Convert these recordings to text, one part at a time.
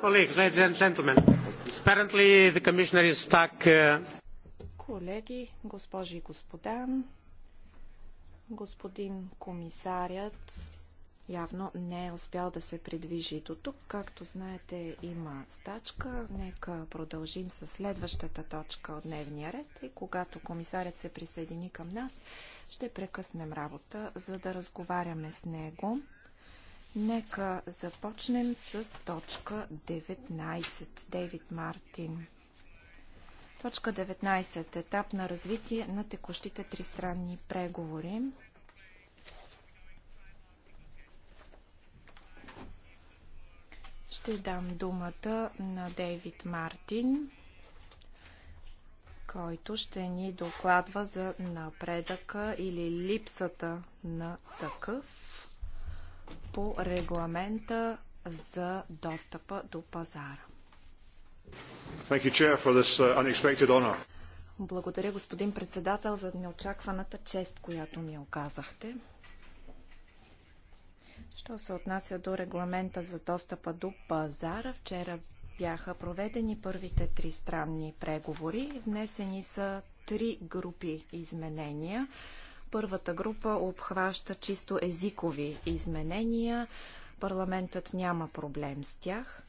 Uh, Колеги, госпожи и господа, господин комисарят явно не е успял да се придвижи до тук. Както знаете, има стачка. Нека продължим с следващата точка от дневния ред и когато комисарят се присъедини към нас, ще прекъснем работа, за да разговаряме с него. Нека започнем с точка 19. Дейвид Мартин. Точка 19. Етап на развитие на текущите тристранни преговори. Ще дам думата на Дейвид Мартин, който ще ни докладва за напредъка или липсата на такъв по регламента за достъпа до пазара. Uh, Благодаря, господин председател, за неочакваната чест, която ми оказахте. Що се отнася до регламента за достъпа до пазара, вчера бяха проведени първите три странни преговори. Внесени са три групи изменения. Първата група обхваща чисто езикови изменения. Парламентът няма проблем с тях.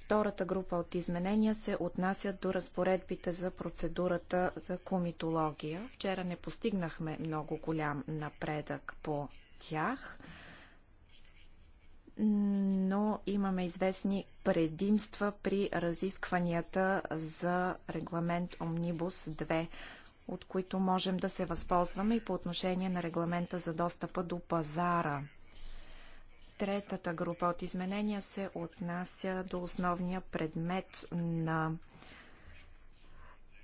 Втората група от изменения се отнасят до разпоредбите за процедурата за комитология. Вчера не постигнахме много голям напредък по тях, но имаме известни предимства при разискванията за регламент Омнибус 2 от които можем да се възползваме и по отношение на регламента за достъпа до пазара. Третата група от изменения се отнася до основния предмет на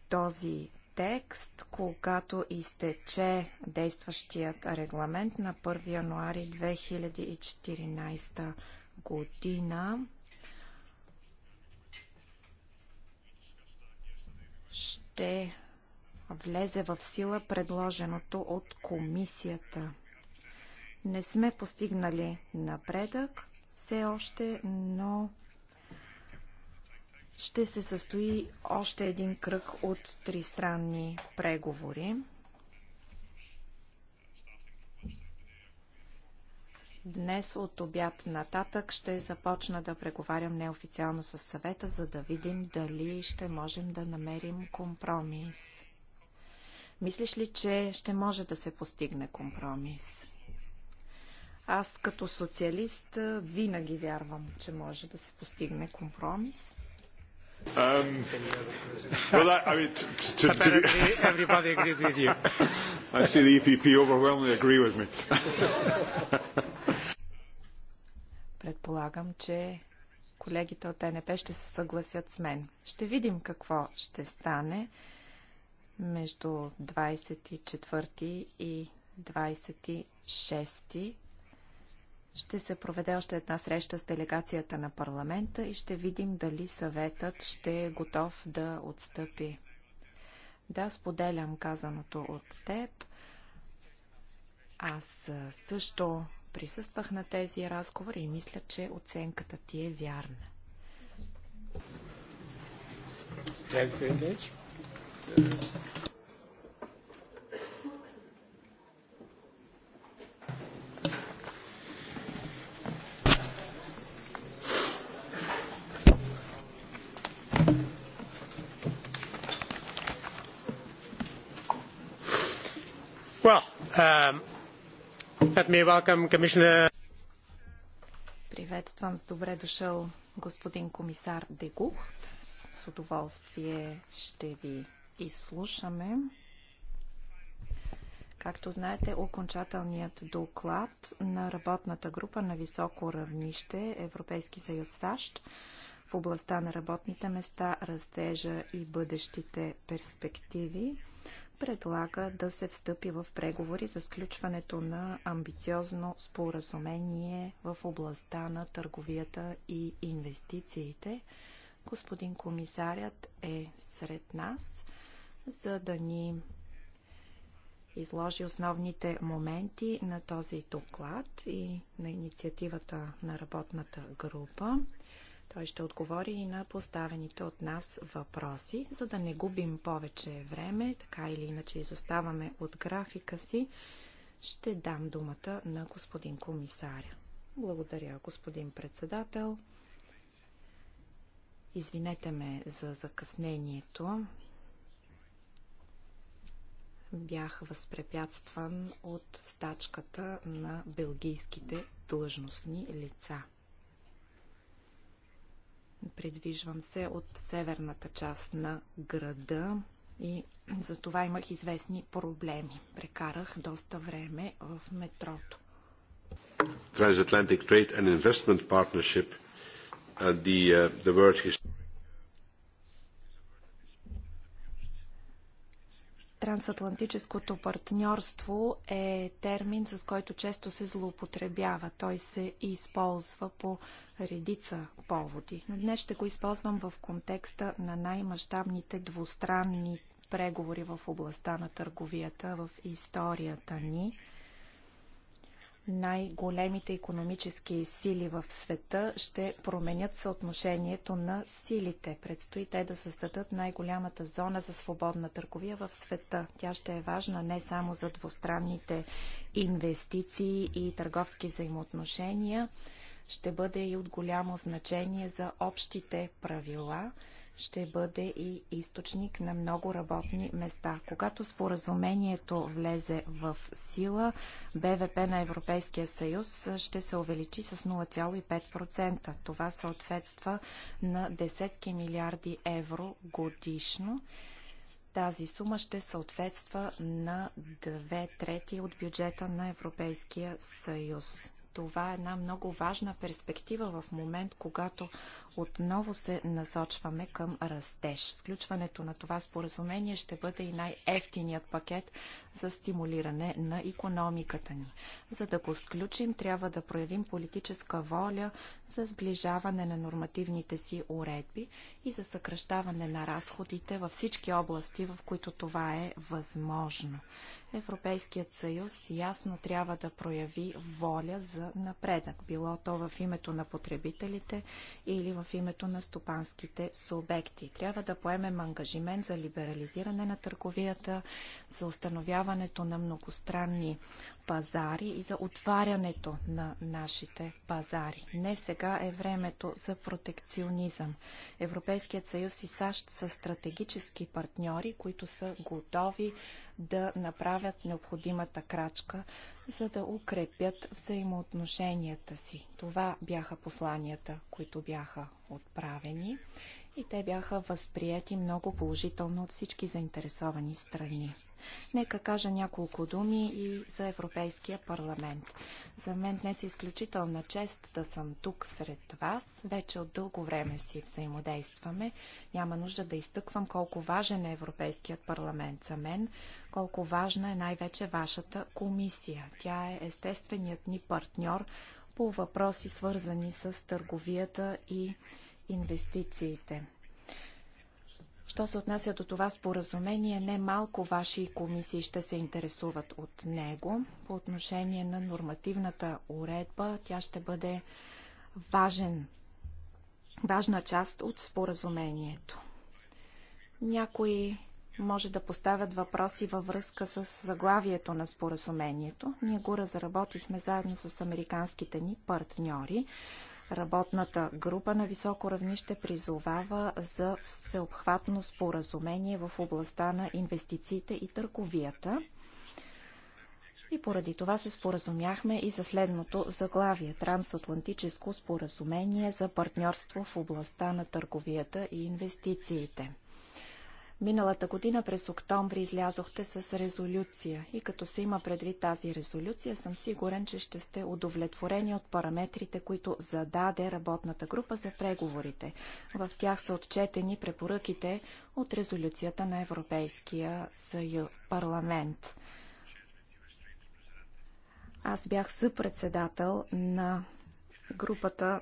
този текст, когато изтече действащият регламент на 1 януари 2014 година. Ще влезе в сила предложеното от комисията. Не сме постигнали напредък все още, но ще се състои още един кръг от тристранни преговори. Днес от обяд нататък ще започна да преговарям неофициално с съвета, за да видим дали ще можем да намерим компромис. Мислиш ли, че ще може да се постигне компромис? Аз като социалист винаги вярвам, че може да се постигне компромис. Um, well, I mean, to, to, to... everybody agrees with you. I see the EPP overwhelmingly agree with me. Предполагам, че колегите от НП ще се съгласят с мен. Ще видим какво ще стане между 24 и 26 ще се проведе още една среща с делегацията на парламента и ще видим дали съветът ще е готов да отстъпи. Да, споделям казаното от теб. Аз също присъствах на тези разговори и мисля, че оценката ти е вярна. Thank you very much. Well, um, let me welcome Commissioner Приветствам с добре дошъл господин комисар Дегух. С удоволствие ще ви изслушаме, както знаете, окончателният доклад на работната група на високо равнище Европейски съюз САЩ в областта на работните места, растежа и бъдещите перспективи предлага да се встъпи в преговори за сключването на амбициозно споразумение в областта на търговията и инвестициите. Господин комисарят е сред нас за да ни изложи основните моменти на този доклад и на инициативата на работната група. Той ще отговори и на поставените от нас въпроси, за да не губим повече време, така или иначе изоставаме от графика си. Ще дам думата на господин комисаря. Благодаря, господин председател. Извинете ме за закъснението бях възпрепятстван от стачката на белгийските длъжностни лица. Предвижвам се от северната част на града и за това имах известни проблеми. Прекарах доста време в метрото. Transatlantic Trade and Investment Partnership uh, the, uh, the World History Трансатлантическото партньорство е термин, с който често се злоупотребява. Той се използва по редица поводи. Но днес ще го използвам в контекста на най-мащабните двустранни преговори в областта на търговията в историята ни – най-големите економически сили в света ще променят съотношението на силите. Предстои те да създадат най-голямата зона за свободна търговия в света. Тя ще е важна не само за двустранните инвестиции и търговски взаимоотношения, ще бъде и от голямо значение за общите правила – ще бъде и източник на много работни места. Когато споразумението влезе в сила, БВП на Европейския съюз ще се увеличи с 0,5%. Това съответства на десетки милиарди евро годишно. Тази сума ще съответства на две трети от бюджета на Европейския съюз. Това е една много важна перспектива в момент, когато отново се насочваме към растеж. Сключването на това споразумение ще бъде и най-ефтиният пакет за стимулиране на економиката ни. За да го сключим, трябва да проявим политическа воля за сближаване на нормативните си уредби и за съкръщаване на разходите във всички области, в които това е възможно. Европейският съюз ясно трябва да прояви воля за напредък, било то в името на потребителите или в името на стопанските субекти. Трябва да поемем ангажимент за либерализиране на търговията, за установяването на многостранни пазари и за отварянето на нашите пазари. Не сега е времето за протекционизъм. Европейският съюз и САЩ са стратегически партньори, които са готови да направят необходимата крачка, за да укрепят взаимоотношенията си. Това бяха посланията, които бяха отправени и те бяха възприяти много положително от всички заинтересовани страни. Нека кажа няколко думи и за Европейския парламент. За мен днес е изключителна чест да съм тук сред вас. Вече от дълго време си взаимодействаме. Няма нужда да изтъквам колко важен е Европейският парламент за мен, колко важна е най-вече вашата комисия. Тя е естественият ни партньор по въпроси, свързани с търговията и инвестициите. Що се отнася до това споразумение, не малко ваши комисии ще се интересуват от него. По отношение на нормативната уредба, тя ще бъде важен, важна част от споразумението. Някои може да поставят въпроси във връзка с заглавието на споразумението. Ние го разработихме заедно с американските ни партньори. Работната група на високо равнище призовава за всеобхватно споразумение в областта на инвестициите и търговията. И поради това се споразумяхме и за следното заглавие – Трансатлантическо споразумение за партньорство в областта на търговията и инвестициите. Миналата година през октомври излязохте с резолюция и като се има предвид тази резолюция, съм сигурен, че ще сте удовлетворени от параметрите, които зададе работната група за преговорите. В тях са отчетени препоръките от резолюцията на Европейския съюз, парламент. Аз бях съпредседател на групата,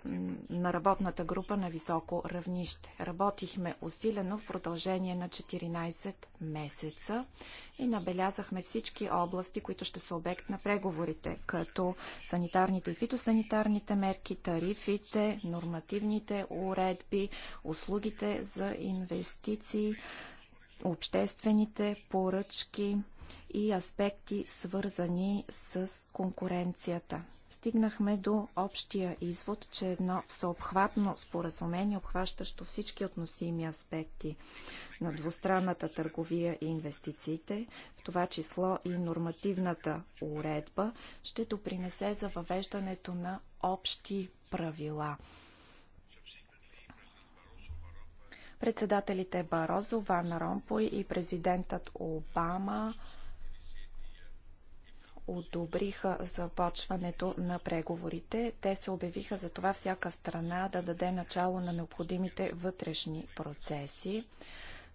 на работната група на високо равнище. Работихме усилено в продължение на 14 месеца и набелязахме всички области, които ще са обект на преговорите, като санитарните и фитосанитарните мерки, тарифите, нормативните уредби, услугите за инвестиции, обществените поръчки и аспекти, свързани с конкуренцията стигнахме до общия извод, че едно всеобхватно споразумение, обхващащо всички относими аспекти на двустранната търговия и инвестициите, в това число и нормативната уредба, ще допринесе за въвеждането на общи правила. Председателите Барозо, Ван Ромпой и президентът Обама – одобриха започването на преговорите. Те се обявиха за това всяка страна да даде начало на необходимите вътрешни процеси,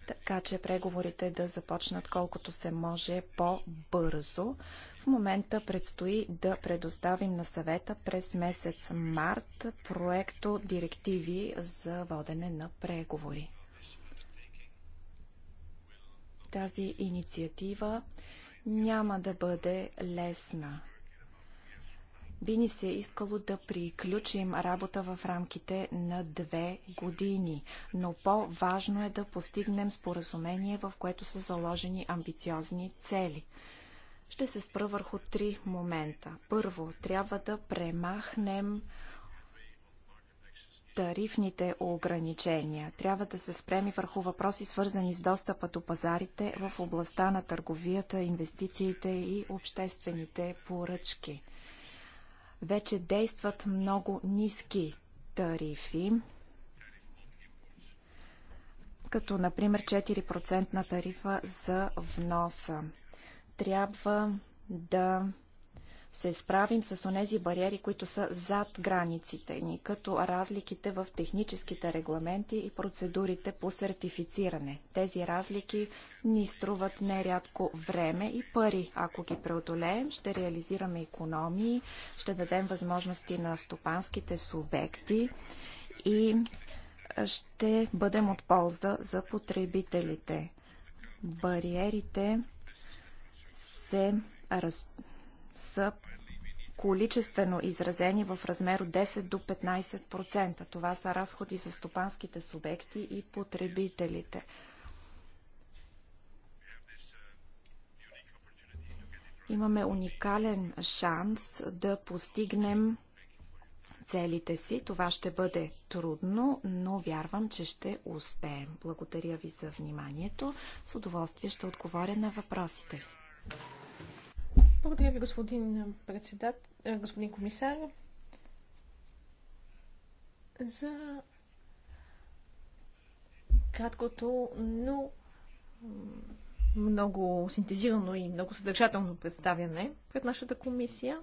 така че преговорите да започнат колкото се може по-бързо. В момента предстои да предоставим на съвета през месец март проекто директиви за водене на преговори. Тази инициатива няма да бъде лесна. Би ни се искало да приключим работа в рамките на две години, но по-важно е да постигнем споразумение, в което са заложени амбициозни цели. Ще се спра върху три момента. Първо, трябва да премахнем тарифните ограничения. Трябва да се спреми върху въпроси, свързани с достъпа до пазарите в областта на търговията, инвестициите и обществените поръчки. Вече действат много ниски тарифи, като например 4% на тарифа за вноса. Трябва да се справим с онези бариери, които са зад границите ни, като разликите в техническите регламенти и процедурите по сертифициране. Тези разлики ни струват нерядко време и пари. Ако ги преодолеем, ще реализираме економии, ще дадем възможности на стопанските субекти и ще бъдем от полза за потребителите. Бариерите се раз са количествено изразени в размер от 10 до 15%. Това са разходи за стопанските субекти и потребителите. Имаме уникален шанс да постигнем целите си. Това ще бъде трудно, но вярвам, че ще успеем. Благодаря ви за вниманието. С удоволствие ще отговоря на въпросите ви. Благодаря ви, господин председател, господин комисар, за краткото, но много синтезирано и много съдържателно представяне пред нашата комисия.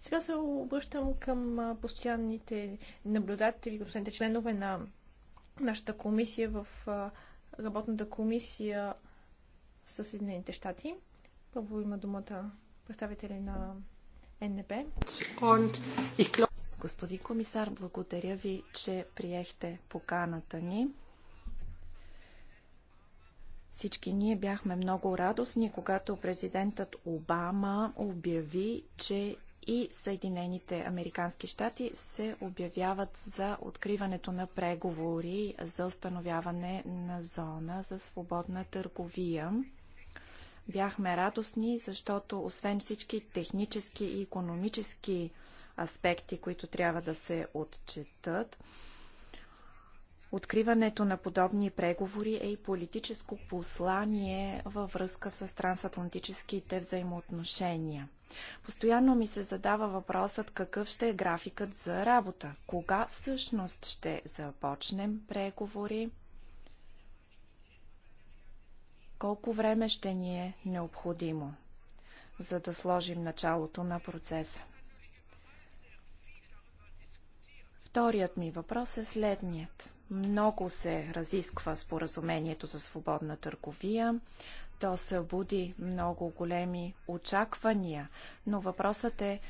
Сега се обръщам към постоянните наблюдатели, постоянните членове на нашата комисия в работната комисия със Съединените щати. Първо има думата представители на НДП. Господин комисар, благодаря ви, че приехте поканата ни. Всички ние бяхме много радостни, когато президентът Обама обяви, че и Съединените Американски щати се обявяват за откриването на преговори за установяване на зона за свободна търговия. Бяхме радостни, защото освен всички технически и економически аспекти, които трябва да се отчетат, Откриването на подобни преговори е и политическо послание във връзка с трансатлантическите взаимоотношения. Постоянно ми се задава въпросът какъв ще е графикът за работа, кога всъщност ще започнем преговори, колко време ще ни е необходимо, за да сложим началото на процеса? Вторият ми въпрос е следният. Много се разисква споразумението за свободна търговия. То събуди много големи очаквания, но въпросът е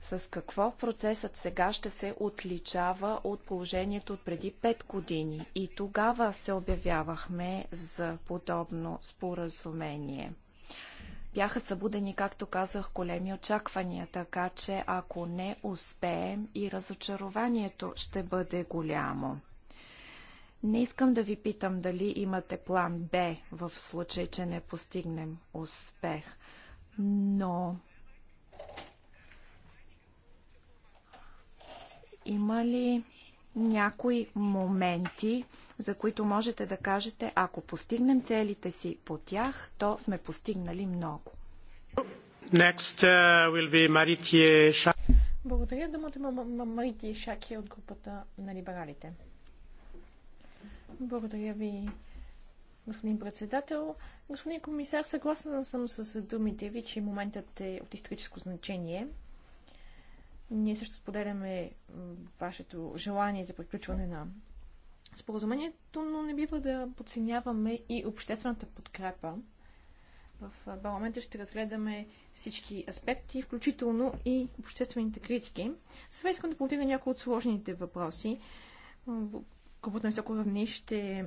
с какво процесът сега ще се отличава от положението от преди 5 години? И тогава се обявявахме за подобно споразумение. Бяха събудени, както казах, големи очаквания, така че ако не успеем и разочарованието ще бъде голямо. Не искам да ви питам дали имате план Б в случай, че не постигнем успех, но Има ли някои моменти, за които можете да кажете, ако постигнем целите си по тях, то сме постигнали много? Next, uh, will be Maritie Благодаря. да има Маритие Шаки от групата на либералите. Благодаря ви, господин председател. Господин комисар, съгласна съм с думите ви, че моментът е от историческо значение – ние също споделяме вашето желание за приключване на споразумението, но не бива да подценяваме и обществената подкрепа. В парламента ще разгледаме всички аспекти, включително и обществените критики. Сега искам да повдига някои от сложните въпроси. Групата на високо равнище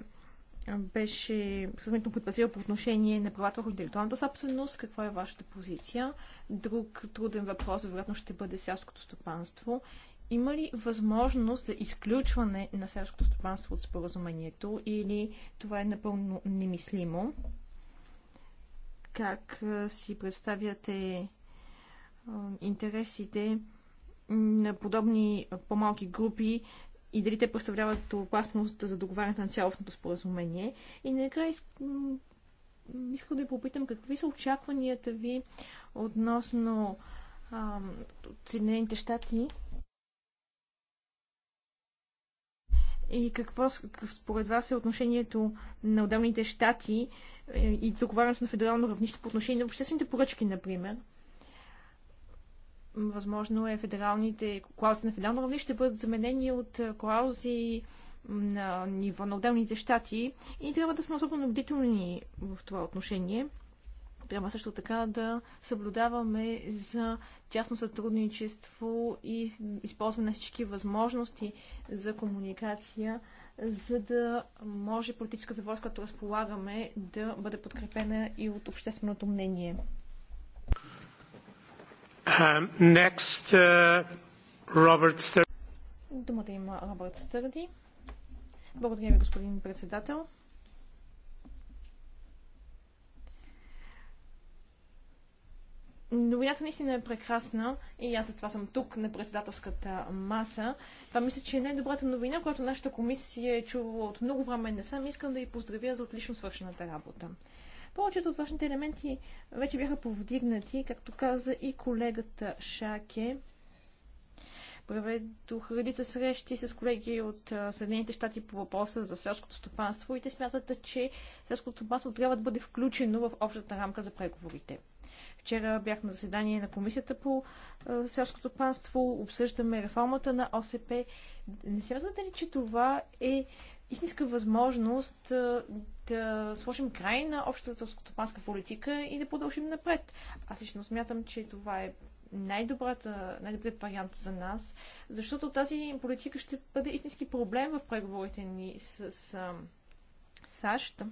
беше съвместно предпазлива по отношение на правата върху интелектуалната собственост. Каква е вашата позиция? Друг труден въпрос, вероятно, ще бъде селското стопанство. Има ли възможност за изключване на селското стопанство от споразумението или това е напълно немислимо? Как си представяте интересите на подобни по-малки групи и дали те представляват опасност за договарянето на цялостното споразумение. И накрая искам да ви попитам какви са очакванията ви относно а, Съединените щати и какво според вас е отношението на отделните щати е, и договарянето на федерално равнище по отношение на обществените поръчки, например. Възможно е федералните клаузи на федерално равнище ще бъдат заменени от е, клаузи на ниво на отделните щати и трябва да сме особено бдителни в това отношение. Трябва също така да съблюдаваме за тясно сътрудничество и използване на всички възможности за комуникация, за да може политическата воля, която разполагаме, да бъде подкрепена и от общественото мнение. Um, next, Стърди. Uh, Думата има Робърт Стърди. Благодаря ви, господин председател. Новината наистина е прекрасна и аз затова съм тук на председателската маса. Това мисля, че е най-добрата новина, която нашата комисия е чувала от много време не сам. Искам да ви поздравя за отлично свършената работа. Повечето от важните елементи вече бяха повдигнати, както каза и колегата Шаке. Проведох редица срещи с колеги от Съединените щати по въпроса за селското стопанство и те смятат, че селското стопанство трябва да бъде включено в общата рамка за преговорите. Вчера бях на заседание на Комисията по селското стопанство, обсъждаме реформата на ОСП. Не смятате ли, че това е истинска възможност да сложим край на общата стопанска политика и да продължим напред. Аз лично смятам, че това е най-добрата, най-добрият вариант за нас, защото тази политика ще бъде истински проблем в преговорите ни с, с САЩ.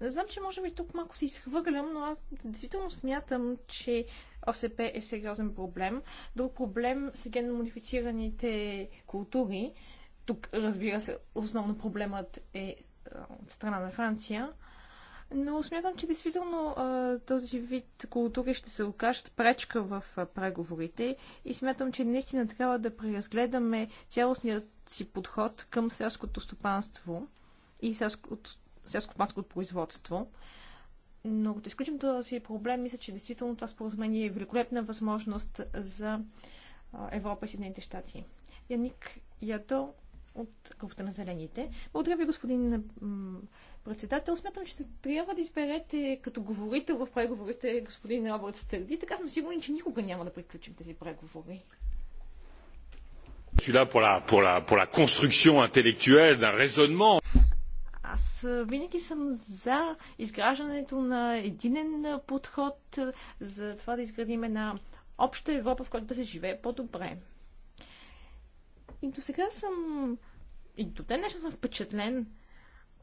Знам, че може би тук малко се изхвърлям, но аз действително смятам, че ОСП е сериозен проблем. Друг проблем са генно модифицираните култури. Тук, разбира се, основно проблемът е, е от страна на Франция. Но смятам, че действително е, този вид култури ще се окажат пречка в е, преговорите и смятам, че наистина трябва да преразгледаме цялостният си подход към селското стопанство и селско панското производство. Но като изключим този проблем, мисля, че действително това споразумение е великолепна възможност за Европа и Съединените щати. Яник Ядо от групата на зелените. Благодаря ви, господин председател. Смятам, че трябва да изберете като говорител в преговорите господин Робърт Стърди. Така съм сигурен, че никога няма да приключим тези преговори. Аз винаги съм за изграждането на единен подход, за това да изградим една обща Европа, в която да се живее по-добре. И до сега съм... И до ден неща съм впечатлен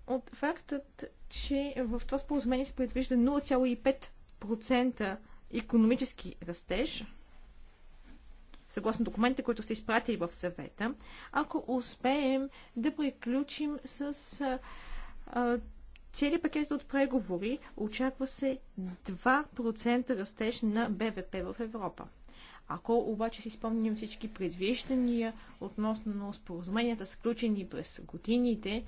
от фактът, че в това споразумение се предвижда 0,5% економически растеж, съгласно документите, които сте изпратили в съвета, ако успеем да приключим с целият пакет от преговори, очаква се 2% растеж на БВП в Европа. Ако обаче си спомним всички предвиждания относно споразуменията, сключени през годините,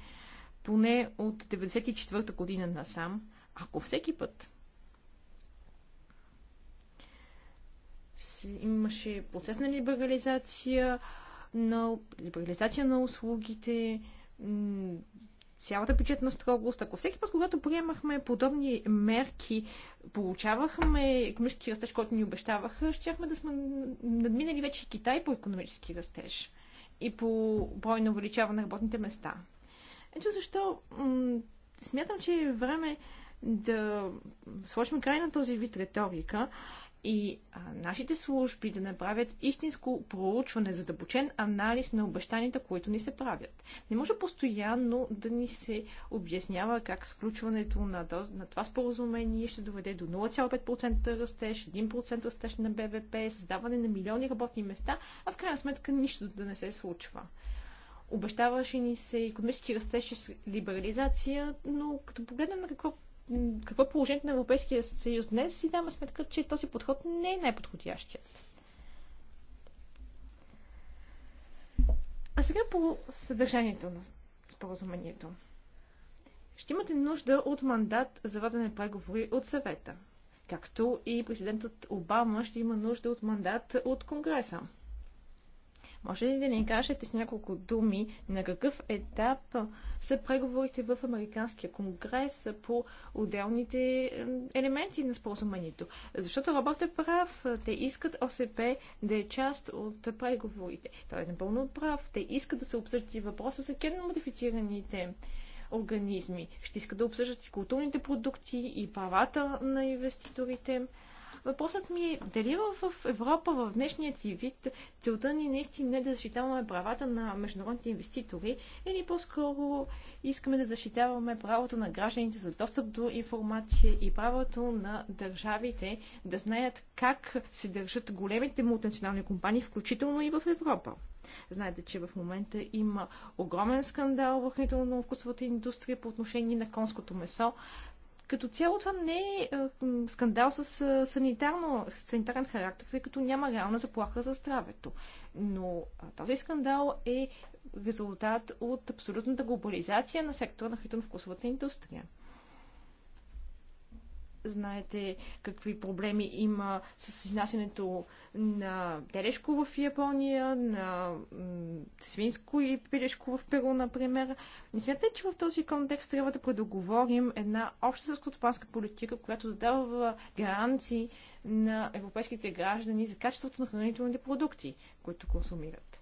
поне от 1994 година насам, ако всеки път имаше процес на либерализация, на либерализация на услугите, цялата бюджетна строгост, ако всеки път, когато приемахме подобни мерки, получавахме економически растеж, който ни обещаваха, щяхме да сме надминали вече Китай по економически растеж и по брой на увеличаване на работните места. Ето защо смятам, че е време да сложим край на този вид риторика и а, нашите служби да направят истинско проучване, задълбочен анализ на обещанията, които ни се правят. Не може постоянно да ни се обяснява как сключването на, на това споразумение ще доведе до 0,5% растеж, 1% растеж на БВП, създаване на милиони работни места, а в крайна сметка нищо да не се случва. Обещаваше ни се економически растеж с либерализация, но като погледнем на какво какво е положението на Европейския съюз днес, си даваме сметка, че този подход не е най-подходящият. А сега по съдържанието на споразумението. Ще имате нужда от мандат за водене преговори от съвета. Както и президентът Обама ще има нужда от мандат от Конгреса. Може ли да ни кажете с няколко думи на какъв етап са преговорите в Американския конгрес по отделните елементи на споразумението? Защото работа е прав. Те искат ОСП да е част от преговорите. Той е напълно прав. Те искат да се обсъждат и въпроса за генно модифицираните организми. Ще искат да обсъждат и културните продукти, и правата на инвеститорите. Въпросът ми е дали в Европа в днешния си вид целта ни наистина е да защитаваме правата на международните инвеститори или по-скоро искаме да защитаваме правото на гражданите за достъп до информация и правото на държавите да знаят как се държат големите мултинационални компании, включително и в Европа. Знаете, че в момента има огромен скандал в хранително-вкусовата индустрия по отношение на конското месо. Като цяло това не е, е скандал с е, санитарно, санитарен характер, тъй като няма реална заплаха за здравето. Но този скандал е резултат от абсолютната глобализация на сектора на хранително-вкусовата индустрия. Знаете какви проблеми има с изнасянето на телешко в Япония, на свинско и пилешко в Перу, например. Не смятате, че в този контекст трябва да предоговорим една обща селскостопанска политика, която да дава гаранции на европейските граждани за качеството на хранителните продукти, които консумират.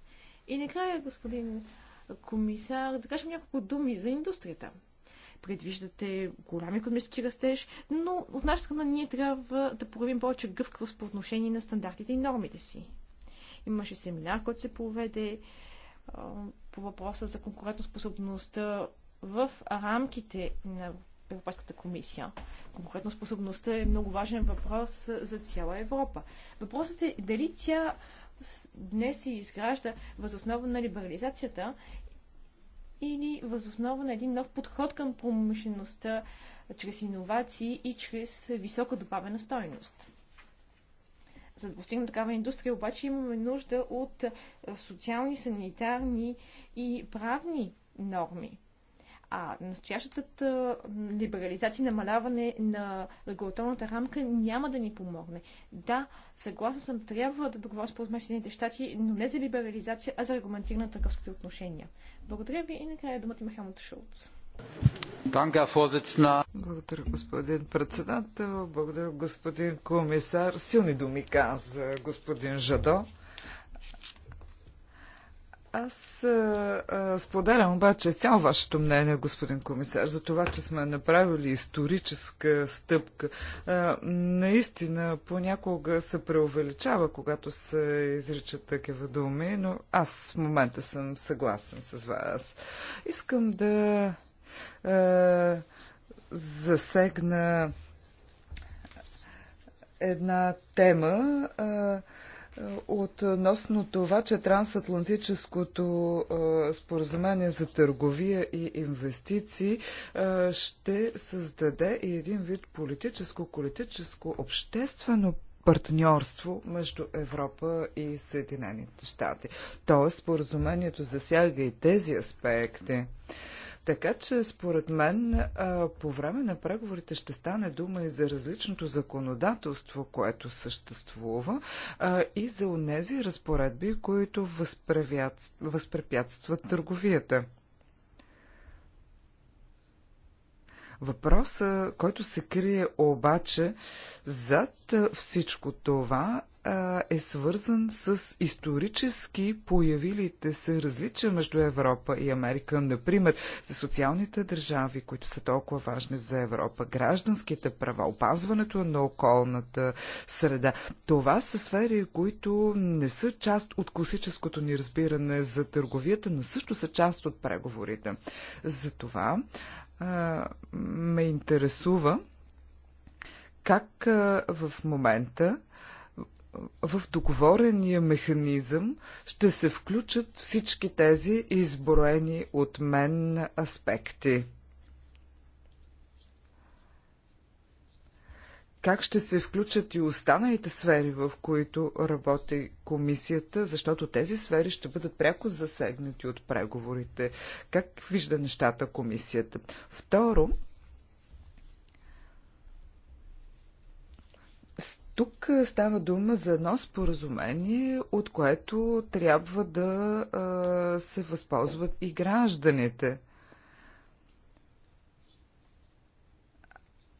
И накрая, господин комисар, да кажем няколко думи за индустрията предвиждате голям економически растеж, но от наша страна ние трябва да проявим повече гъвкавост по отношение на стандартите и нормите си. Имаше семинар, който се проведе по въпроса за конкурентоспособността в рамките на Европейската комисия. Конкурентоспособността е много важен въпрос за цяла Европа. Въпросът е дали тя днес се изгражда възоснова на либерализацията или възоснова на един нов подход към промишлеността чрез иновации и чрез висока добавена стойност. За да постигнем такава индустрия, обаче имаме нужда от социални, санитарни и правни норми. А настоящата либерализация и намаляване на регулаторната рамка няма да ни помогне. Да, съгласен съм, трябва да договоря с мен Съединените щати, но не за либерализация, а за регламентиране на търговските отношения. Благодаря ви и накрая думата има Хелмут Шулц. Благодаря, господин председател. Благодаря, господин комисар. Силни думи каза господин Жадо. Аз а, а, споделям обаче цяло вашето мнение, господин комисар, за това, че сме направили историческа стъпка. А, наистина, понякога се преувеличава, когато се изричат такива думи, но аз в момента съм съгласен с вас. Искам да а, засегна една тема. А, Относно това, че трансатлантическото споразумение за търговия и инвестиции ще създаде и един вид политическо, политическо, обществено партньорство между Европа и Съединените щати. Тоест, споразумението засяга и тези аспекти. Така че, според мен, по време на преговорите ще стане дума и за различното законодателство, което съществува, и за онези разпоредби, които възпрепятстват търговията. Въпросът, който се крие обаче зад всичко това е свързан с исторически появилите се различия между Европа и Америка. Например, за социалните държави, които са толкова важни за Европа, гражданските права, опазването на околната среда. Това са сфери, които не са част от класическото ни разбиране за търговията, но също са част от преговорите. Затова а, ме интересува как в момента в договорения механизъм ще се включат всички тези изброени от мен аспекти. Как ще се включат и останалите сфери, в които работи комисията, защото тези сфери ще бъдат пряко засегнати от преговорите. Как вижда нещата комисията? Второ, Тук става дума за едно споразумение, от което трябва да се възползват и гражданите.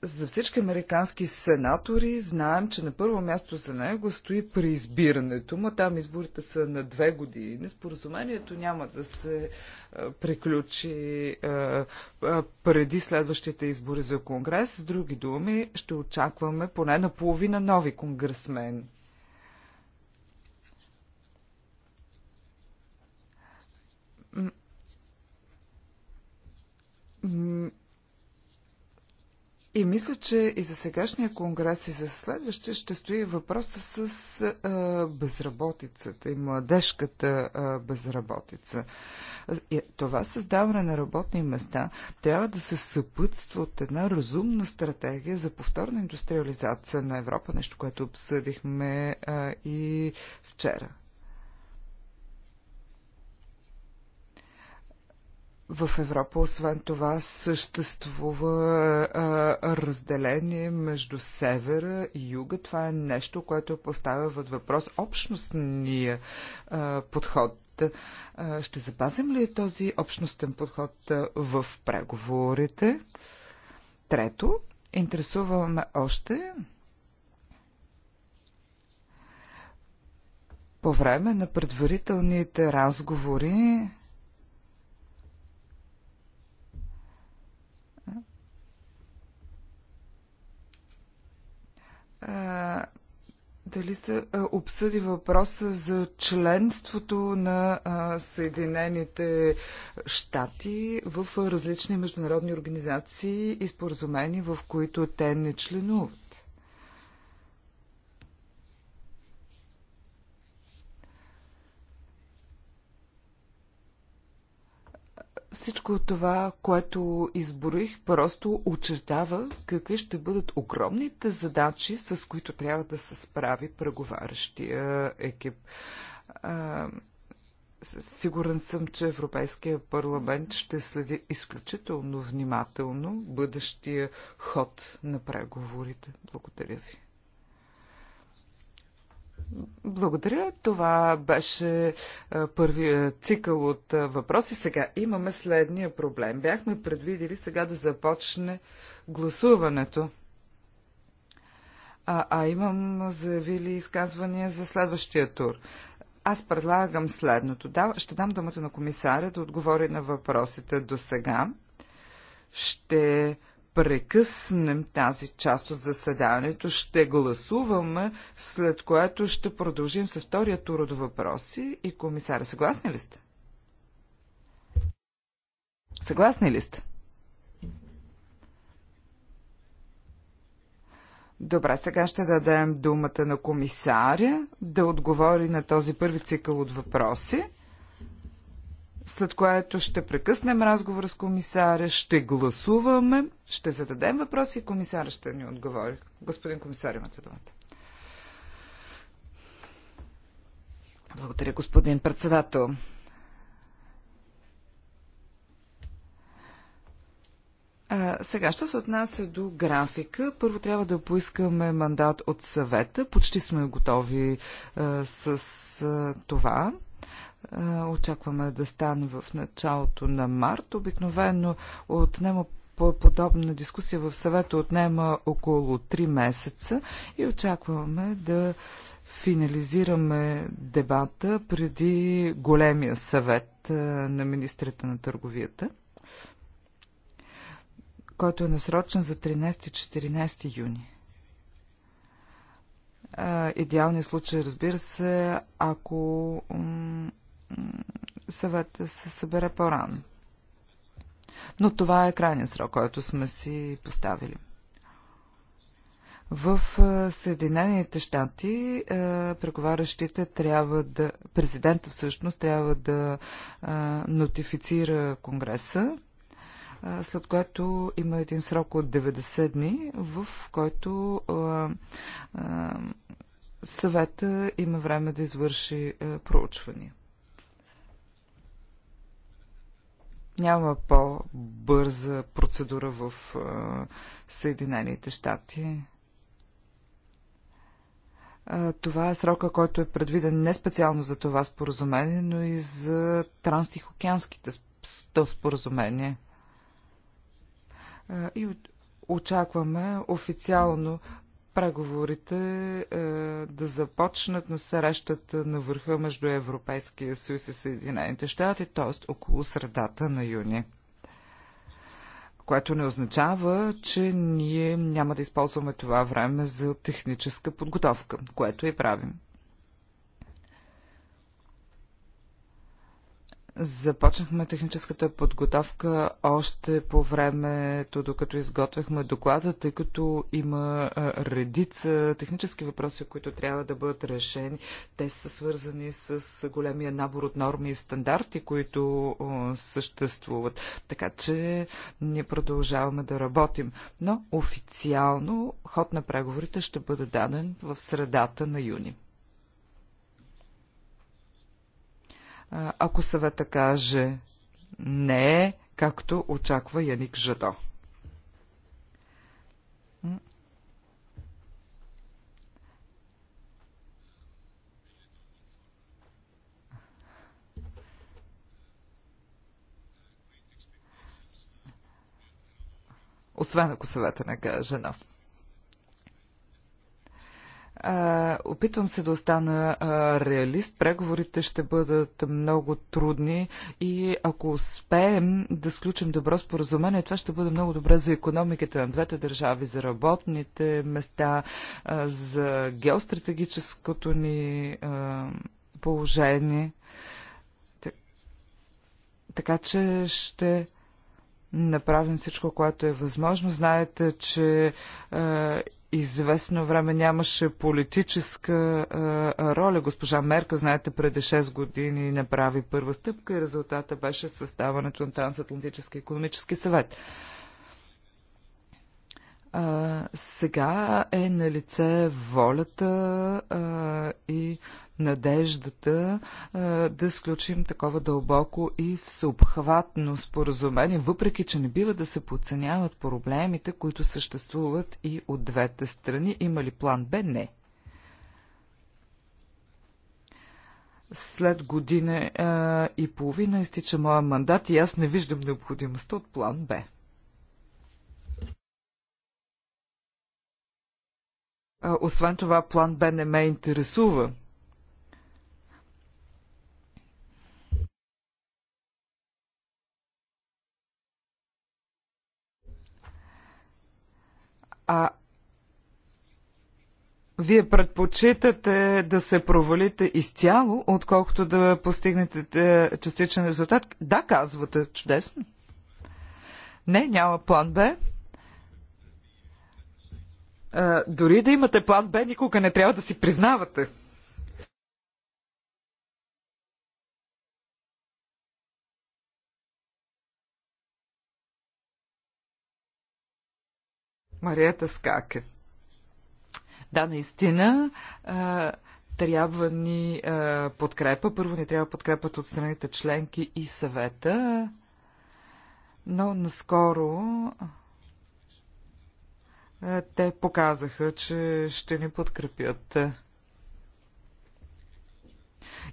за всички американски сенатори знаем, че на първо място за него стои при избирането му. Там изборите са на две години. Споразумението няма да се е, приключи е, е, преди следващите избори за Конгрес. С други думи, ще очакваме поне наполовина нови конгресмени. М- и мисля, че и за сегашния конгрес, и за следващия ще стои въпроса с а, безработицата и младежката а, безработица. И това създаване на работни места трябва да се съпътства от една разумна стратегия за повторна индустриализация на Европа, нещо, което обсъдихме а, и вчера. В Европа, освен това, съществува а, разделение между севера и юга. Това е нещо, което е поставя въд въпрос общностния а, подход. А, ще запазим ли този общностен подход в преговорите? Трето, интересуваме още по време на предварителните разговори дали се обсъди въпроса за членството на Съединените щати в различни международни организации и споразумения, в които те не членуват? Всичко това, което изборих, просто очертава какви ще бъдат огромните задачи, с които трябва да се справи преговарящия екип. Сигурен съм, че Европейския парламент ще следи изключително внимателно бъдещия ход на преговорите. Благодаря ви. Благодаря. Това беше е, първият цикъл от е, въпроси. Сега имаме следния проблем. Бяхме предвидели сега да започне гласуването. А, а имам заявили изказвания за следващия тур. Аз предлагам следното. Да, ще дам думата на комисаря да отговори на въпросите до сега. Ще прекъснем тази част от заседанието, ще гласуваме, след което ще продължим с втория тур от въпроси и комисара. Съгласни ли сте? Съгласни ли сте? Добре, сега ще дадем думата на комисаря да отговори на този първи цикъл от въпроси след което ще прекъснем разговора с комисаря, ще гласуваме, ще зададем въпроси и комисаря ще ни отговори. Господин комисар, имате думата. Благодаря, господин председател. А, сега, що се отнася до графика, първо трябва да поискаме мандат от съвета. Почти сме готови а, с а, това. Очакваме да стане в началото на март. Обикновено отнема подобна дискусия в съвета отнема около 3 месеца и очакваме да финализираме дебата преди големия съвет на министрите на търговията, който е насрочен за 13-14 юни. Идеалният случай, разбира се, ако съвета се събере по-рано. Но това е крайният срок, който сме си поставили. В е, Съединените щати е, преговарящите трябва да. Президента всъщност трябва да е, нотифицира Конгреса, след което има един срок от 90 дни, в който съвета има време да извърши проучвания. Няма по-бърза процедура в Съединените щати. Това е срока, който е предвиден не специално за това споразумение, но и за транстихокеанските споразумения. И очакваме официално преговорите е, да започнат на срещата на върха между Европейския съюз и Съединените щати, т.е. около средата на юни. Което не означава, че ние няма да използваме това време за техническа подготовка, което и правим. Започнахме техническата подготовка още по времето, докато изготвяхме доклада, тъй като има редица технически въпроси, които трябва да бъдат решени. Те са свързани с големия набор от норми и стандарти, които съществуват. Така че ние продължаваме да работим. Но официално ход на преговорите ще бъде даден в средата на юни. ако съвета каже не, както очаква Яник Жадо. Освен ако съвета не каже но опитвам се да остана реалист. Преговорите ще бъдат много трудни и ако успеем да сключим добро споразумение, това ще бъде много добре за економиката на двете държави, за работните места, за геостратегическото ни положение. Така че ще направим всичко, което е възможно. Знаете, че известно време нямаше политическа а, роля. Госпожа Мерка, знаете, преди 6 години направи първа стъпка и резултата беше съставането на Трансатлантически економически съвет. А, сега е на лице волята а, и надеждата а, да сключим такова дълбоко и всеобхватно споразумение, въпреки че не бива да се подценяват проблемите, които съществуват и от двете страни. Има ли план Б? Не. След година а, и половина изтича моя мандат и аз не виждам необходимостта от план Б. Освен това, план Б не ме интересува. А вие предпочитате да се провалите изцяло, отколкото да постигнете е, частичен резултат? Да, казвате, чудесно. Не, няма план Б. Е, дори да имате план Б, никога не трябва да си признавате. Марията Скаке. Да, наистина трябва ни подкрепа. Първо ни трябва подкрепа от страните членки и съвета, но наскоро те показаха, че ще ни подкрепят.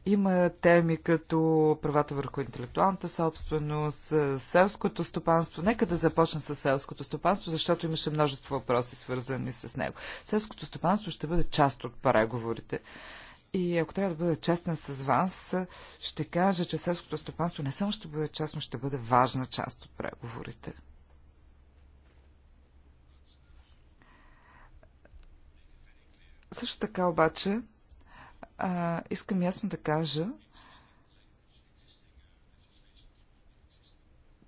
Има теми като правата върху интелектуалната собственост, е, селското стопанство. Нека да започна с селското стопанство, защото имаше множество въпроси, свързани с него. Селското стопанство ще бъде част от преговорите. И ако трябва да бъда честен с вас, ще кажа, че селското стопанство не само ще бъде част, но ще бъде важна част от преговорите. Също така обаче а, искам ясно да кажа,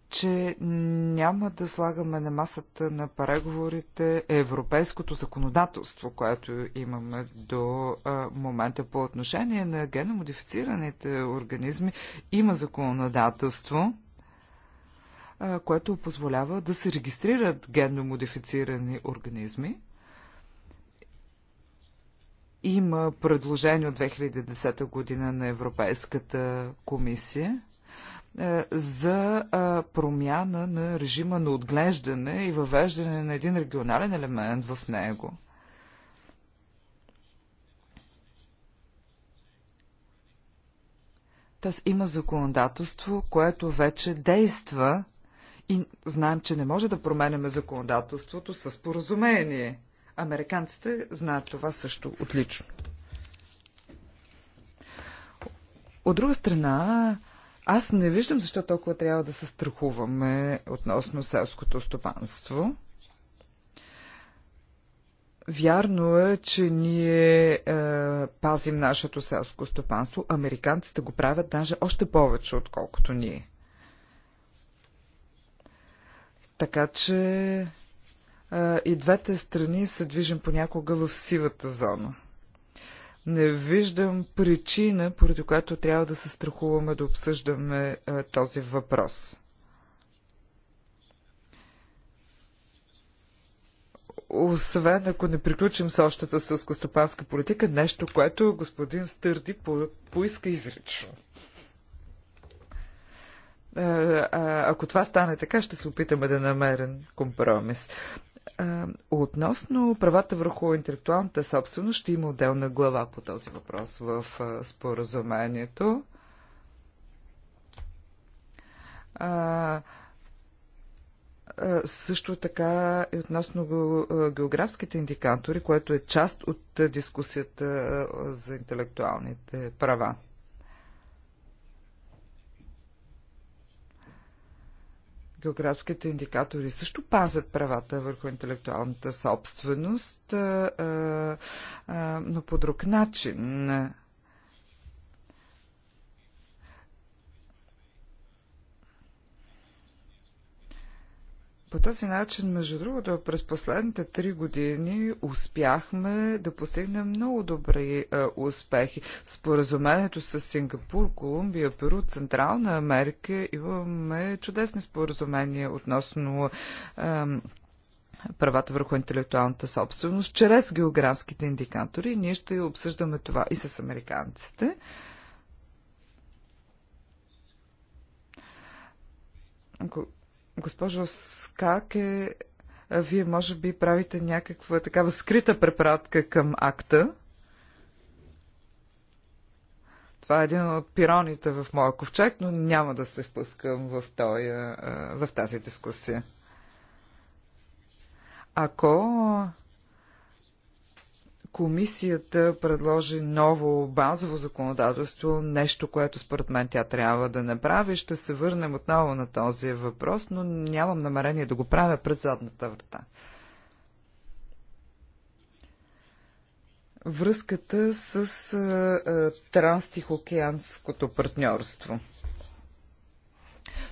че няма да слагаме на масата на преговорите европейското законодателство, което имаме до а, момента по отношение на геномодифицираните организми. Има законодателство, а, което позволява да се регистрират генномодифицирани организми. Има предложение от 2010 година на Европейската комисия е, за е, промяна на режима на отглеждане и въвеждане на един регионален елемент в него. Тоест има законодателство, което вече действа и знаем, че не може да променяме законодателството с поразумение. Американците знаят това също отлично. От друга страна, аз не виждам защо толкова трябва да се страхуваме относно селското стопанство. Вярно е, че ние е, пазим нашето селско стопанство. Американците го правят даже още повече, отколкото ние. Така че и двете страни се движим понякога в сивата зона. Не виждам причина, поради която трябва да се страхуваме да обсъждаме този въпрос. освен ако не приключим с общата селскостопанска политика, нещо, което господин Стърди по, поиска изрично. А, ако това стане така, ще се опитаме да намерим компромис. Относно правата върху интелектуалната собственост, ще има отделна глава по този въпрос в споразумението. също така и относно географските индикатори, което е част от дискусията за интелектуалните права. Географските индикатори също пазят правата върху интелектуалната собственост, но по друг начин По този начин, между другото, през последните три години успяхме да постигнем много добри е, успехи. В споразумението с Сингапур, Колумбия, Перу, Централна Америка имаме чудесни споразумения относно е, правата върху интелектуалната собственост, чрез географските индикатори. Ние ще обсъждаме това и с американците. Госпожо е... вие може би правите някаква такава скрита препратка към акта. Това е един от пироните в моя ковчег, но няма да се впускам в, този, в тази дискусия. Ако комисията предложи ново базово законодателство, нещо, което според мен тя трябва да направи. Ще се върнем отново на този въпрос, но нямам намерение да го правя през задната врата. Връзката с а, транстихокеанското партньорство.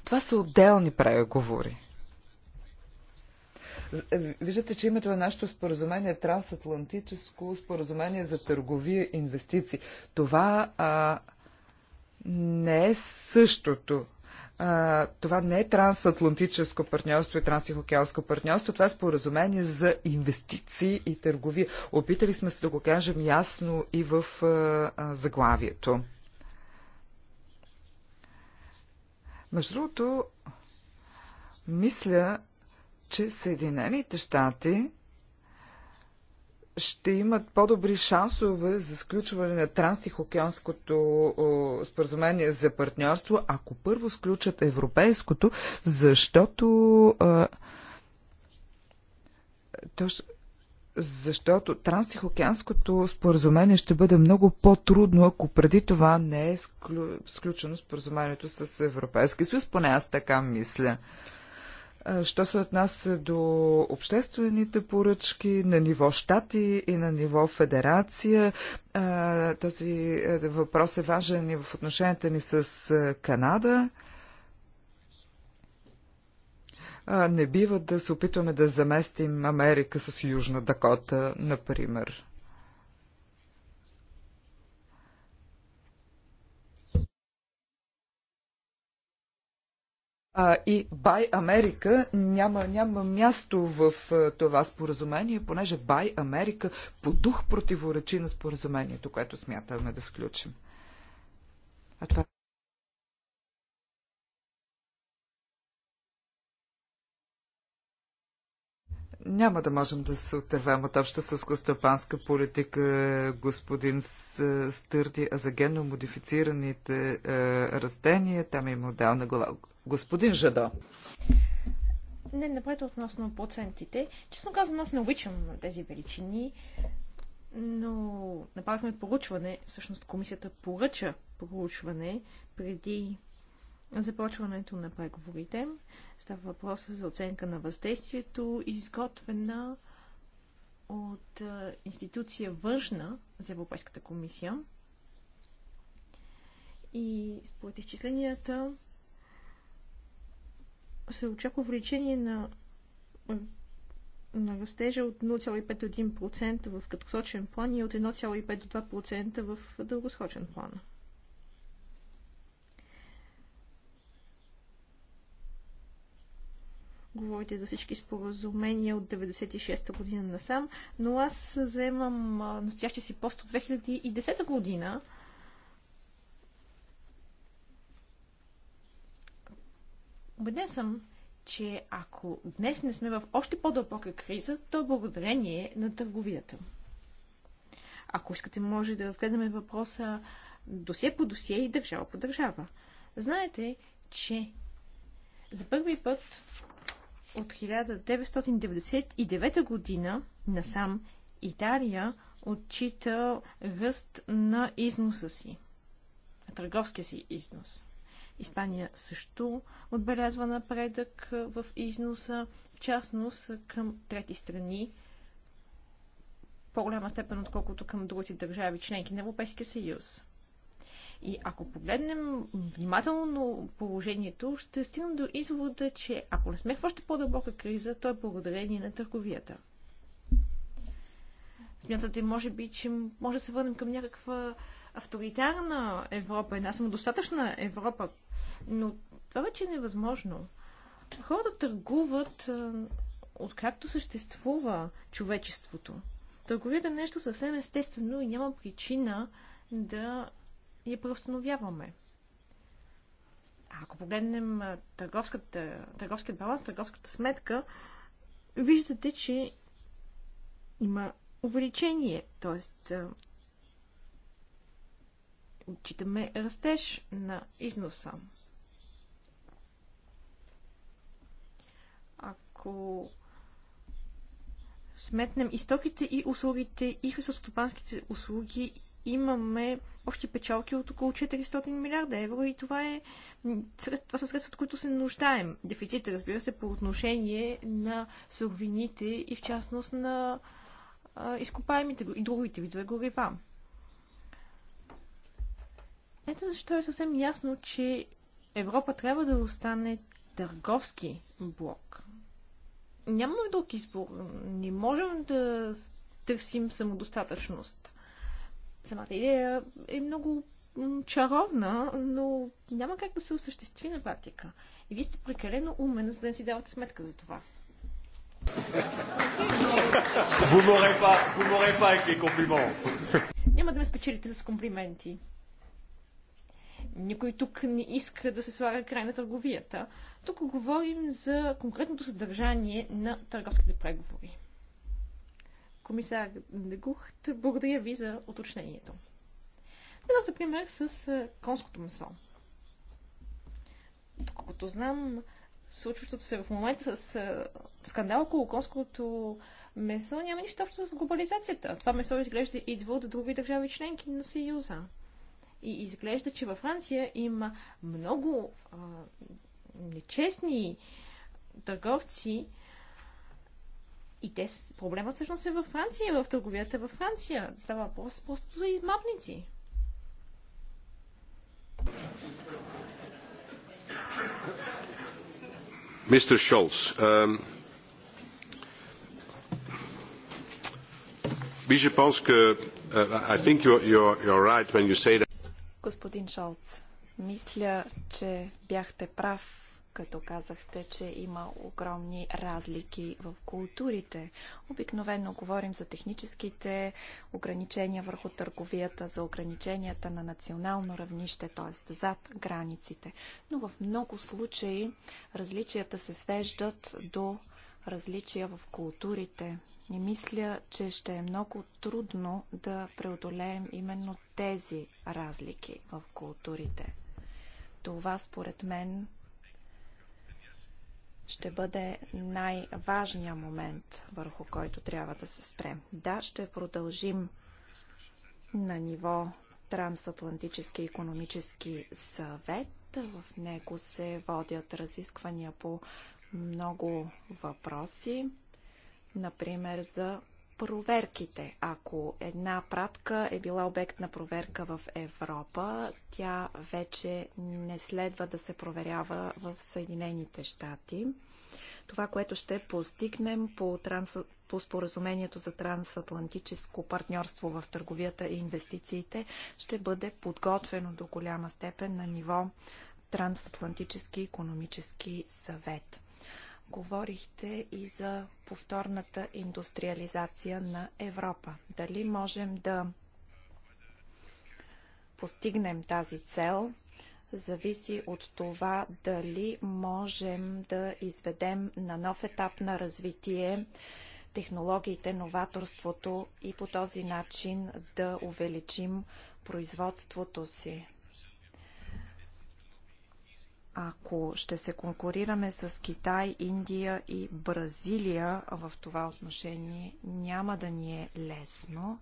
Това са отделни преговори. Виждате, че името на нашето споразумение е трансатлантическо споразумение за търговия и инвестиции. Това а, не е същото. А, това не е трансатлантическо партньорство и Трансихокеанско партньорство, това е споразумение за инвестиции и търговия. Опитали сме се да го кажем ясно и в а, а, заглавието. Между другото, мисля, че Съединените щати ще имат по-добри шансове за сключване на транстихокеанското споразумение за партньорство, ако първо сключат европейското, защото защото транстихокеанското споразумение ще бъде много по-трудно, ако преди това не е склю, сключено споразумението с Европейския съюз, поне аз така мисля. Що се отнася до обществените поръчки на ниво щати и на ниво федерация, този е, въпрос е важен и в отношенията ни с е, Канада. Не бива да се опитваме да заместим Америка с Южна Дакота, например. а, и Buy Америка, няма, няма място в а, това споразумение, понеже Buy Америка по дух противоречи на споразумението, което смятаме да сключим. А това... Няма да можем да се отървем от обща сълскостопанска политика, господин Стърди, а за генно модифицираните е, растения, там има отделна глава Господин Жада. Не, напред относно процентите. Честно казвам, аз не обичам тези величини, но направихме поручване. Всъщност комисията поръча поручване преди започването на преговорите. Става въпроса за оценка на въздействието, изготвена от институция външна за Европейската комисия. И според изчисленията се очаква увеличение на, на растежа от 0,5 до 1% в краткосрочен план и от 1,5 до 2% в дългосрочен план. говорите за всички споразумения от 96-та година насам, но аз заемам настоящия си пост от 2010 година Обеден съм, че ако днес не сме в още по-дълбока криза, то е благодарение на търговията. Ако искате, може да разгледаме въпроса досие по досие и държава по държава. Знаете, че за първи път от 1999 година насам Италия отчита ръст на износа си, търговския си износ. Испания също отбелязва напредък в износа, в частност към трети страни, по-голяма степен, отколкото към другите държави, членки на Европейския съюз. И ако погледнем внимателно положението, ще стигнем до извода, че ако не сме в още по-дълбока криза, то е благодарение на търговията. Смятате, може би, че може да се върнем към някаква авторитарна Европа, една самодостатъчна Европа, но това вече е невъзможно. Хората търгуват е, откакто съществува човечеството. Търговията е нещо съвсем естествено и няма причина да я преустановяваме. ако погледнем е, търговският баланс, търговската сметка, виждате, че има увеличение, т.е. отчитаме растеж на износа. ако сметнем и стоките, и услугите, и христостопанските услуги, имаме общи печалки от около 400 милиарда евро и това, е, това са средства, от които се нуждаем. Дефиците, разбира се, по отношение на суровините и в частност на а, изкопаемите и другите видове горива. Ето защо е съвсем ясно, че Европа трябва да остане търговски блок нямаме друг избор. Не можем да търсим самодостатъчност. Самата идея е много чаровна, но няма как да се осъществи на практика. И вие сте прекалено умен, за да не си давате сметка за това. Няма да ме спечелите с комплименти. Никой тук не иска да се слага край на търговията. Тук говорим за конкретното съдържание на търговските преговори. Комисар Дегухт, благодаря ви за уточнението. Дадохте пример с конското месо. Доколкото знам, случващото се в момента с скандал около конското месо няма нищо общо с глобализацията. Това месо изглежда идва от други държави членки на Съюза. И изглежда, че във Франция има много а, нечестни търговци, и те, проблемът всъщност е във Франция, в търговията във Франция. Става въпрос просто за измапници. Mr. Scholz, um, oui, je pense que uh, I think you're, you're, you're right when you say that. Господин Шолц, мисля, че бяхте прав, като казахте, че има огромни разлики в културите. Обикновено говорим за техническите ограничения върху търговията, за ограниченията на национално равнище, т.е. зад границите. Но в много случаи различията се свеждат до различия в културите. И мисля, че ще е много трудно да преодолеем именно тези разлики в културите. Това, според мен, ще бъде най-важният момент, върху който трябва да се спрем. Да, ще продължим на ниво Трансатлантически економически съвет. В него се водят разисквания по много въпроси, например за проверките. Ако една пратка е била обект на проверка в Европа, тя вече не следва да се проверява в Съединените щати. Това, което ще постигнем по, транс... по споразумението за трансатлантическо партньорство в търговията и инвестициите, ще бъде подготвено до голяма степен на ниво Трансатлантически економически съвет. Говорихте и за повторната индустриализация на Европа. Дали можем да постигнем тази цел, зависи от това дали можем да изведем на нов етап на развитие технологиите, новаторството и по този начин да увеличим производството си. Ако ще се конкурираме с Китай, Индия и Бразилия в това отношение, няма да ни е лесно.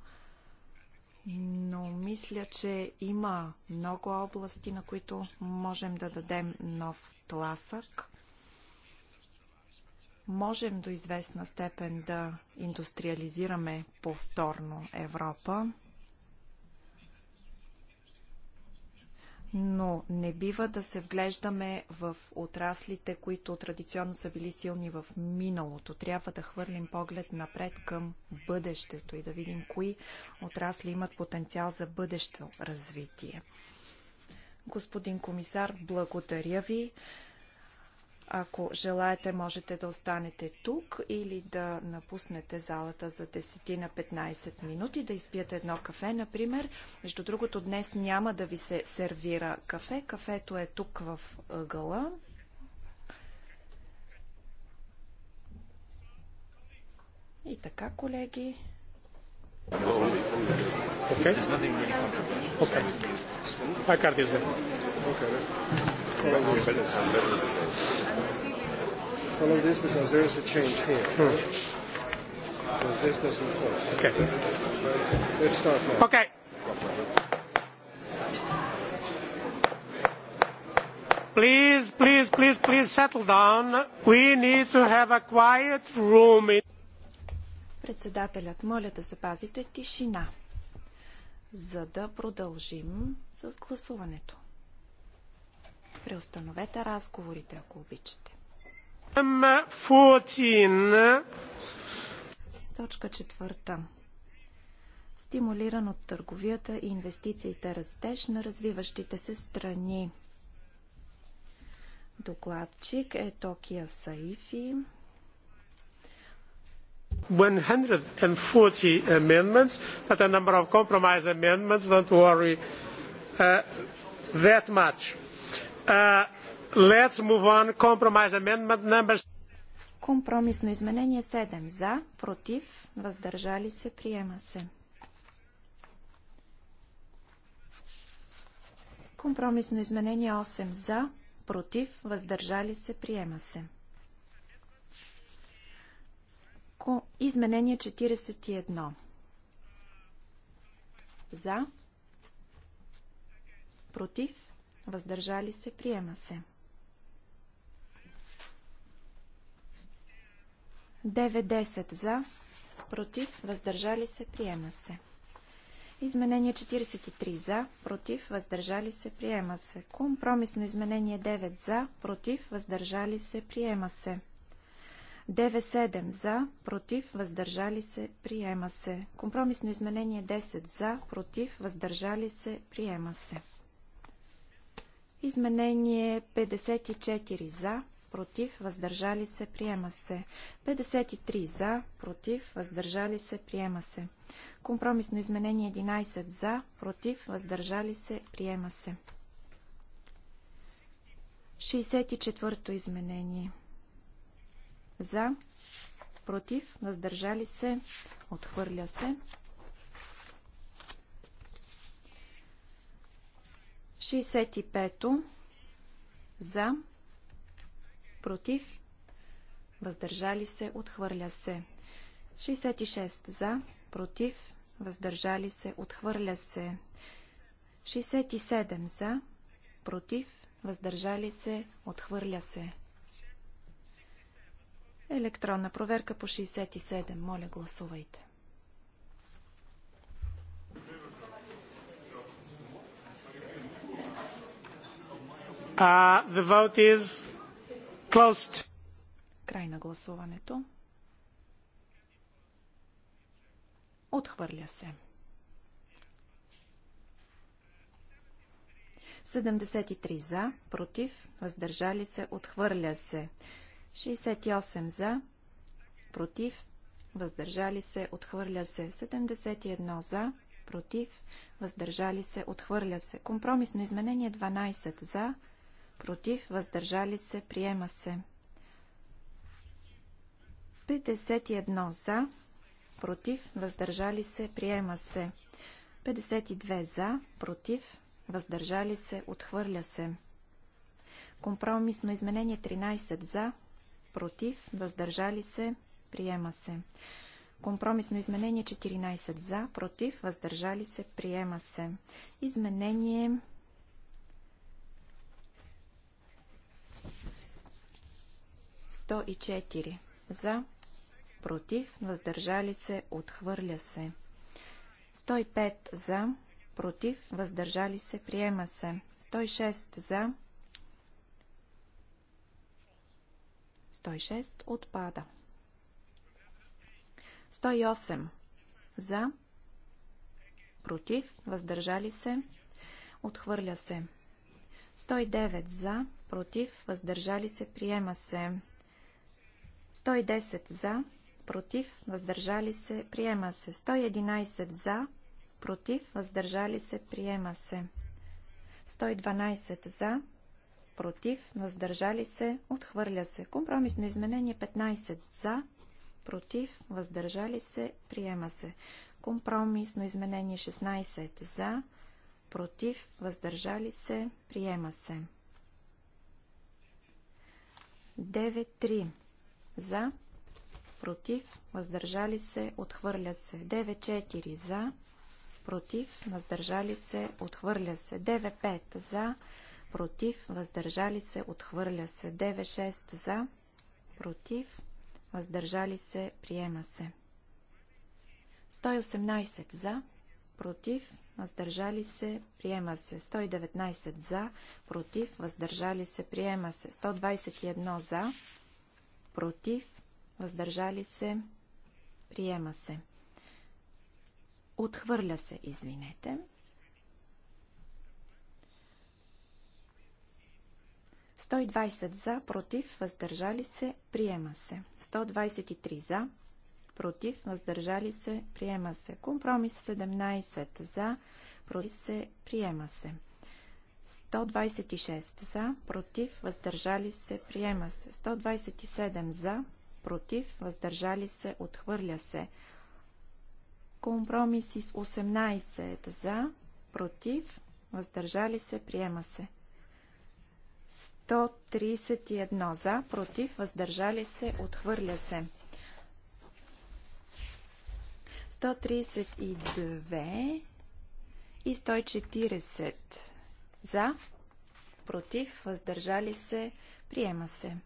Но мисля, че има много области, на които можем да дадем нов тласък. Можем до известна степен да индустриализираме повторно Европа. но не бива да се вглеждаме в отраслите, които традиционно са били силни в миналото. Трябва да хвърлим поглед напред към бъдещето и да видим кои отрасли имат потенциал за бъдещо развитие. Господин комисар, благодаря ви. Ако желаете, можете да останете тук или да напуснете залата за 10 на 15 минути, да изпиете едно кафе, например. Между другото, днес няма да ви се сервира кафе. Кафето е тук в ъгъла. И така, колеги. Okay. Okay. My card is there. Okay follow this because there is a change here. Hmm. Because this doesn't work. Okay. Let's start now. Okay. Please, please, please, please settle down. We need to have a quiet room. Председателят, моля да запазите тишина, за да продължим с гласуването. Преустановете разговорите, ако обичате. Точка четвърта. Стимулиран от търговията и инвестициите растеж на развиващите се страни. Докладчик е Токия Саифи. 140 amendments, but number of compromise amendments, don't worry uh, that much. Uh, Let's move on. Compromise amendment number... Компромисно изменение 7. За, против, въздържали се, приема се. Компромисно изменение 8. За, против, въздържали се, приема се. Изменение 41. За, против, въздържали се, приема се. 9-10 за, против, въздържали се, приема се. Изменение 43 за, против, въздържали се, приема се. Компромисно изменение 9 за, против, въздържали се, приема се. 9-7 за, против, въздържали се, приема се. Компромисно изменение 10 за, против, въздържали се, приема се. Изменение 54 за, против, въздържали се, приема се. 53 за, против, въздържали се, приема се. Компромисно изменение 11 за, против, въздържали се, приема се. 64-то изменение. За, против, въздържали се, отхвърля се. 65-то за, против, въздържали се, отхвърля се. 66 за, против, въздържали се, отхвърля се. 67 за, против, въздържали се, отхвърля се. Електронна проверка по 67. Моля, гласувайте. Uh, the vote is Closed. Край на гласуването. Отхвърля се. 73 за, против, въздържали се, отхвърля се. 68 за, против, въздържали се, отхвърля се. 71 за, против, въздържали се, отхвърля се. Компромисно изменение 12 за, против, въздържали се, приема се. 51 за, против, въздържали се, приема се. 52 за, против, въздържали се, отхвърля се. Компромисно изменение 13 за, против, въздържали се, приема се. Компромисно изменение 14 за, против, въздържали се, приема се. Изменение 104. За, против, въздържали се, отхвърля се. 105 за, против, въздържали се, приема се. 106 за, 106 отпада. 108 за, против, въздържали се, отхвърля се. 109 за, против, въздържали се, приема се. 110 за, против, въздържали се, приема се. 111 за, против, въздържали се, приема се. 112 за, против, въздържали се, отхвърля се. Компромисно изменение 15 за, против, въздържали се, приема се. Компромисно изменение 16 за, против, въздържали се, приема се. 9.3 за, против, въздържали се, отхвърля се. 9-4 за, против, въздържали се, отхвърля се. 9-5 за, против, въздържали се, отхвърля се. 9-6 за, против, въздържали се, приема се. 118 за, против, въздържали се, приема се. 119 за, против, въздържали се, приема се. 121 за, против, въздържали се, приема се. Отхвърля се, извинете. Сто за, против, въздържали се, приема се. 123 за, против, въздържали се, приема се. Компромис 17 за, против се, приема се. 126 за, против, въздържали се, приема се. 127 за, против, въздържали се, отхвърля се. Компромиси с 18 за, против, въздържали се, приема се. 131 за, против, въздържали се, отхвърля се. 132 и 140 за, против, въздържали се, приема се.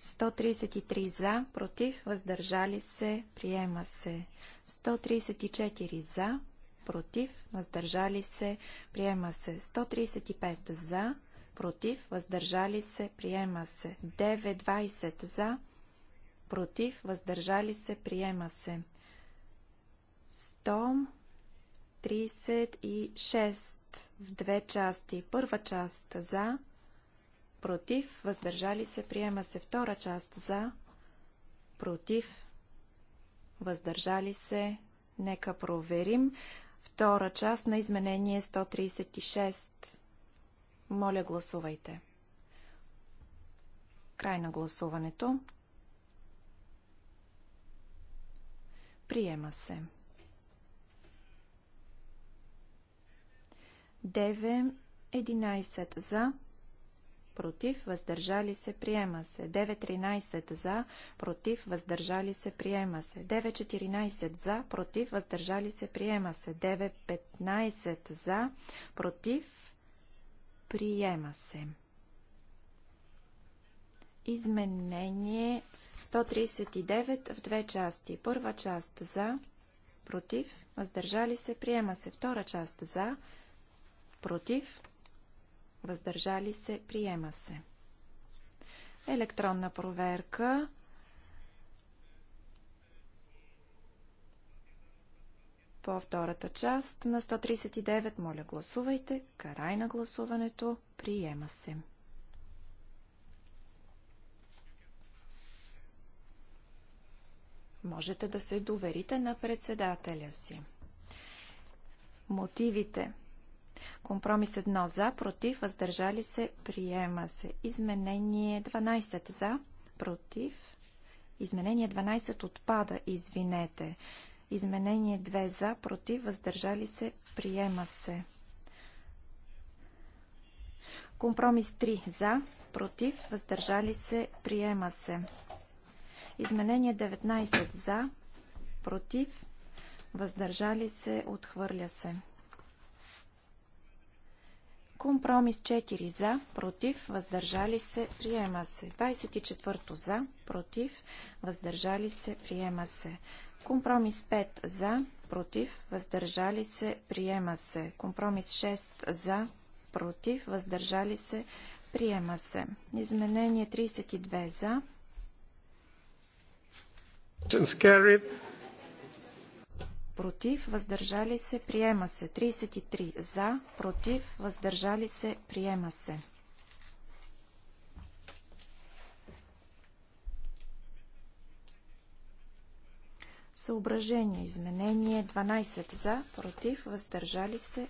133 за, против, въздържали се, приема се. 134 за, против, въздържали се, приема се. 135 за, против, въздържали се, приема се. 920 за, против, въздържали се, приема се. 136 в две части. Първа част за, против, въздържали се, приема се. Втора част за, против, въздържали се. Нека проверим. Втора част на изменение 136. Моля, гласувайте. Край на гласуването. Приема се. 9, 11 за, против, въздържали се, приема се. 9.13 за, против, въздържали се, приема се. 9.14 за, против, въздържали се, приема се. 9.15 за, против, приема се. Изменение 139 в две части. Първа част за, против, въздържали се, приема се. Втора част за, против, против, въздържали се, приема се. Електронна проверка. По втората част на 139, моля гласувайте. Карай на гласуването, приема се. Можете да се доверите на председателя си. Мотивите Компромис 1 за, против, въздържали се, приема се. Изменение 12 за, против. Изменение 12 отпада, извинете. Изменение 2 за, против, въздържали се, приема се. Компромис 3 за, против, въздържали се, приема се. Изменение 19 за, против, въздържали се, отхвърля се. Компромис 4 за, против, въздържали се, приема се. 24 за, против, въздържали се, приема се. Компромис 5 за, против, въздържали се, приема се. Компромис 6 за, против, въздържали се, приема се. Изменение 32 за против, въздържали се, приема се. 33 за, против, въздържали се, приема се. Съображение. Изменение 12 за, против, въздържали се,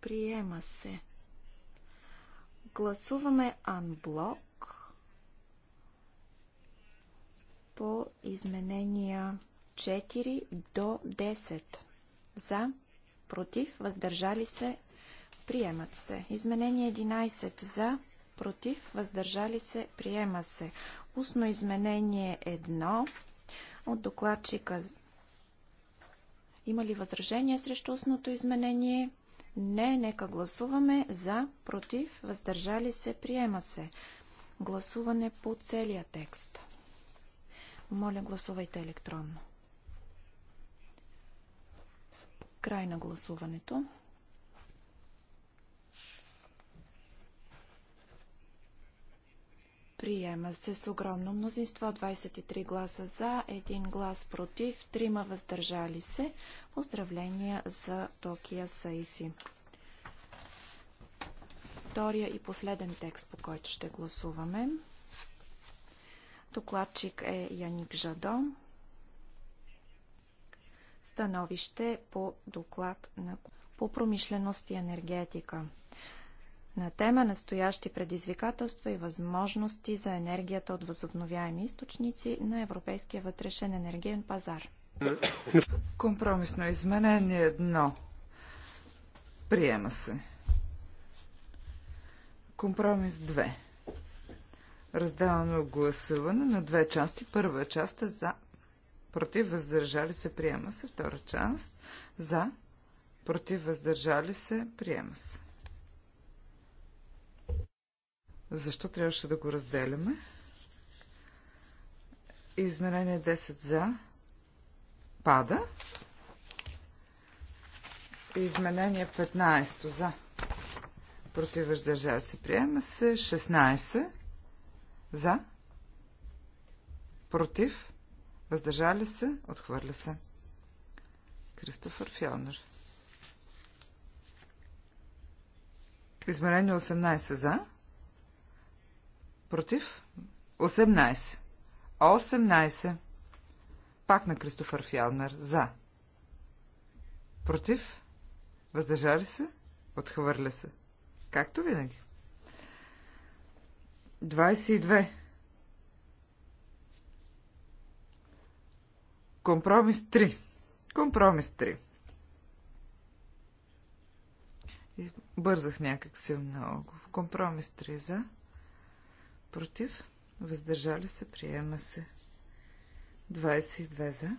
приема се. Гласуваме анблок по изменения 4 до 10. За, против, въздържали се, приемат се. Изменение 11 за, против, въздържали се, приема се. Устно изменение 1 от докладчика. Има ли възражение срещу устното изменение? Не, нека гласуваме за, против, въздържали се, приема се. Гласуване по целия текст. Моля, гласувайте електронно. Край на гласуването. Приема се с огромно мнозинство 23 гласа за, 1 глас против, 3 въздържали се. Поздравления за Токия Саифи. Втория и последен текст, по който ще гласуваме. Докладчик е Яник Жадо становище по доклад на, по промишленост и енергетика на тема настоящи предизвикателства и възможности за енергията от възобновяеми източници на Европейския вътрешен енергиен пазар. Компромисно изменение едно. Приема се. Компромис 2. Разделено гласуване на две части. Първа част е за, против, въздържали се, приема се. Втора част, за, против, въздържали се, приема се. Защо трябваше да го разделяме? Измерение 10 за. Пада. Изменение 15 за. Против въздържали се. Приема се. 16 за. Против. Въздържали се? Отхвърля се. Кристофър Фионер. Измерение 18 за. Против? 18. 18. Пак на Кристофър Фялнер. За. Против? Въздържали се? Отхвърля се. Както винаги. 22. Компромис 3. Компромис 3. И бързах някак си много. Компромис 3 за. Против. Въздържали се. Приема се. 22 за.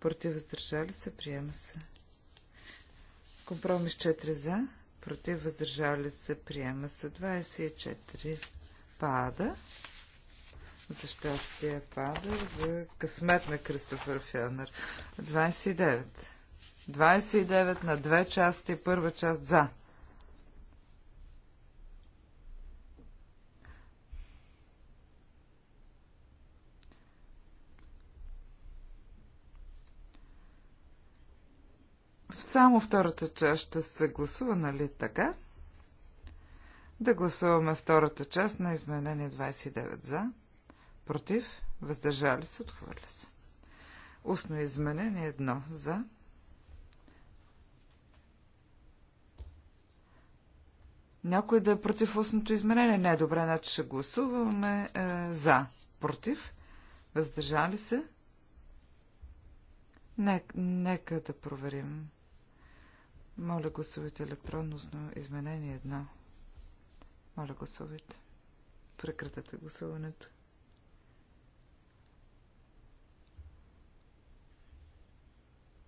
Против. Въздържали се. Приема се. Компромис 4 за. Против. Въздържали се. Приема се. 24 пада. За щастие пада. За късмет на Кристофър Фелнер. 29. 29 на две части. Първа част за. Само втората част ще се гласува, нали така? Да гласуваме втората част на изменение 29 за против, въздържали се, отхвърля се. Устно изменение едно за. Някой да е против устното изменение? Не е добре, значи ще гласуваме е, за. Против? Въздържали се? Нека, нека да проверим. Моля, гласувайте електронно устно изменение едно. Моля, гласувайте. Прекратете гласуването.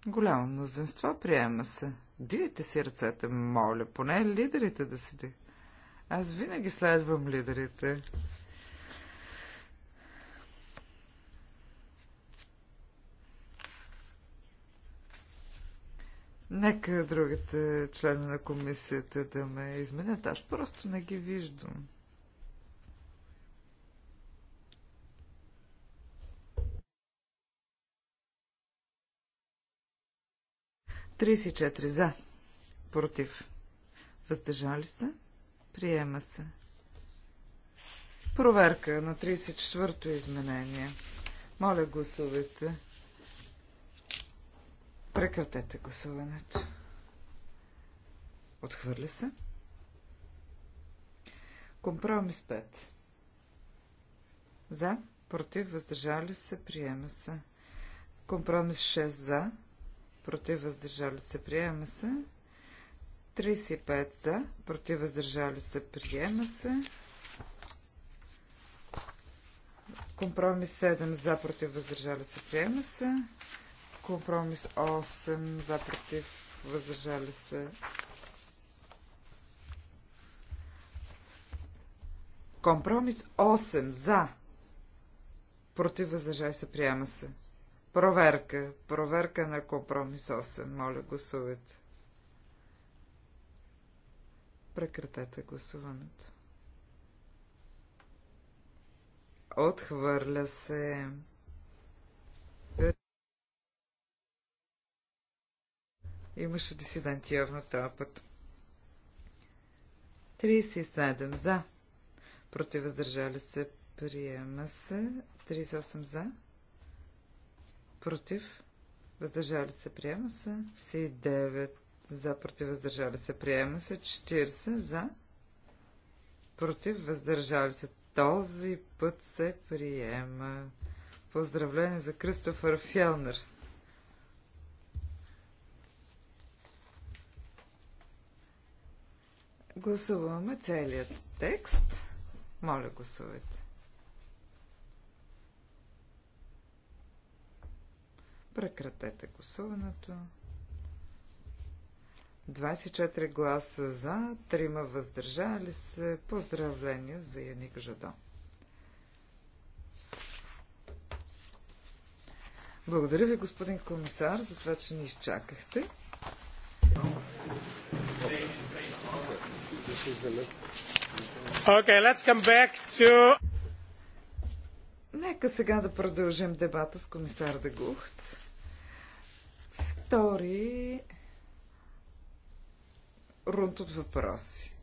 Голямо мнозинство приема се. Дивите си ръцете, моля, поне лидерите да си дигат. Аз винаги следвам лидерите. Нека другите члена на комисията да ме изменят. Аз просто не ги виждам. 34 за. Против. Въздържали се. Приема се. Проверка на 34-то изменение. Моля, гласувайте. Прекратете гласуването. Отхвърля се. Компромис 5. За, против, въздържали се, приема се. Компромис 6 за, против, въздържали се, приема се. 35 за, против, въздържали се, приема се. Компромис 7 за, против, въздържали се, приема се. Компромис 8 за, против, въздържали се. Компромис 8 за, против, въздържали се, приема се. Проверка. Проверка на компромис 8. Моля, гласувайте. Прекратете гласуването. Отхвърля се. Имаше дисидент явно този път. 37 за. Против въздържали се. Приема се. 38 за против, въздържали се, приема се. Си 9 за, против, въздържали се, приема се. 40 за, против, въздържали се. Този път се приема. Поздравление за Кристофър Фелнер. Гласуваме целият текст. Моля, гласувайте. Прекратете гласуването. 24 гласа за, 3 въздържали се. Поздравления за Яник Жадо. Благодаря ви, господин комисар, за това, че ни изчакахте. Okay, let's come back to... Нека сега да продължим дебата с комисар Дегухт втори рунд от въпроси.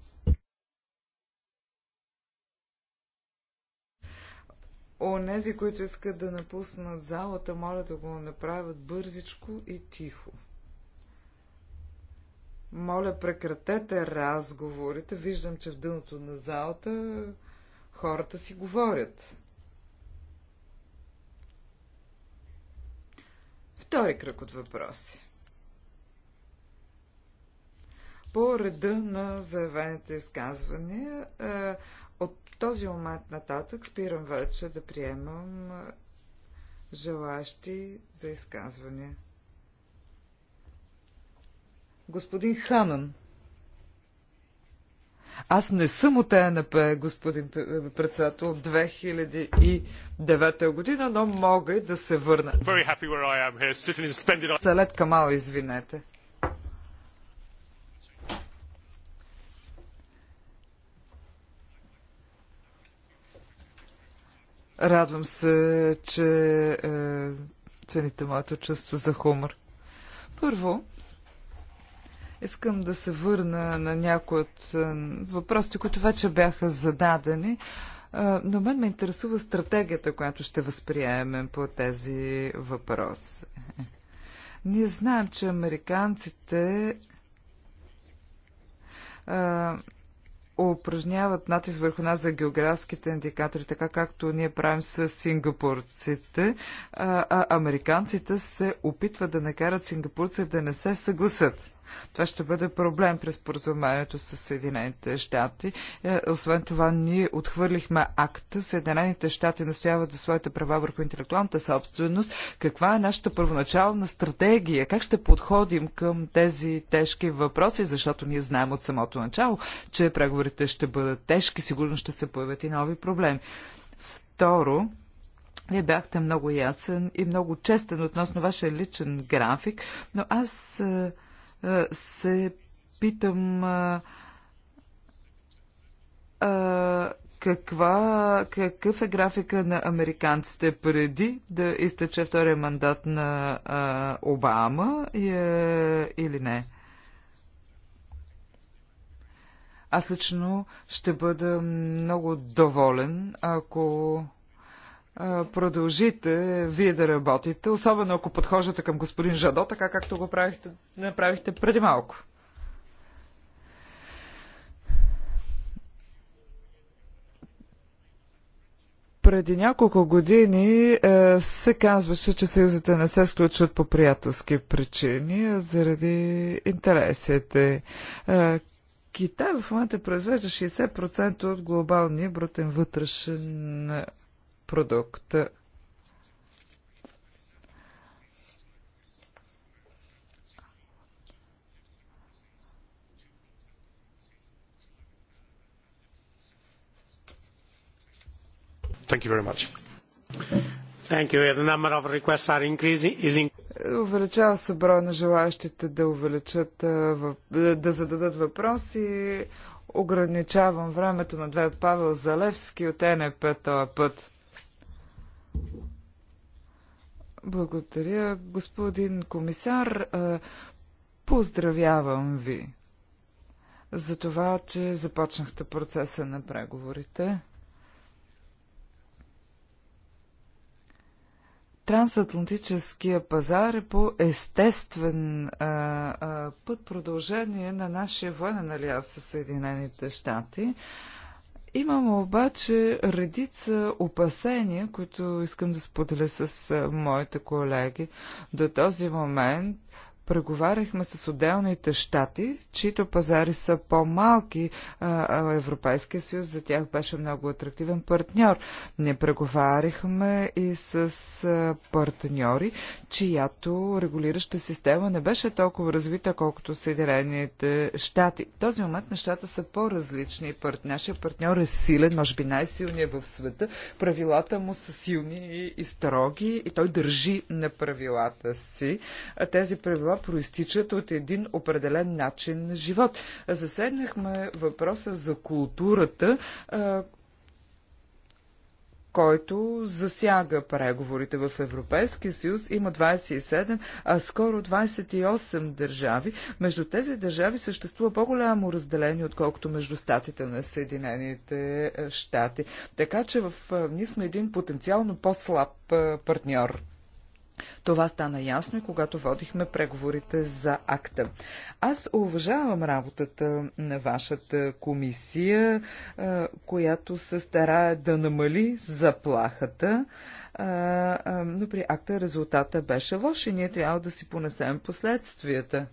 Онези, които искат да напуснат залата, моля да го направят бързичко и тихо. Моля, прекратете разговорите. Виждам, че в дъното на залата хората си говорят. Втори кръг от въпроси. По реда на заявените изказвания, е, от този момент нататък спирам вече да приемам е, желащи за изказвания. Господин Ханан. Аз не съм от ЕНП, господин председател, от 2000 2009 година, но мога и да се върна. Салет Камал, извинете. Радвам се, че е, цените моето чувство за хумор. Първо, искам да се върна на някои от е, въпросите, които вече бяха зададени. Е, но мен ме интересува стратегията, която ще възприемем по тези въпроси. Ние знаем, че американците а, упражняват натиск върху нас за географските индикатори, така както ние правим с сингапурците, а, а американците се опитват да накарат сингапурците да не се съгласат. Това ще бъде проблем през поразумението с Съединените щати. Е, освен това, ние отхвърлихме акта. Съединените щати настояват за своите права върху интелектуалната собственост. Каква е нашата първоначална стратегия? Как ще подходим към тези тежки въпроси? Защото ние знаем от самото начало, че преговорите ще бъдат тежки. Сигурно ще се появят и нови проблеми. Второ, вие бяхте много ясен и много честен относно вашия личен график, но аз е, е, се питам е, е, каква, какъв е графика на американците преди да изтече втория мандат на а, Обама и, а, или не? Аз лично ще бъда много доволен, ако продължите вие да работите, особено ако подхождате към господин Жадо, така както го правихте, направихте преди малко. Преди няколко години е, се казваше, че съюзите не се сключват по приятелски причини, а заради интересите. Е, Китай в момента произвежда 60% от глобалния брутен вътрешен продукт. Thank you very much. Thank you. The number of requests are increasing. Is in... Увеличава се броя на желаящите да увеличат, да зададат въпроси. Ограничавам времето на две Павел Залевски от НП този път. Благодаря, господин комисар. Поздравявам ви за това, че започнахте процеса на преговорите. Трансатлантическия пазар е по естествен а, а, път продължение на нашия военен алиас с Съединените щати. А, Имам обаче редица опасения, които искам да споделя с моите колеги. До този момент преговаряхме с отделните щати, чието пазари са по-малки, а Европейския съюз за тях беше много атрактивен партньор. Не преговаряхме и с партньори, чиято регулираща система не беше толкова развита, колкото Съединените щати. В този момент нещата са по-различни. Нашия партньор е силен, може би най-силният в света. Правилата му са силни и строги и той държи на правилата си. Тези правила проистичат от един определен начин на живот. Заседнахме въпроса за културата, който засяга преговорите в Европейския съюз. Има 27, а скоро 28 държави. Между тези държави съществува по-голямо разделение, отколкото между статите на Съединените щати. Така че в... ние сме един потенциално по-слаб партньор. Това стана ясно и когато водихме преговорите за акта. Аз уважавам работата на вашата комисия, която се старае да намали заплахата, но при акта резултата беше лош и ние трябва да си понесем последствията.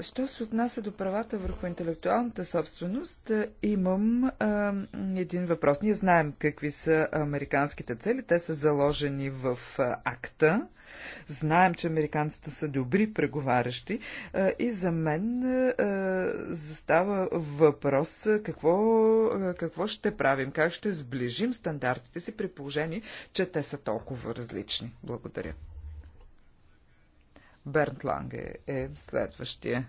Що се отнася до правата върху интелектуалната собственост, е, имам а, един въпрос. Ние знаем какви са американските цели. Те са заложени в а, акта. Знаем, че американците са добри преговарящи а, и за мен а, застава въпрос какво, а, какво ще правим, как ще сближим стандартите си при положение, че те са толкова различни. Благодаря. Бернт Ланге е следващия.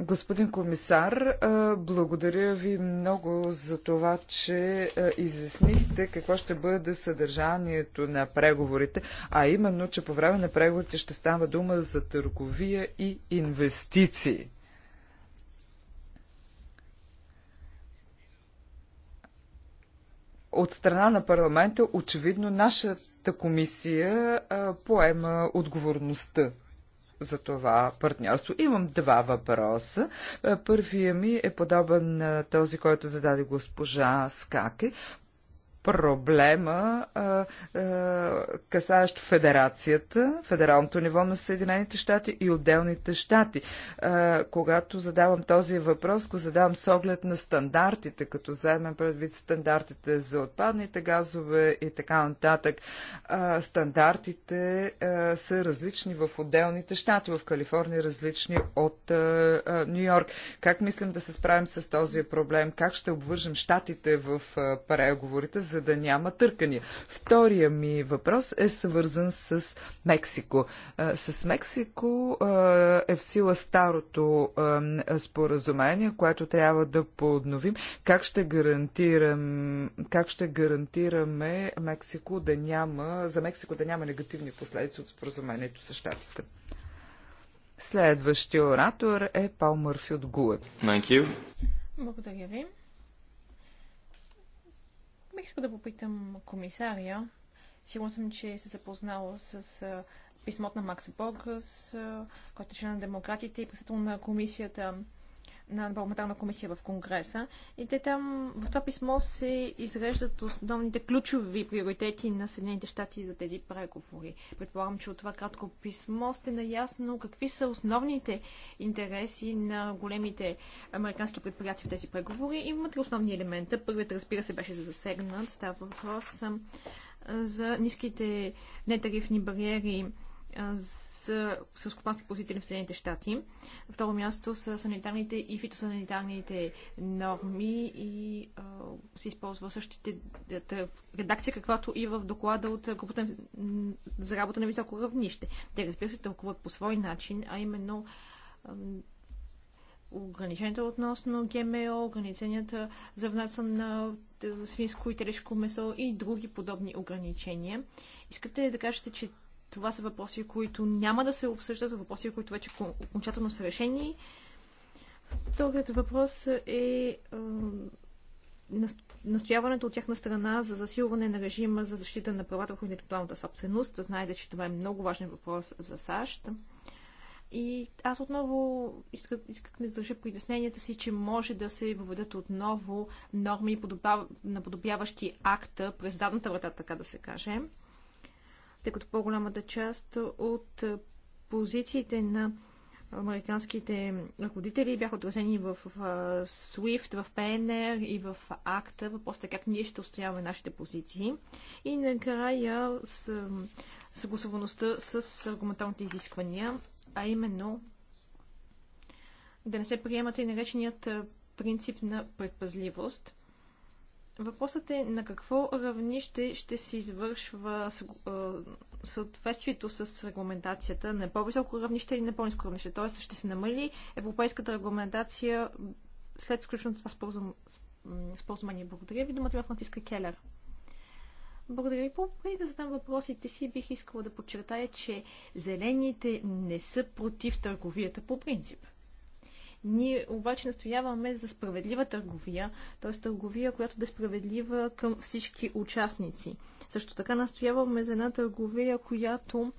Господин комисар, благодаря ви много за това, че изяснихте какво ще бъде съдържанието на преговорите, а именно, че по време на преговорите ще става дума за търговия и инвестиции. от страна на парламента, очевидно, нашата комисия а, поема отговорността за това партньорство. Имам два въпроса. Първия ми е подобен на този, който зададе госпожа Скаки проблема, а, а, касаещ федерацията, федералното ниво на Съединените щати и отделните щати. А, когато задавам този въпрос, го задавам с оглед на стандартите, като вземем предвид стандартите за отпадните газове и така нататък. А, стандартите а, са различни в отделните щати, в Калифорния различни от Нью Йорк. Как мислим да се справим с този проблем? Как ще обвържем щатите в а, преговорите? за да няма търкания. Втория ми въпрос е свързан с Мексико. С Мексико е в сила старото споразумение, което трябва да подновим. Как ще, гарантирам, как ще гарантираме Мексико да няма, за Мексико да няма негативни последици от споразумението с щатите? Следващия оратор е Пал Мърфи от Гуев. Благодаря ви. Бих искал да попитам комисария. Сигурно съм, че се запознала с писмото на Макс Бог, който е член на демократите и председател на комисията на парламентарна комисия в Конгреса. И те там в това писмо се изреждат основните ключови приоритети на Съединените щати за тези преговори. Предполагам, че от това кратко писмо сте наясно какви са основните интереси на големите американски предприятия в тези преговори. имат ли основни елемента. Първият, разбира се, беше засегнат. Става въпрос за ниските нетарифни бариери за селскопански производители в Съединените щати. Второ място са санитарните и фитосанитарните норми и се използва същите редакция, каквато и в доклада от групата за работа на високо равнище. Те, разбира се, тълкуват по свой начин, а именно ограниченията относно ГМО, ограниченията за внася на свинско и телешко месо и други подобни ограничения. Искате да кажете, че това са въпроси, които няма да се обсъждат, въпроси, които вече окончателно са решени. Вторият въпрос е настояването от тяхна страна за засилване на режима за защита на правата върху интелектуалната собственост. Знаете, че това е много важен въпрос за САЩ. И аз отново исках, исках да издържа притесненията си, че може да се въведат отново норми, наподобяващи акта през задната врата, така да се каже тъй като по-голямата част от позициите на американските ръководители бяха отразени в SWIFT, в PNR и в АКТА. Въпросът е как ние ще устояваме нашите позиции. И накрая с съгласуваността с аргументалните изисквания, а именно да не се приемат и нареченият принцип на предпазливост. Въпросът е на какво равнище ще се извършва съответствието с регламентацията, на по-високо равнище или на по-низко равнище. Т.е. ще се намали европейската регламентация след сключването това споразумение. Благодаря ви, думата има Франциска Келер. Благодаря ви. Преди да задам въпросите си, бих искала да подчертая, че зелените не са против търговията по принцип. Ние обаче настояваме за справедлива търговия, т.е. търговия, която да е справедлива към всички участници. Също така настояваме за една търговия, която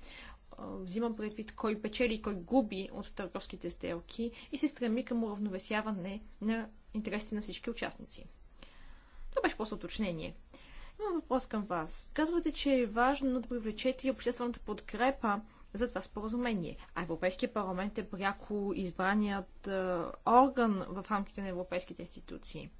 взима предвид кой печели и кой губи от търговските сделки и се стреми към уравновесяване на интересите на всички участници. Това беше просто уточнение. Имам въпрос към вас. Казвате, че е важно да привлечете и обществената подкрепа за това споразумение. А Европейския парламент е пряко избраният е, орган в рамките на европейските институции.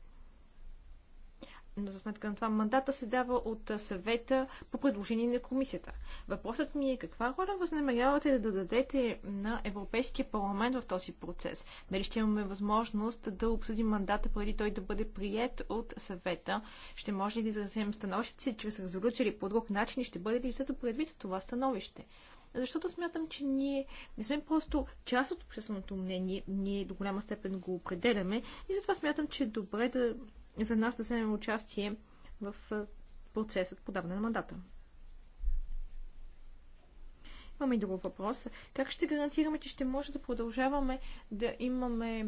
Но за сметка на това мандата се дава от е, съвета по предложение на комисията. Въпросът ми е каква роля възнамерявате да дадете на Европейския парламент в този процес? Дали ще имаме възможност да обсъдим мандата преди той да бъде прият от съвета? Ще може ли да изразим становище чрез резолюция или по друг начин? Ще бъде ли взето предвид това становище? защото смятам, че ние не сме просто част от общественото мнение, ние до голяма степен го определяме и затова смятам, че е добре да, за нас да вземем участие в процесът подаване на мандата. Имаме и друг въпрос. Как ще гарантираме, че ще може да продължаваме да имаме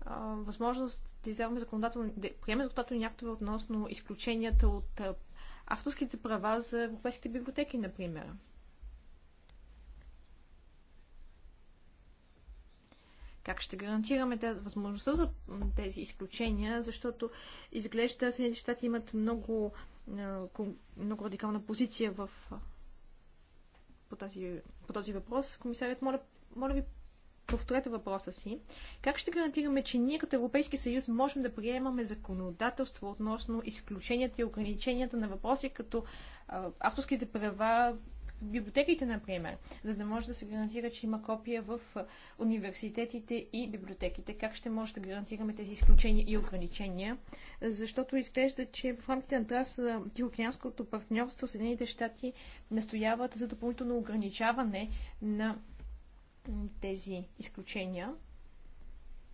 а, възможност да издаваме законодателни, да приемем законодателни актове относно изключенията от а, авторските права за европейските библиотеки, например? Как ще гарантираме тази възможността за тези изключения, защото изглежда Съединените щати имат много, много радикална позиция в, по, тази, по този въпрос. Комисарят, моля, моля ви, повторете въпроса си. Как ще гарантираме, че ние като Европейски съюз можем да приемаме законодателство относно изключенията и ограниченията на въпроси като авторските права, библиотеките, например, за да може да се гарантира, че има копия в университетите и библиотеките. Как ще може да гарантираме тези изключения и ограничения? Защото изглежда, че в рамките на ТАС Тихоокеанското партньорство Съединените щати настояват за допълнително ограничаване на тези изключения,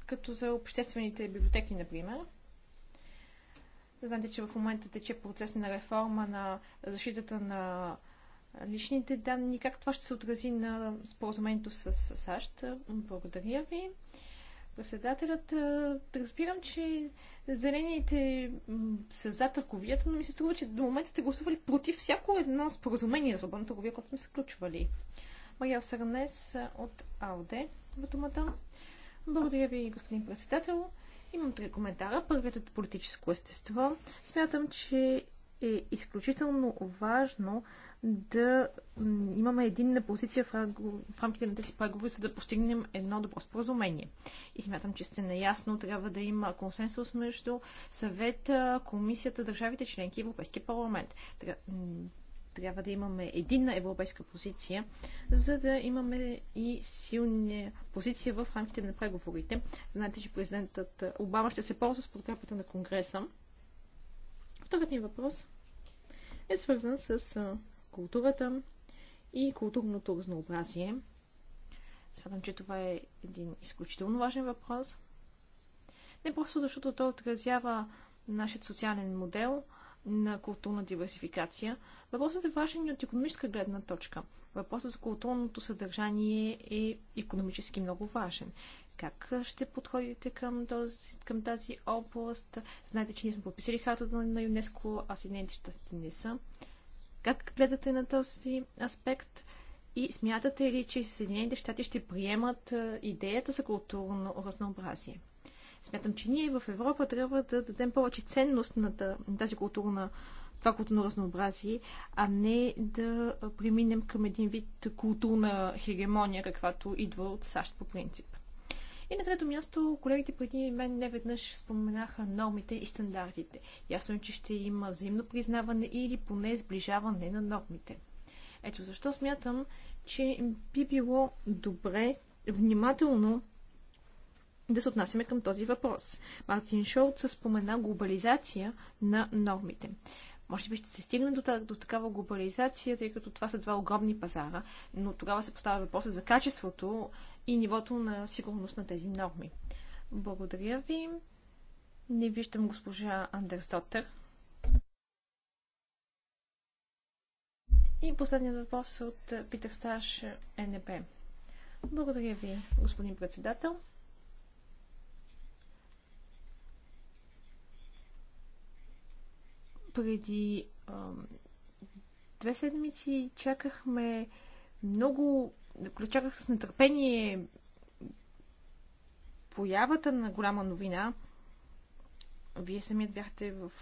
като за обществените библиотеки, например. Знаете, че в момента тече процес на реформа на защитата на личните данни, как това ще се отрази на споразумението с САЩ. Благодаря ви. Председателят, разбирам, че зелените са за търговията, но ми се струва, че до момента сте гласували против всяко едно споразумение за свободна търговия, което сме се включвали. Мария Сърнес от АОД в думата. Благодаря ви, господин председател. Имам три коментара. Първият е от политическо естество. Смятам, че е изключително важно да имаме единна позиция в, рамките на тези преговори, за да постигнем едно добро споразумение. И смятам, че сте наясно, трябва да има консенсус между съвета, комисията, държавите членки и Европейския парламент. Трябва да имаме единна европейска позиция, за да имаме и силна позиция в рамките на преговорите. Знаете, че президентът Обама ще се ползва с подкрепата на Конгреса Вторият ми въпрос е свързан с културата и културното разнообразие. Смятам, че това е един изключително важен въпрос. Не просто защото той отразява нашият социален модел на културна диверсификация. Въпросът е важен и от економическа гледна точка. Въпросът за културното съдържание е економически много важен. Как ще подходите към, този, към тази област? Знаете, че ние сме подписали хартата на ЮНЕСКО, а Съединените щати не са. Как гледате на този аспект? И смятате ли, че Съединените щати ще приемат идеята за културно разнообразие? Смятам, че ние в Европа трябва да дадем повече ценност на тази културна, това културно разнообразие, а не да преминем към един вид културна хегемония, каквато идва от САЩ по принцип. И на трето място, колегите преди мен не веднъж споменаха нормите и стандартите. Ясно е, че ще има взаимно признаване или поне сближаване на нормите. Ето защо смятам, че би било добре внимателно да се отнасяме към този въпрос. Мартин Шолт спомена глобализация на нормите. Може би ще се стигне до, до такава глобализация, тъй като това са два огромни пазара, но тогава се поставя въпроса за качеството и нивото на сигурност на тези норми. Благодаря ви. Не виждам госпожа Андерстотер. И последният въпрос от Питър Сташ, НП. Благодаря ви, господин председател. Преди а, две седмици чакахме много Чаках с нетърпение появата на голяма новина. Вие самият бяхте в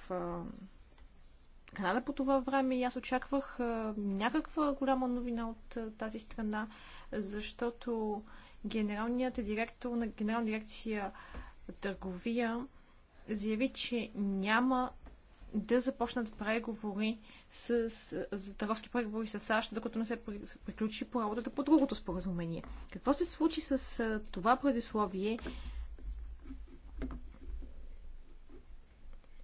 Канада по това време и аз очаквах а, някаква голяма новина от а, тази страна, защото генералният директор на генерална дирекция търговия заяви, че няма да започнат преговори с, за търговски преговори с САЩ, докато не се приключи по работата по другото споразумение. Какво се случи с това предисловие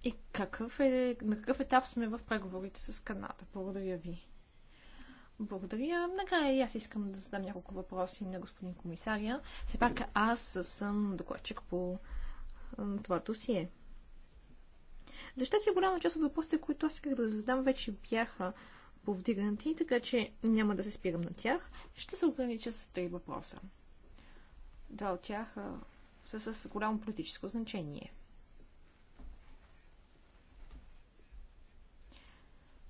и какъв е, на какъв етап сме в преговорите с Каната? Благодаря ви. Благодаря. Накрая и аз искам да задам няколко въпроси на господин комисаря. Все пак аз съм докладчик по това досие. Защо че голяма част от въпросите, които аз исках да задам, вече бяха повдигнати, така че няма да се спирам на тях. Ще се огранича с три въпроса. Два от тях са с голямо политическо значение.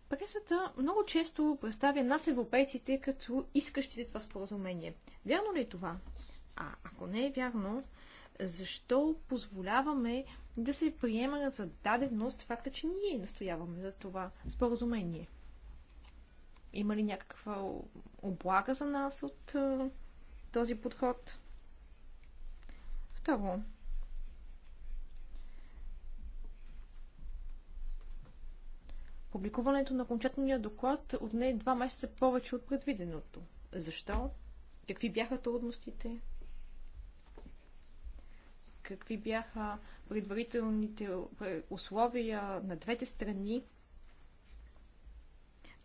Пресата много често представя нас европейците като искащите това споразумение. Вярно ли е това? А ако не е вярно, защо позволяваме да се приема за даденост факта, че ние настояваме за това споразумение? Има ли някаква облага за нас от този подход? Второ, Публикуването на окончателния доклад отне два месеца повече от предвиденото. Защо? Какви бяха трудностите? какви бяха предварителните условия на двете страни,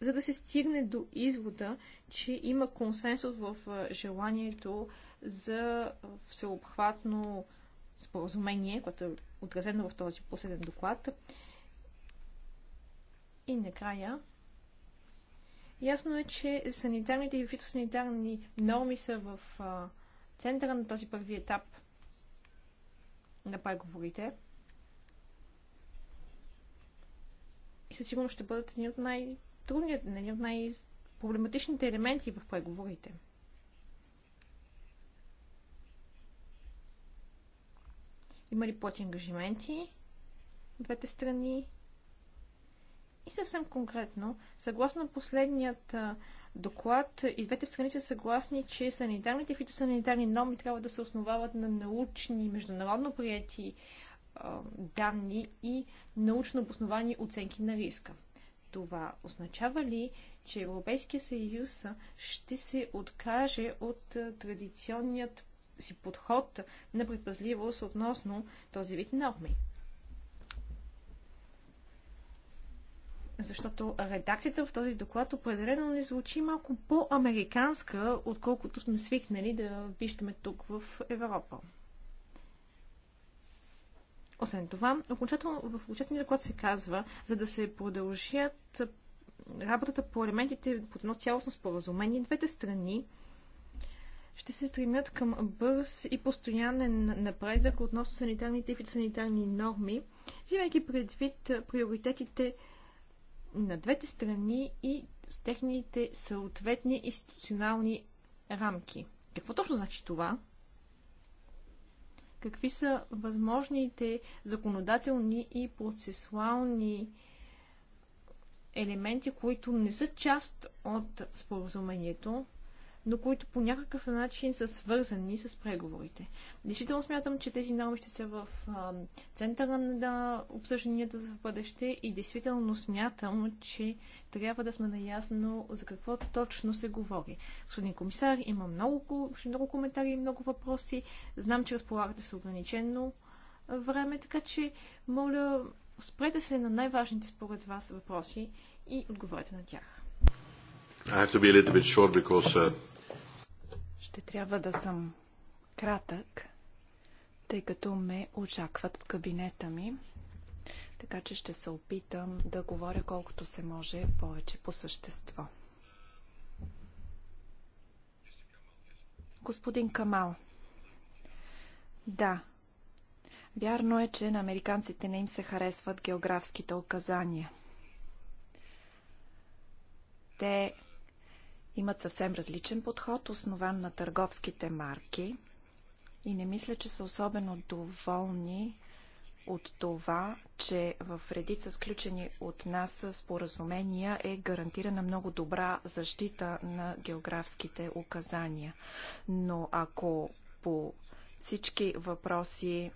за да се стигне до извода, че има консенсус в желанието за всеобхватно споразумение, което е отразено в този последен доклад. И накрая. Ясно е, че санитарните и фитосанитарни норми са в центъра на този първи етап – на преговорите. И със сигурност ще бъдат едни от най-трудният, едни от най-проблематичните елементи в преговорите. Има ли плати ангажименти двете страни? И съвсем конкретно, съгласно последният доклад и двете страни са съгласни, че санитарните и фитосанитарни норми трябва да се основават на научни, международно прияти данни и научно обосновани оценки на риска. Това означава ли, че Европейския съюз ще се откаже от традиционният си подход на предпазливост относно този вид норми? Защото редакцията в този доклад определено не звучи малко по-американска, отколкото сме свикнали да виждаме тук в Европа. Освен това, окончателно, в окончателния доклад се казва, за да се продължат работата по елементите под едно цялостно споразумение, двете страни ще се стремят към бърз и постоянен напредък относно санитарните и фитосанитарни норми, взимайки предвид приоритетите на двете страни и с техните съответни институционални рамки. Какво точно значи това? Какви са възможните законодателни и процесуални елементи, които не са част от споразумението, но които по някакъв начин са свързани с преговорите. Действително смятам, че тези норми ще са в центъра на обсъжданията за бъдеще и действително смятам, че трябва да сме наясно за какво точно се говори. Господин комисар, има много, много коментари и много въпроси. Знам, че разполагате с ограничено време, така че моля, спрете се на най-важните според вас въпроси и отговорете на тях. I have to be a little bit short because uh, ще трябва да съм кратък, тъй като ме очакват в кабинета ми. Така че ще се опитам да говоря колкото се може повече по същество. Господин Камал, да, вярно е, че на американците не им се харесват географските указания. Те имат съвсем различен подход, основан на търговските марки. И не мисля, че са особено доволни от това, че в редица сключени от нас споразумения е гарантирана много добра защита на географските указания. Но ако по всички въпроси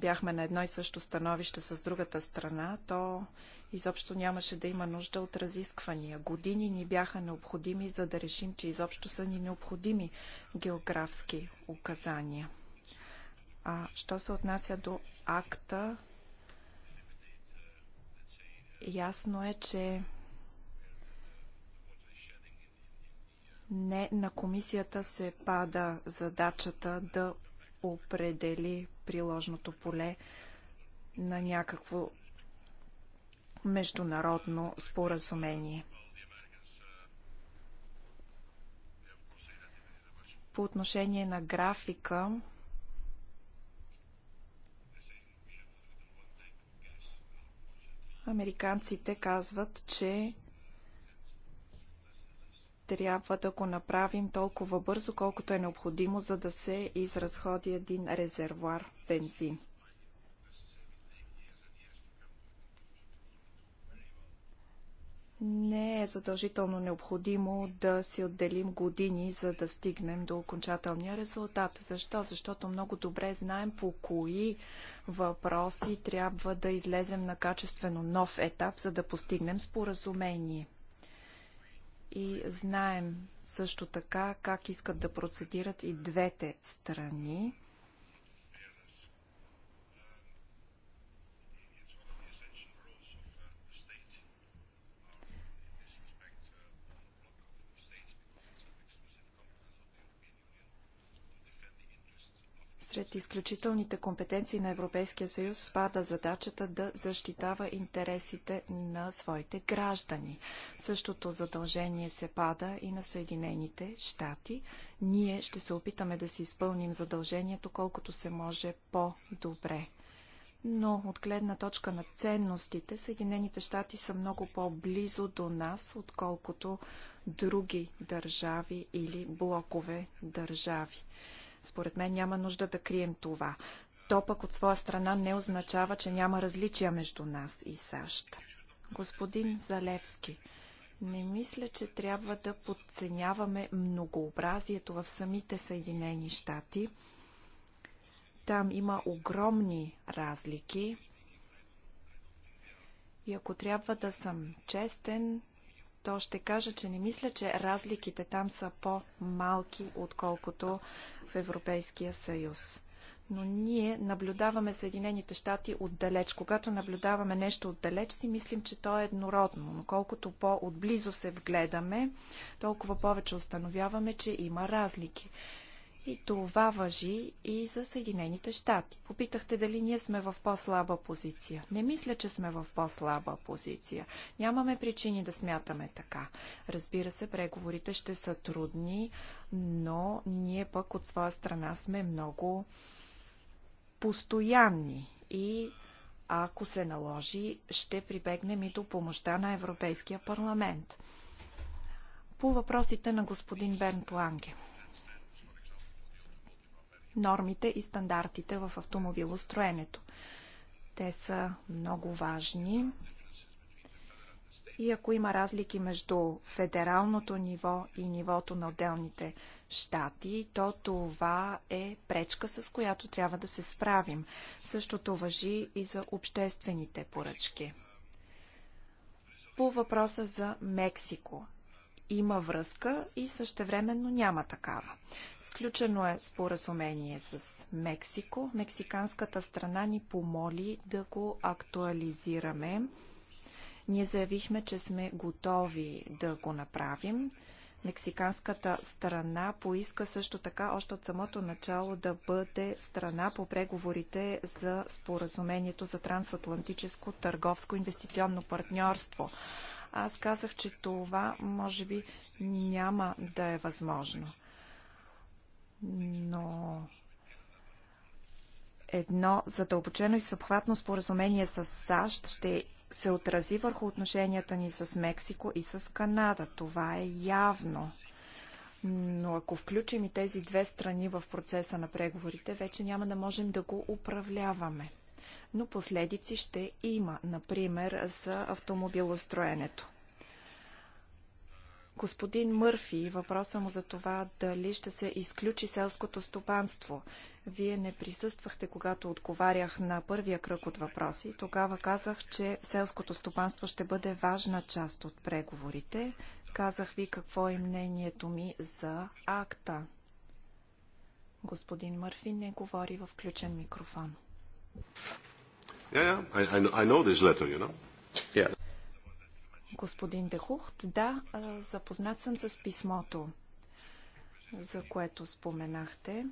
бяхме на едно и също становище с другата страна, то изобщо нямаше да има нужда от разисквания. Години ни бяха необходими, за да решим, че изобщо са ни необходими географски указания. А що се отнася до акта, ясно е, че не на комисията се пада задачата да определи приложното поле на някакво международно споразумение. По отношение на графика, американците казват, че трябва да го направим толкова бързо, колкото е необходимо, за да се изразходи един резервуар бензин. не е задължително необходимо да си отделим години, за да стигнем до окончателния резултат. Защо? Защото много добре знаем по кои въпроси трябва да излезем на качествено нов етап, за да постигнем споразумение и знаем също така как искат да процедират и двете страни. Сред изключителните компетенции на Европейския съюз спада задачата да защитава интересите на своите граждани. Същото задължение се пада и на Съединените щати. Ние ще се опитаме да си изпълним задължението колкото се може по-добре но от гледна точка на ценностите, Съединените щати са много по-близо до нас, отколкото други държави или блокове държави. Според мен няма нужда да крием това. То пък от своя страна не означава, че няма различия между нас и САЩ. Господин Залевски, не мисля, че трябва да подценяваме многообразието в самите Съединени щати. Там има огромни разлики. И ако трябва да съм честен, то ще кажа, че не мисля, че разликите там са по-малки, отколкото в Европейския съюз. Но ние наблюдаваме Съединените щати отдалеч. Когато наблюдаваме нещо отдалеч, си мислим, че то е еднородно. Но колкото по-отблизо се вгледаме, толкова повече установяваме, че има разлики. И това въжи и за Съединените щати. Попитахте дали ние сме в по-слаба позиция. Не мисля, че сме в по-слаба позиция. Нямаме причини да смятаме така. Разбира се, преговорите ще са трудни, но ние пък от своя страна сме много постоянни и ако се наложи, ще прибегнем и до помощта на Европейския парламент. По въпросите на господин Бернт Ланге – нормите и стандартите в автомобилостроенето. Те са много важни. И ако има разлики между федералното ниво и нивото на отделните щати, то това е пречка, с която трябва да се справим. Същото въжи и за обществените поръчки. По въпроса за Мексико има връзка и същевременно няма такава. Сключено е споразумение с Мексико. Мексиканската страна ни помоли да го актуализираме. Ние заявихме, че сме готови да го направим. Мексиканската страна поиска също така още от самото начало да бъде страна по преговорите за споразумението за трансатлантическо търговско инвестиционно партньорство. Аз казах, че това може би няма да е възможно. Но едно задълбочено и съобхватно споразумение с САЩ ще се отрази върху отношенията ни с Мексико и с Канада. Това е явно. Но ако включим и тези две страни в процеса на преговорите, вече няма да можем да го управляваме но последици ще има, например за автомобилостроенето. Господин Мърфи, въпроса му за това дали ще се изключи селското стопанство. Вие не присъствахте, когато отговарях на първия кръг от въпроси. Тогава казах, че селското стопанство ще бъде важна част от преговорите. Казах ви какво е мнението ми за акта. Господин Мърфи не говори в включен микрофон. Yeah, yeah. I, I know this letter, you know? Yeah. Господин Дехухт, да, запознат съм с писмото, за което споменахте.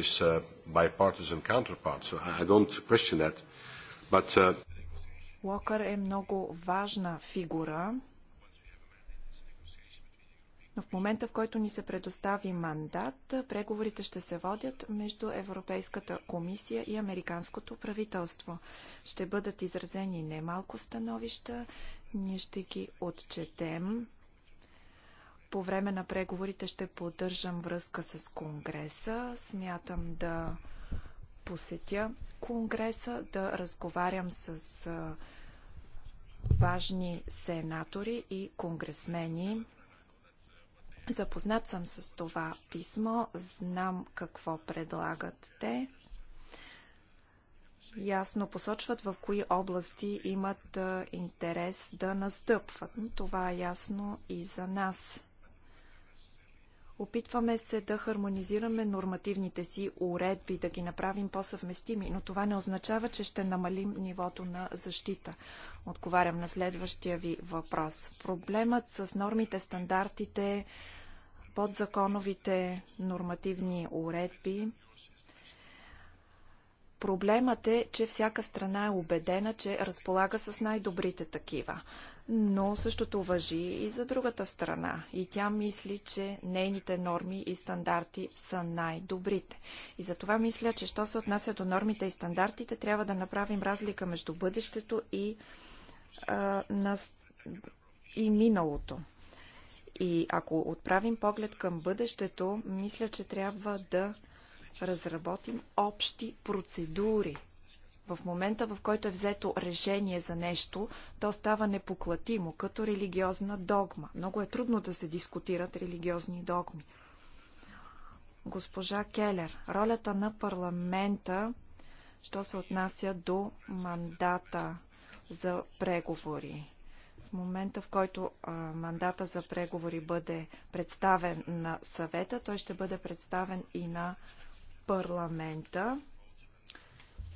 his uh, bipartisan counterpart, so I don't question that. But, uh... Локър е много важна фигура но в момента, в който ни се предостави мандат, преговорите ще се водят между Европейската комисия и Американското правителство. Ще бъдат изразени немалко становища, ние ще ги отчетем. По време на преговорите ще поддържам връзка с Конгреса. Смятам да посетя Конгреса, да разговарям с важни сенатори и конгресмени Запознат съм с това писмо, знам какво предлагат те. Ясно посочват в кои области имат интерес да настъпват. Това е ясно и за нас. Опитваме се да хармонизираме нормативните си уредби, да ги направим по-съвместими, но това не означава, че ще намалим нивото на защита. Отговарям на следващия ви въпрос. Проблемът с нормите, стандартите, подзаконовите нормативни уредби. Проблемът е, че всяка страна е убедена, че разполага с най-добрите такива но същото въжи и за другата страна. И тя мисли, че нейните норми и стандарти са най-добрите. И за това мисля, че що се отнася до нормите и стандартите, трябва да направим разлика между бъдещето и, а, на, и миналото. И ако отправим поглед към бъдещето, мисля, че трябва да разработим общи процедури в момента, в който е взето решение за нещо, то става непоклатимо, като религиозна догма. Много е трудно да се дискутират религиозни догми. Госпожа Келер, ролята на парламента, що се отнася до мандата за преговори. В момента, в който а, мандата за преговори бъде представен на съвета, той ще бъде представен и на парламента.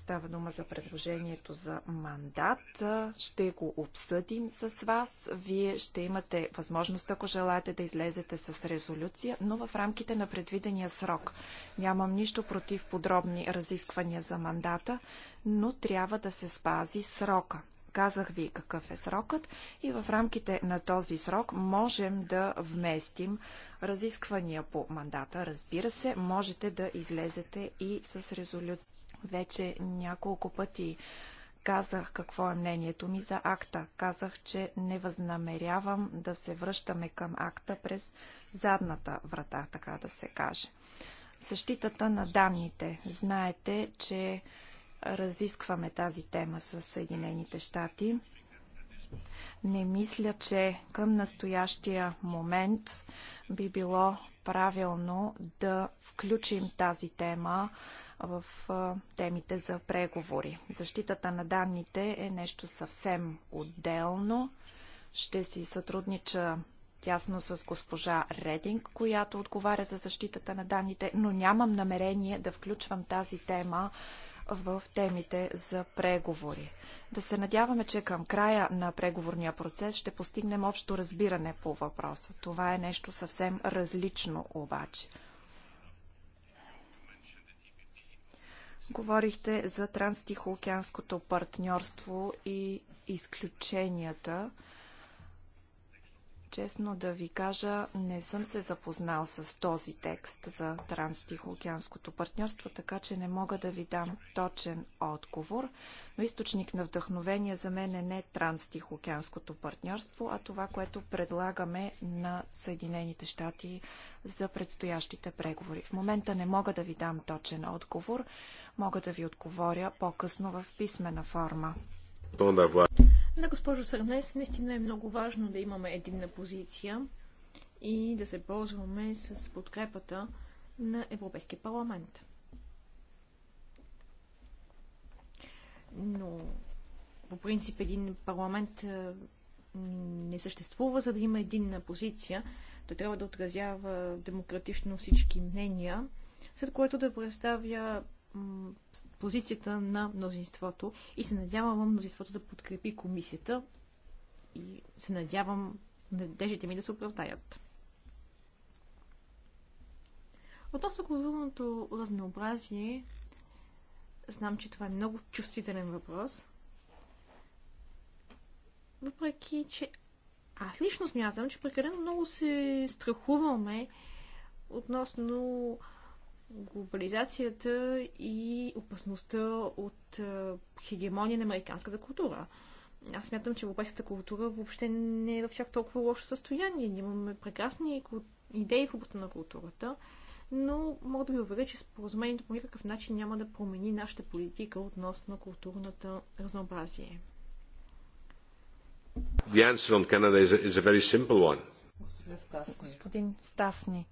Става дума за предложението за мандат. Ще го обсъдим с вас. Вие ще имате възможност, ако желаете, да излезете с резолюция, но в рамките на предвидения срок. Нямам нищо против подробни разисквания за мандата, но трябва да се спази срока казах ви какъв е срокът и в рамките на този срок можем да вместим разисквания по мандата. Разбира се, можете да излезете и с резолюция. Вече няколко пъти казах какво е мнението ми за акта. Казах, че не възнамерявам да се връщаме към акта през задната врата, така да се каже. Същитата на данните. Знаете, че разискваме тази тема с Съединените щати. Не мисля, че към настоящия момент би било правилно да включим тази тема в темите за преговори. Защитата на данните е нещо съвсем отделно. Ще си сътруднича тясно с госпожа Рединг, която отговаря за защитата на данните, но нямам намерение да включвам тази тема в темите за преговори. Да се надяваме, че към края на преговорния процес ще постигнем общо разбиране по въпроса. Това е нещо съвсем различно обаче. Говорихте за транстихоокеанското партньорство и изключенията. Честно да ви кажа, не съм се запознал с този текст за транстихоокеанското партньорство, така че не мога да ви дам точен отговор. Но източник на вдъхновение за мен е не транстихоокеанското партньорство, а това, което предлагаме на Съединените щати за предстоящите преговори. В момента не мога да ви дам точен отговор. Мога да ви отговоря по-късно в писмена форма. Да, госпожо Сърнес, наистина е много важно да имаме единна позиция и да се ползваме с подкрепата на Европейския парламент. Но по принцип един парламент не съществува, за да има единна позиция. Той трябва да отразява демократично всички мнения, след което да представя позицията на мнозинството и се надявам мнозинството да подкрепи комисията и се надявам надеждите ми да се оправдаят. Относно културното разнообразие, знам, че това е много чувствителен въпрос. Въпреки, че аз лично смятам, че прекалено много се страхуваме относно глобализацията и опасността от хегемония на американската култура. Аз смятам, че европейската култура въобще не е в чак толкова лошо състояние. Ние имаме прекрасни идеи в областта на културата, но мога да ви уверя, че споразумението по никакъв начин няма да промени нашата политика относно културната разнообразие. Господин Стасни. Господин Стасни.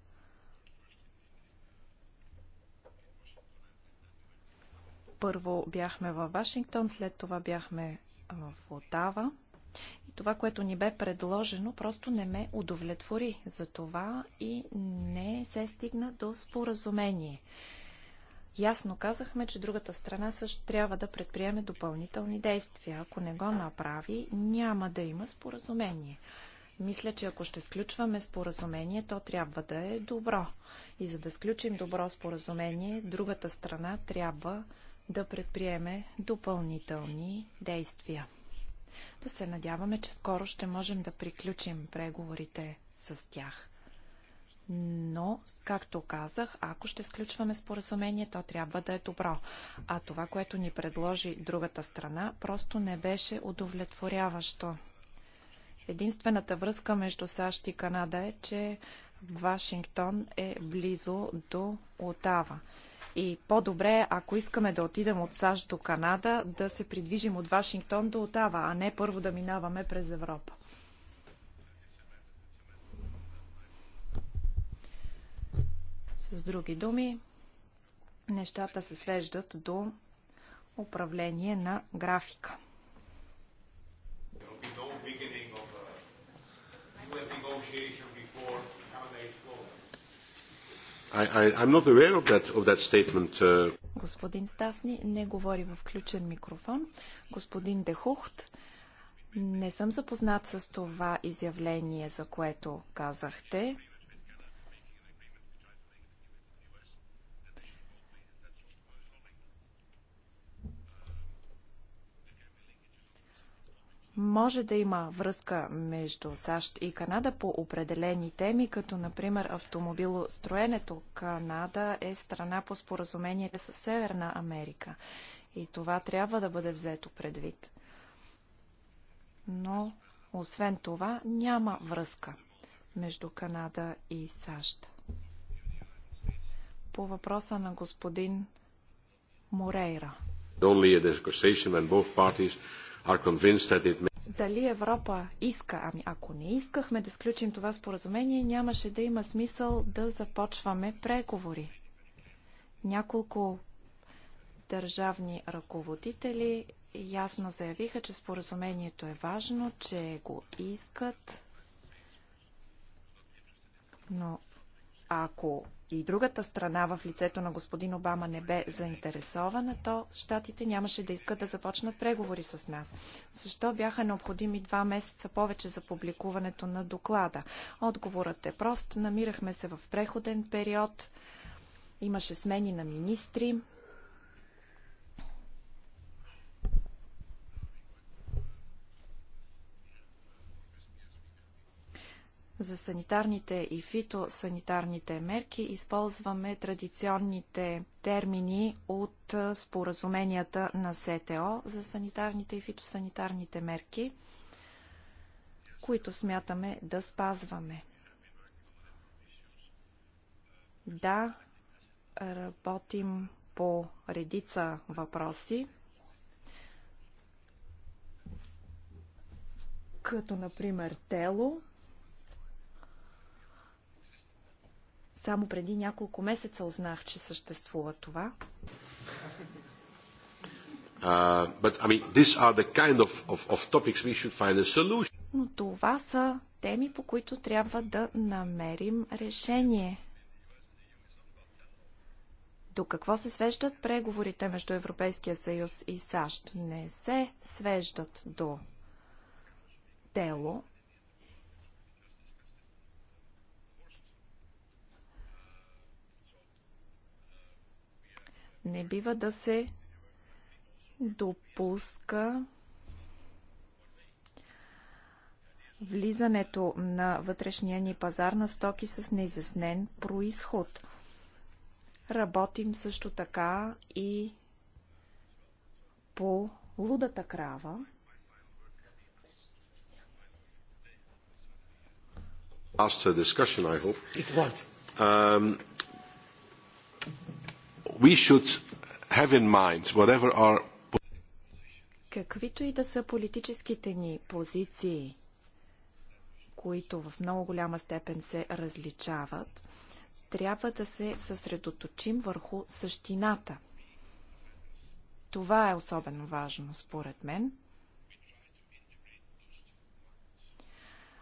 Първо бяхме във Вашингтон, след това бяхме в Отава. И това, което ни бе предложено, просто не ме удовлетвори за това и не се стигна до споразумение. Ясно казахме, че другата страна също трябва да предприеме допълнителни действия. Ако не го направи, няма да има споразумение. Мисля, че ако ще сключваме споразумение, то трябва да е добро. И за да сключим добро споразумение, другата страна трябва да предприеме допълнителни действия. Да се надяваме, че скоро ще можем да приключим преговорите с тях. Но, както казах, ако ще сключваме споразумение, то трябва да е добро. А това, което ни предложи другата страна, просто не беше удовлетворяващо. Единствената връзка между САЩ и Канада е, че Вашингтон е близо до Отава. И по-добре, ако искаме да отидем от САЩ до Канада, да се придвижим от Вашингтон до Отава, а не първо да минаваме през Европа. С други думи, нещата се свеждат до управление на графика. Uh, negotiation Uh, Господин Стасни не говори в включен микрофон. Господин Дехухт, не съм запознат с това изявление, за което казахте. Може да има връзка между САЩ и Канада по определени теми, като например автомобилостроенето. Канада е страна по споразумението с Северна Америка и това трябва да бъде взето предвид. Но, освен това, няма връзка между Канада и САЩ. По въпроса на господин Морейра. Only a дали Европа иска, ами ако не искахме да сключим това споразумение, нямаше да има смисъл да започваме преговори. Няколко държавни ръководители ясно заявиха, че споразумението е важно, че го искат, но ако и другата страна в лицето на господин Обама не бе заинтересована, то щатите нямаше да искат да започнат преговори с нас. Защо бяха необходими два месеца повече за публикуването на доклада? Отговорът е прост. Намирахме се в преходен период. Имаше смени на министри. За санитарните и фитосанитарните мерки използваме традиционните термини от споразуменията на СТО за санитарните и фитосанитарните мерки, които смятаме да спазваме. Да, работим по редица въпроси, като например тело, Само преди няколко месеца узнах, че съществува това. Uh, but, I mean, kind of, of, of Но това са теми, по които трябва да намерим решение. До какво се свеждат преговорите между Европейския съюз и САЩ? Не се свеждат до дело, Не бива да се допуска влизането на вътрешния ни пазар на стоки с неизяснен происход. Работим също така и по лудата крава. After discussion, I hope. It Um, we should have in mind whatever our Каквито и да са политическите ни позиции, които в много голяма степен се различават, трябва да се съсредоточим върху същината. Това е особено важно, според мен –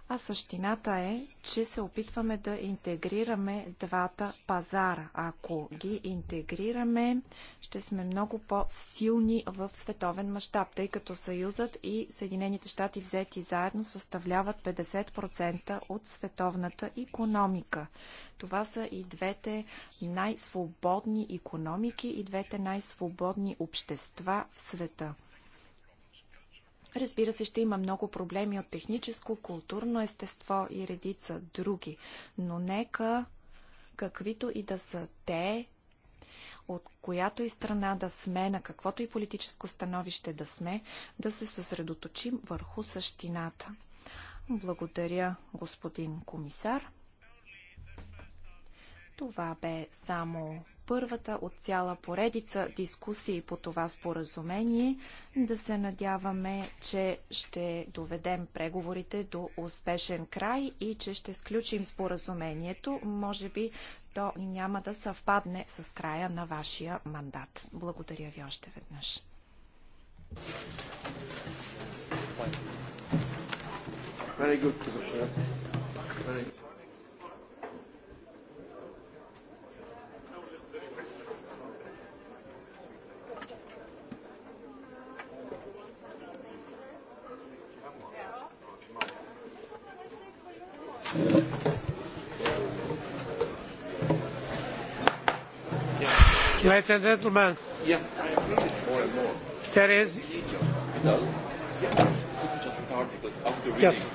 а същината е, че се опитваме да интегрираме двата пазара. Ако ги интегрираме, ще сме много по-силни в световен мащаб, тъй като Съюзът и Съединените щати взети заедно съставляват 50% от световната економика. Това са и двете най-свободни економики и двете най-свободни общества в света. Разбира се, ще има много проблеми от техническо, културно естество и редица други, но нека каквито и да са те, от която и страна да сме, на каквото и политическо становище да сме, да се съсредоточим върху същината. Благодаря, господин комисар. Това бе само първата от цяла поредица дискусии по това споразумение. Да се надяваме, че ще доведем преговорите до успешен край и че ще сключим споразумението. Може би то няма да съвпадне с края на вашия мандат. Благодаря ви още веднъж. Very good, Commissioner. Very good. Ladies and gentlemen, there is. yes.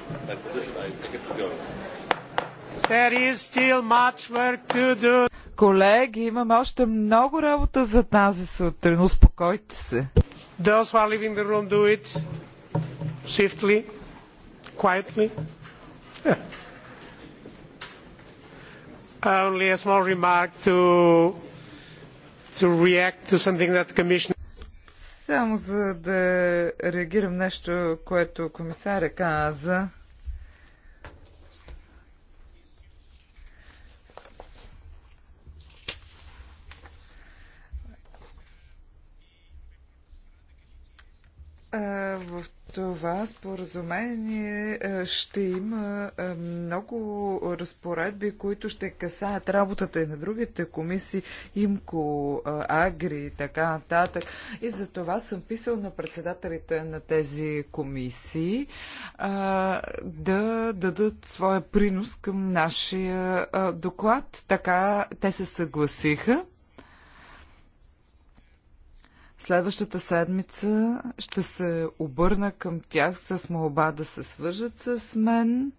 There is still much work to do. Колеги, имаме още много работа за тази сутрин. Успокойте се. Those who are leaving the room do it swiftly, quietly. Only a small remark to to react to something that the commission само за да реагирам нещо, което комисаря каза. В това споразумение е, ще има е, много разпоредби, които ще касаят работата и на другите комисии, ИМКО, е, АГРИ и така нататък. И за това съм писал на председателите на тези комисии да дадат своя принос към нашия доклад. Така те се съгласиха. Следващата седмица ще се обърна към тях с молба да се свържат с мен.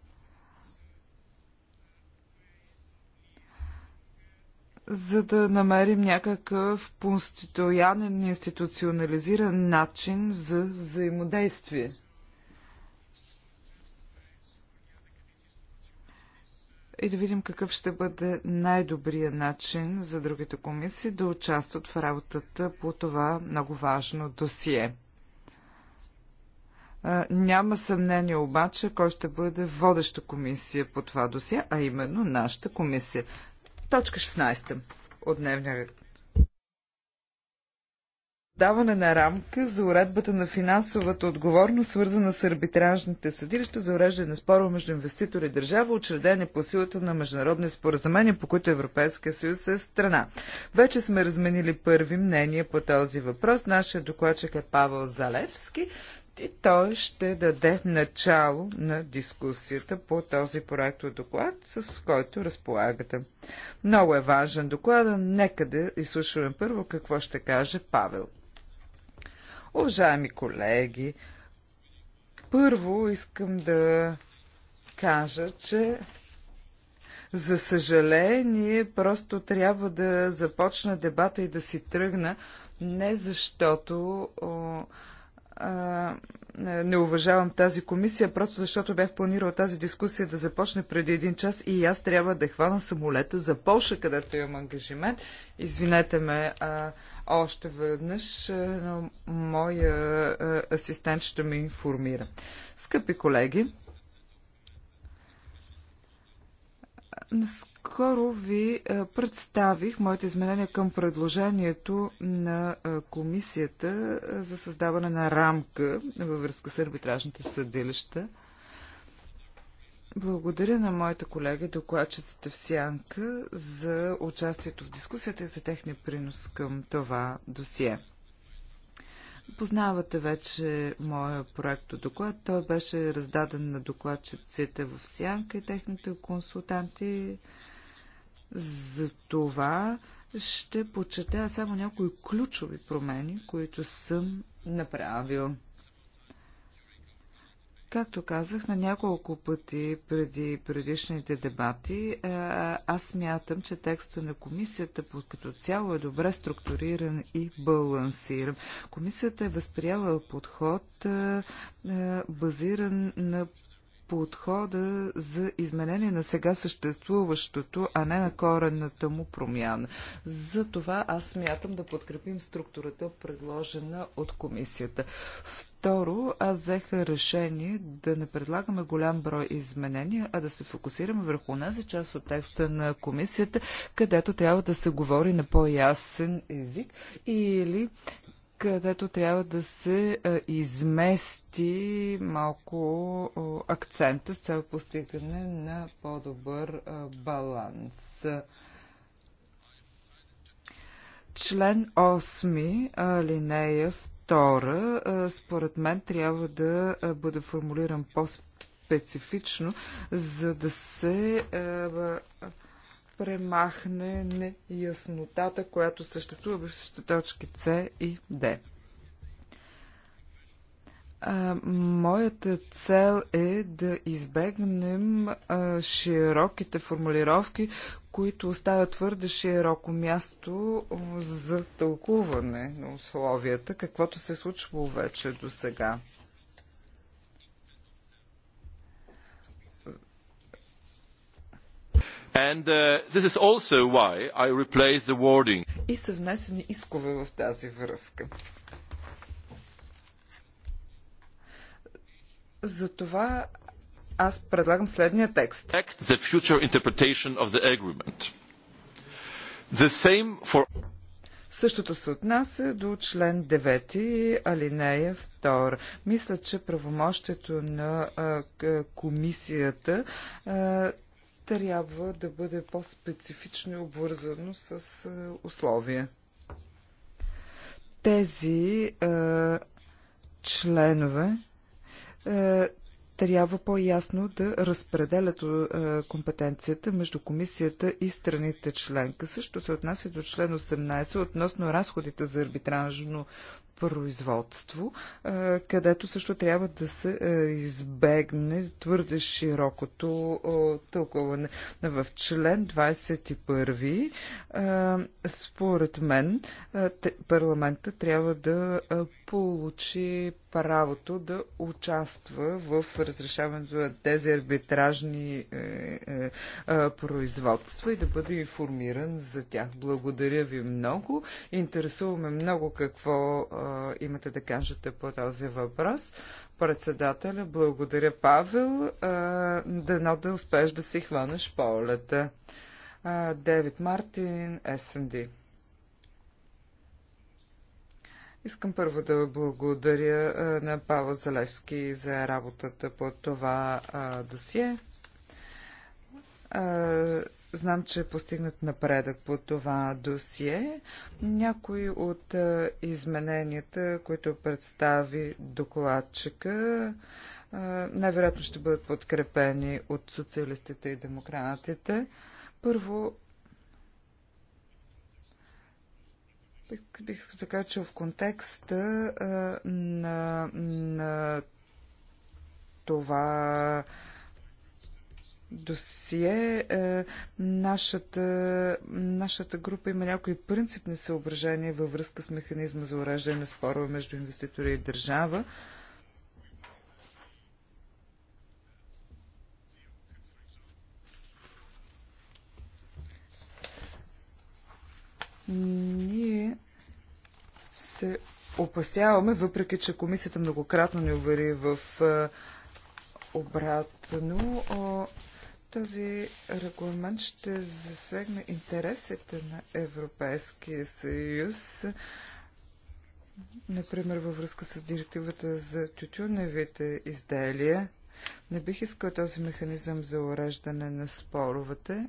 за да намерим някакъв конституционен, институционализиран начин за взаимодействие. и да видим какъв ще бъде най-добрият начин за другите комисии да участват в работата по това много важно досие. Няма съмнение обаче кой ще бъде водеща комисия по това досие, а именно нашата комисия. Точка 16 от дневния ред даване на рамка за уредбата на финансовата отговорност, свързана с арбитражните съдилища за уреждане на спорове между инвеститор и държава, учредени по силата на международни споразумения, по които Европейския съюз е страна. Вече сме разменили първи мнение по този въпрос. Нашия докладчик е Павел Залевски и той ще даде начало на дискусията по този проект от доклад, с който разполагате. Много е важен доклад. Нека да изслушаме първо какво ще каже Павел. Уважаеми колеги, първо искам да кажа, че за съжаление просто трябва да започна дебата и да си тръгна, не защото а, не уважавам тази комисия, просто защото бях планирал тази дискусия да започне преди един час и аз трябва да хвана самолета за Польша, където имам ангажимент. Извинете ме. А, още веднъж е, но моя е, асистент ще ме информира. Скъпи колеги, наскоро ви е, представих моите изменения към предложението на комисията за създаване на рамка във връзка с арбитражните съдилища. Благодаря на моите колеги, докладчиците в Сянка, за участието в дискусията и за техния принос към това досие. Познавате вече моя проект доклад. Той беше раздаден на докладчиците в Сянка и техните консултанти. За това ще почетя само някои ключови промени, които съм направил. Както казах на няколко пъти преди предишните дебати, е, аз мятам, че текста на комисията като цяло е добре структуриран и балансиран. Комисията е възприяла подход е, е, базиран на подхода за изменение на сега съществуващото, а не на коренната му промяна. За това аз смятам да подкрепим структурата, предложена от комисията. Второ, аз взеха решение да не предлагаме голям брой изменения, а да се фокусираме върху тази част от текста на комисията, където трябва да се говори на по-ясен език или където трябва да се измести малко акцента с цел постигане на по-добър баланс. Член 8, линея 2, според мен трябва да бъде формулиран по-специфично, за да се премахне неяснотата, която съществува в точки С и Д. А, моята цел е да избегнем а, широките формулировки, които оставят твърде широко място за тълкуване на условията, каквото се е вече до сега. Uh, И са внесени искове в тази връзка. Затова аз предлагам следния текст. The future interpretation of the agreement. The same for... Същото се отнася до член 9, алинея 2. Мисля, че правомощието на комисията трябва да бъде по-специфично и обвързано с е, условия. Тези е, членове е, трябва по-ясно да разпределят е, компетенцията между комисията и страните членка. Също се отнася до член 18 относно разходите за арбитражно производство, където също трябва да се избегне твърде широкото тълкуване. В член 21, според мен, парламента трябва да получи правото да участва в разрешаването на тези арбитражни е, е, е, производства и да бъде информиран за тях. Благодаря ви много. Интересуваме много какво е, имате да кажете по този въпрос. Председателя, благодаря Павел. Е, дано да успееш да си хванеш полета. Е, Девид Мартин, СНД. Искам първо да благодаря на Павел Залевски за работата по това досие. Знам, че е постигнат напредък по това досие. Някои от измененията, които представи докладчика, най-вероятно ще бъдат подкрепени от социалистите и демократите. Първо, Бих искал да кажа, че в контекста а, на, на това досие, е, нашата, нашата група има някои принципни съображения във връзка с механизма за уреждане на спорове между инвеститори и държава. Ние се опасяваме, въпреки че комисията многократно ни увери в обратно, този регламент ще засегне интересите на Европейския съюз, например във връзка с директивата за тютюневите изделия. Не бих искал този механизъм за уреждане на споровете,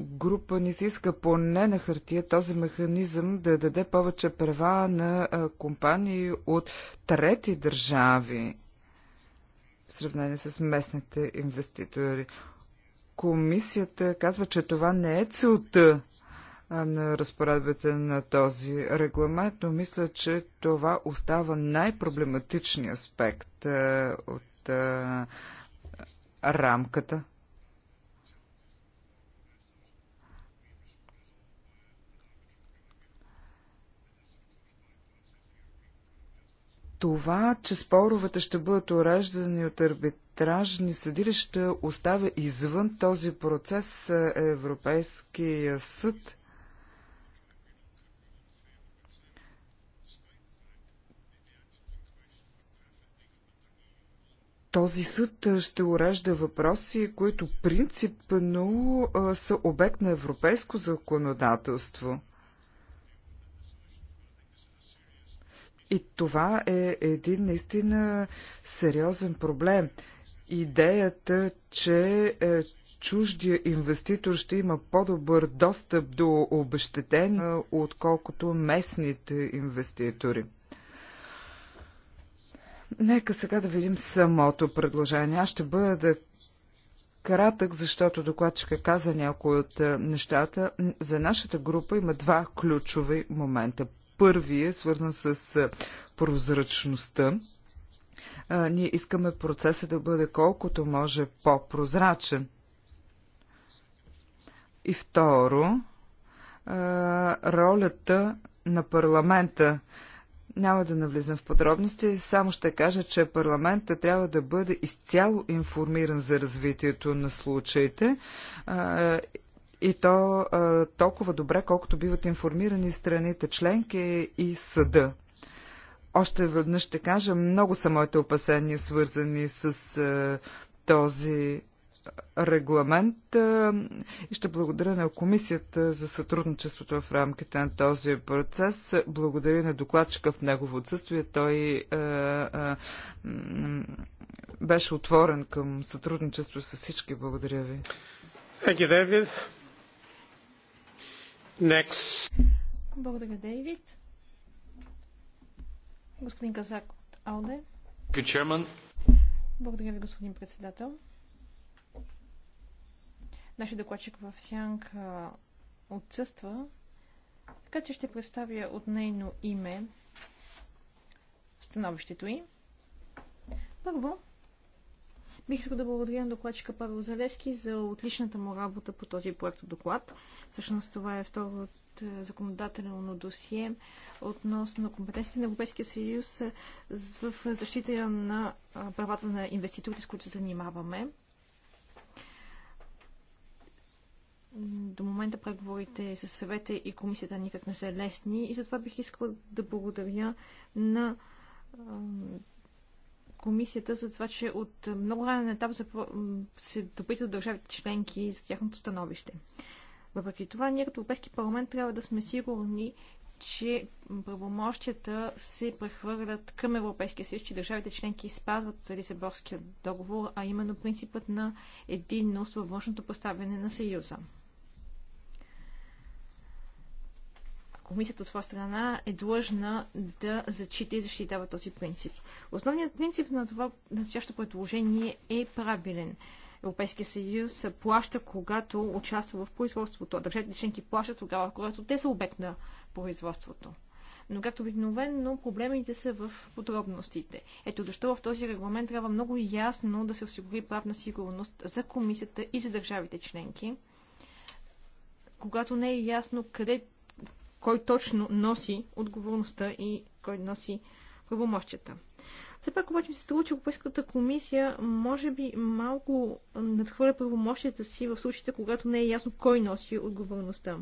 група ни се иска поне на хартия този механизъм да даде повече права на компании от трети държави в сравнение с местните инвеститори. Комисията казва, че това не е целта на разпоредбите на този регламент, но мисля, че това остава най-проблематичният аспект от рамката. Това, че споровете ще бъдат уреждани от арбитражни съдилища, оставя извън този процес е, Европейския съд. Този съд е, ще урежда въпроси, които принципно е, са обект на европейско законодателство. И това е един наистина сериозен проблем. Идеята, че е, чуждия инвеститор ще има по-добър достъп до обещетен, е, отколкото местните инвеститори. Нека сега да видим самото предложение. Аз ще бъда кратък, защото докладчика каза някои от е, нещата. За нашата група има два ключови момента. Първи е свързан с прозрачността. А, ние искаме процесът да бъде колкото може по-прозрачен. И второ, а, ролята на парламента. Няма да навлизам в подробности, само ще кажа, че парламента трябва да бъде изцяло информиран за развитието на случаите а, и то а, толкова добре, колкото биват информирани страните членки и съда. Още веднъж ще кажа, много са моите опасения, свързани с а, този регламент а, и ще благодаря на комисията за сътрудничеството в рамките на този процес. Благодаря на докладчика в негово отсъствие. Той а, а, беше отворен към сътрудничество с всички. Благодаря ви. Thank you, David. Next. Благодаря, Дейвид. Господин Казак от АЛДЕ. Благодаря ви, господин председател. Нашия докладчик в Сянка отсъства, така че ще представя от нейно име становището им. Първо, Бих искал да благодаря на докладчика Павел Залевски за отличната му работа по този проект доклад. Всъщност това е второто е, законодателно досие относно компетенциите на Европейския съюз е, в защита на правата на инвеститорите, с които се занимаваме. До момента преговорите с съвета и комисията никак не са лесни и затова бих искала да благодаря на комисията за това, че от много ранен етап се допитат държавите членки за тяхното становище. Въпреки това, ние като Европейски парламент трябва да сме сигурни, че правомощията се прехвърлят към Европейския съюз, че държавите членки спазват Лисаборския договор, а именно принципът на единност във външното представяне на Съюза. комисията от своя страна е длъжна да зачита и защитава този принцип. Основният принцип на това настоящо предложение е правилен. Европейския съюз плаща, когато участва в производството, а държавите членки плащат тогава, когато те са обект на производството. Но както обикновено, проблемите са в подробностите. Ето защо в този регламент трябва много ясно да се осигури правна сигурност за комисията и за държавите членки, когато не е ясно къде кой точно носи отговорността и кой носи правомощията. Все пак обаче ми се струва, че Европейската комисия може би малко надхвърля правомощията си в случаите, когато не е ясно кой носи отговорността.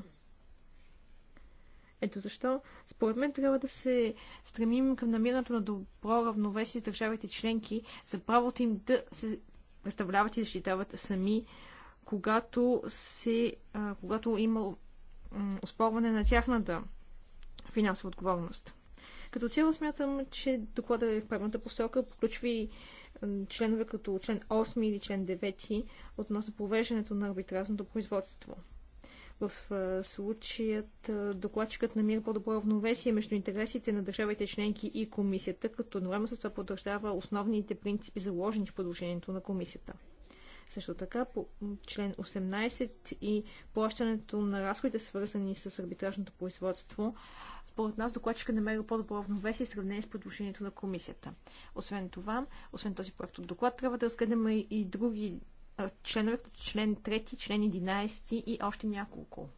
Ето защо, според мен, трябва да се стремим към намирането на добро равновесие с държавите членки за правото им да се представляват и защитават сами, когато, се, а, когато има оспорване на тяхната финансова отговорност. Като цяло смятам, че доклада е в правилната посока, включва членове като член 8 или член 9 относно провеждането на арбитражното производство. В случаят докладчикът намира по-добро равновесие между интересите на държавите членки и комисията, като едновременно с това продължава основните принципи заложени в продължението на комисията. Също така по член 18 и плащането на разходите, свързани с арбитражното производство, според нас докладчика намери по-добро равновесие в сравнение с предложението на комисията. Освен това, освен този проект от доклад, трябва да разгледаме и други членове, като член 3, член 11 и още няколко.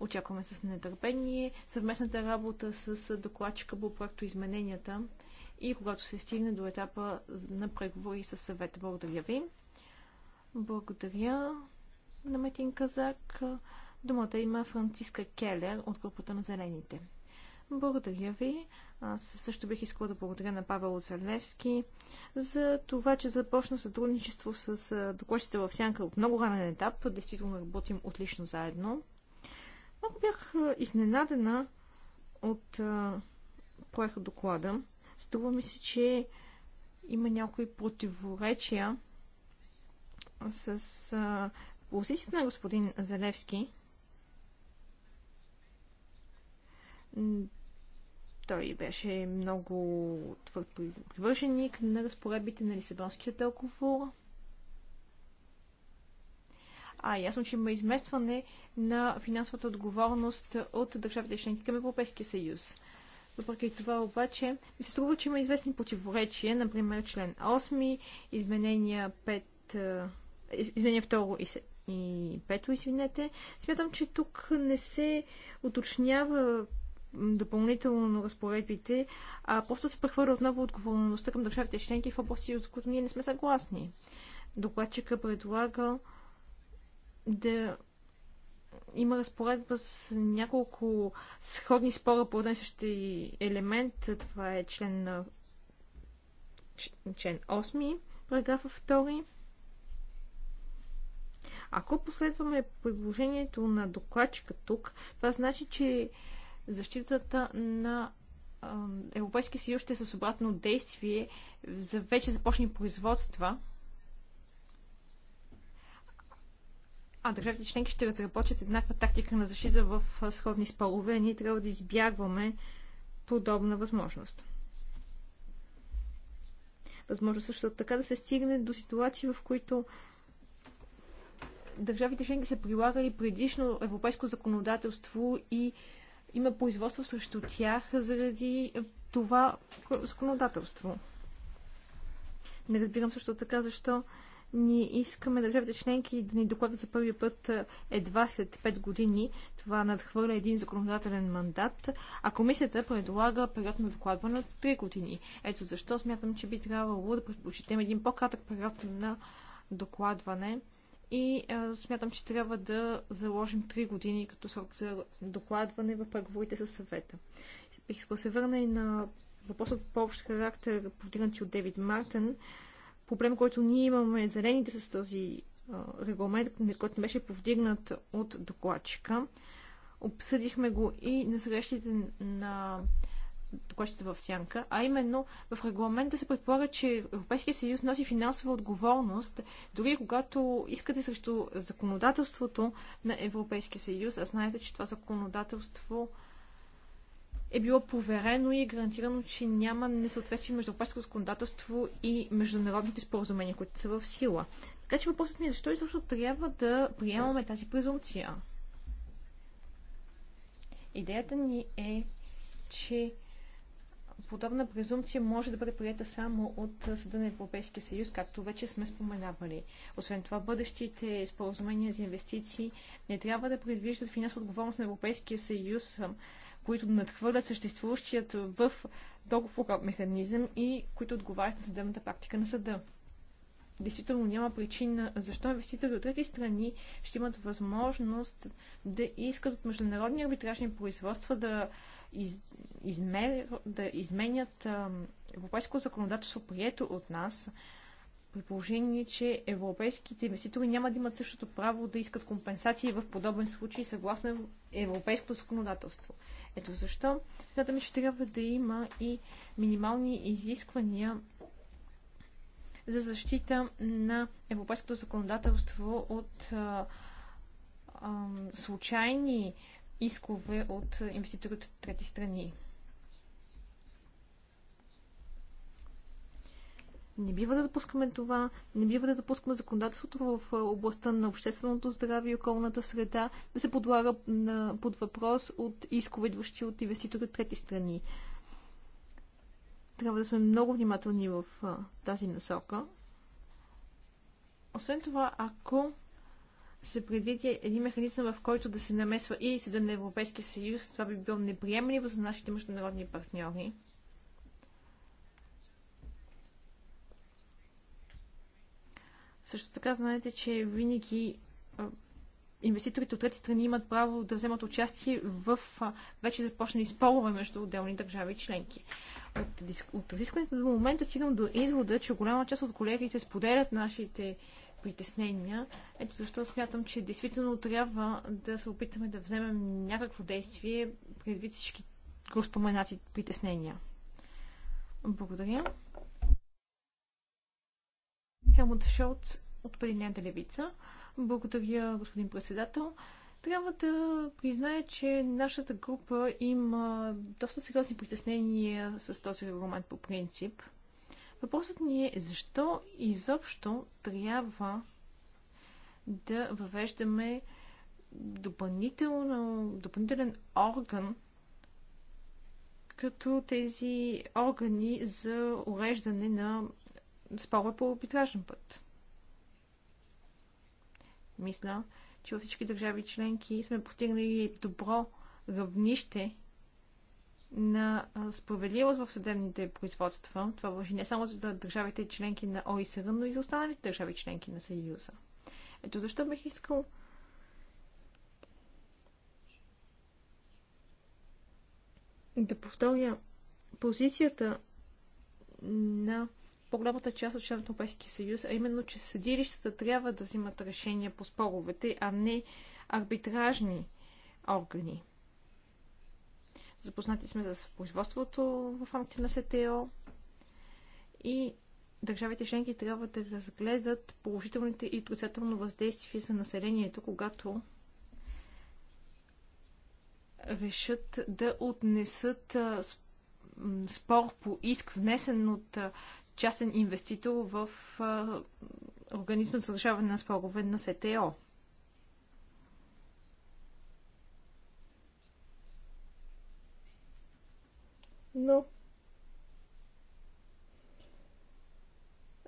Очакваме с нетърпение съвместната работа с докладчика по проекто измененията и когато се стигне до етапа на преговори с съвета. Благодаря ви. Благодаря на Метин Казак. Думата има Франциска Келер от групата на Зелените. Благодаря ви. Аз също бих искала да благодаря на Павел Залевски за това, че започна сътрудничество с докладчите в Сянка от много ранен етап. Действително работим отлично заедно. Много бях изненадена от проекта доклада. Струва ми се, че има някои противоречия с позицията на господин Залевски. Той беше много твърд привърженик на разпоредбите на Лисабонския договор. А ясно, че има изместване на финансовата отговорност от държавите членки към Европейския съюз. Въпреки това обаче ми се струва, че има известни противоречия, например член 8, изменения 5 изменение второ и, и пето, извинете. Смятам, че тук не се уточнява допълнително разпоредбите, а просто се прехвърля отново отговорността към държавите членки в области, от които ние не сме съгласни. Докладчика предлага да има разпоредба с няколко сходни спора по един същи елемент. Това е член на член 8, параграф ако последваме предложението на докладчика тук, това значи, че защитата на Европейския съюз ще е с обратно действие за вече започни производства, а държавите членки ще разработят еднаква тактика на защита в сходни спалове. Ние трябва да избягваме подобна възможност. Възможно също така да се стигне до ситуации, в които държавите членки са прилагали предишно европейско законодателство и има производство срещу тях заради това законодателство. Не разбирам също така защо ние искаме държавите членки да ни докладат за първи път едва след 5 години. Това надхвърля един законодателен мандат, а комисията предлага период на докладване от 3 години. Ето защо смятам, че би трябвало да предпочитем един по-кратък период на докладване и а, смятам, че трябва да заложим 3 години като срок за докладване в преговорите със съвета. Бих искал се върна и на въпросът по общ характер, повдигнати от Девид Мартен. Проблем, който ние имаме зелените с този а, регламент, който беше повдигнат от докладчика. Обсъдихме го и на срещите на докладчите в сянка, а именно в регламента се предполага, че Европейския съюз носи финансова отговорност, дори когато искате срещу законодателството на Европейския съюз, а знаете, че това законодателство е било поверено и е гарантирано, че няма несъответствие между европейското законодателство и международните споразумения, които са в сила. Така че въпросът ми е защо изобщо трябва да приемаме тази презумпция? Идеята ни е, че подобна презумпция може да бъде приета само от Съда на Европейския съюз, както вече сме споменавали. Освен това, бъдещите споразумения за инвестиции не трябва да предвиждат финансова отговорност на Европейския съюз, които надхвърлят съществуващият в договора механизъм и които отговарят на съдебната практика на съда действително няма причина защо инвеститори от трети страни ще имат възможност да искат от международни арбитражни производства да, из, измер, да изменят а, европейско законодателство, прието от нас, при положение, че европейските инвеститори няма да имат същото право да искат компенсации в подобен случай съгласно европейското законодателство. Ето защо смятаме, че трябва да има и минимални изисквания за защита на европейското законодателство от а, а, случайни искове от инвеститори от трети страни. Не бива да допускаме това, не бива да допускаме законодателството в областта на общественото здраве и околната среда да се подлага на, под въпрос от искове, идващи от инвеститори от трети страни. Трябва да сме много внимателни в а, тази насока. Освен това, ако се предвиди един механизъм, в който да се намесва и Съда на Европейския съюз, това би било неприемливо за нашите международни партньори. Също така знаете, че винаги инвеститорите от трети страни имат право да вземат участие в вече започнали спорове между отделни държави и членки. От, от разискването до момента стигам до извода, че голяма част от колегите споделят нашите притеснения. Ето защо смятам, че действително трябва да се опитаме да вземем някакво действие предвид всички споменати притеснения. Благодаря. Хелмут Шолц от Прединята левица. Благодаря, господин председател. Трябва да призная, че нашата група има доста сериозни притеснения с този регламент по принцип. Въпросът ни е защо изобщо трябва да въвеждаме допълнителен орган, като тези органи за уреждане на спора по арбитражен път. Мисля, че във всички държави членки сме постигнали добро равнище на справедливост в съдебните производства. Това въжи не само за държавите членки на ОИСР, но и за останалите държави членки на Съюза. Ето защо бих искал да повторя позицията на по-голямата част от членовете на Европейския съюз, а именно, че съдилищата трябва да взимат решения по споровете, а не арбитражни органи. Запознати сме с производството в рамките на СТО и държавите членки трябва да разгледат положителните и отрицателно въздействие за населението, когато решат да отнесат спор по иск, внесен от частен инвеститор в организма за решаване на спорове на СТО. Но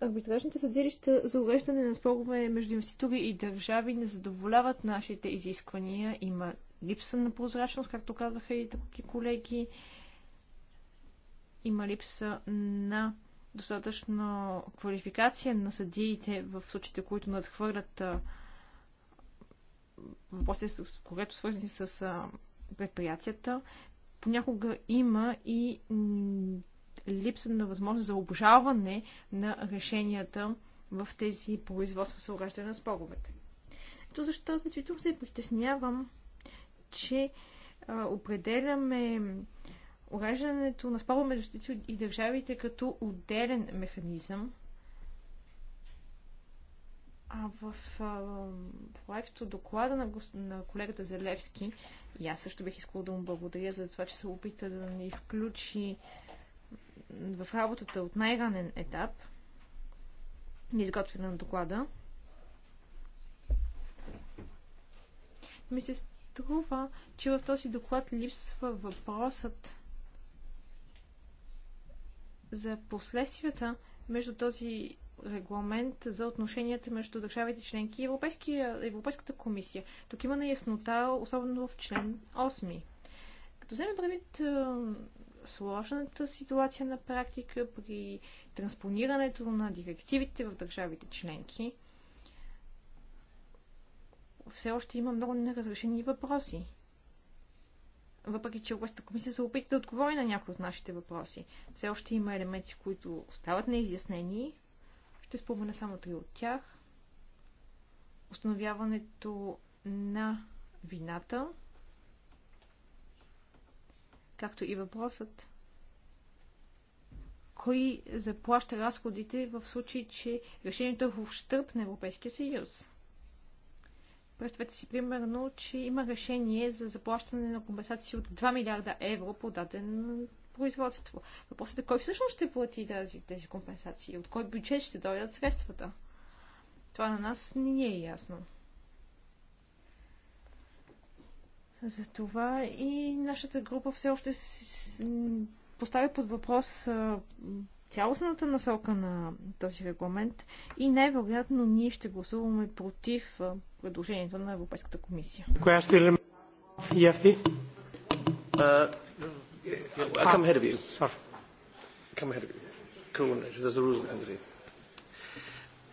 арбитражните съдилища за уреждане на спорове между инвеститори и държави не задоволяват нашите изисквания. Има липса на прозрачност, както казаха и други колеги. Има липса на достатъчно квалификация на съдиите в случаите, които надхвърлят въпроси, когато свързани с предприятията. Понякога има и липса на възможност за обжалване на решенията в тези производства с на споровете. Ето защо за действително се притеснявам, че а, определяме уреждането на спорове между щити и държавите като отделен механизъм. А в а, проекто доклада на, гос... на колегата Залевски, и аз също бих искала да му благодаря за това, че се опита да ни включи в работата от най-ранен етап, изготвяне на доклада. Ми се струва, че в този доклад липсва въпросът за последствията между този регламент за отношенията между държавите членки и Европейската комисия. Тук има неяснота, особено в член 8. Като вземе предвид е, сложната ситуация на практика при транспонирането на директивите в държавите членки, все още има много неразрешени въпроси въпреки че областната комисия се опита да отговори на някои от нашите въпроси. Все още има елементи, които остават неизяснени. Ще спомена само три от тях. Установяването на вината, както и въпросът кой заплаща разходите в случай, че решението е в ущърп на Европейския съюз. Представете си примерно, че има решение за заплащане на компенсации от 2 милиарда евро по даден производство. Въпросът е кой всъщност ще плати тази, тези компенсации, от кой бюджет ще дойдат средствата. Това на нас не ни е ясно. Затова и нашата група все още поставя под въпрос цялостната насока на този регламент и най-вероятно ние ще гласуваме против предложението на Европейската комисия.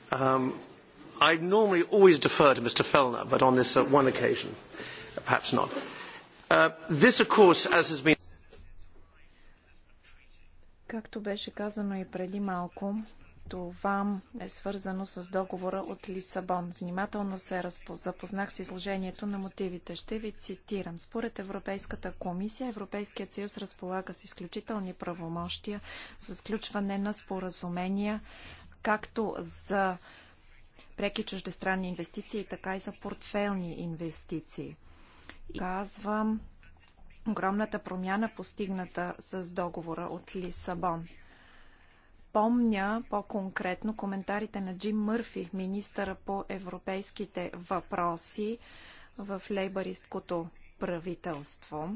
I I normally always defer to Mr. Fellner, but on this uh, one occasion, perhaps not. Uh, this, of course, as has been... Както беше казано и преди малко, това е свързано с договора от Лисабон. Внимателно се запознах с изложението на мотивите. Ще ви цитирам. Според Европейската комисия, Европейският съюз разполага с изключителни правомощия за сключване на споразумения както за преки чуждестранни инвестиции, така и за портфелни инвестиции. И казвам огромната промяна, постигната с договора от Лисабон припомня по-конкретно коментарите на Джим Мърфи, министъра по европейските въпроси в лейбаристкото правителство.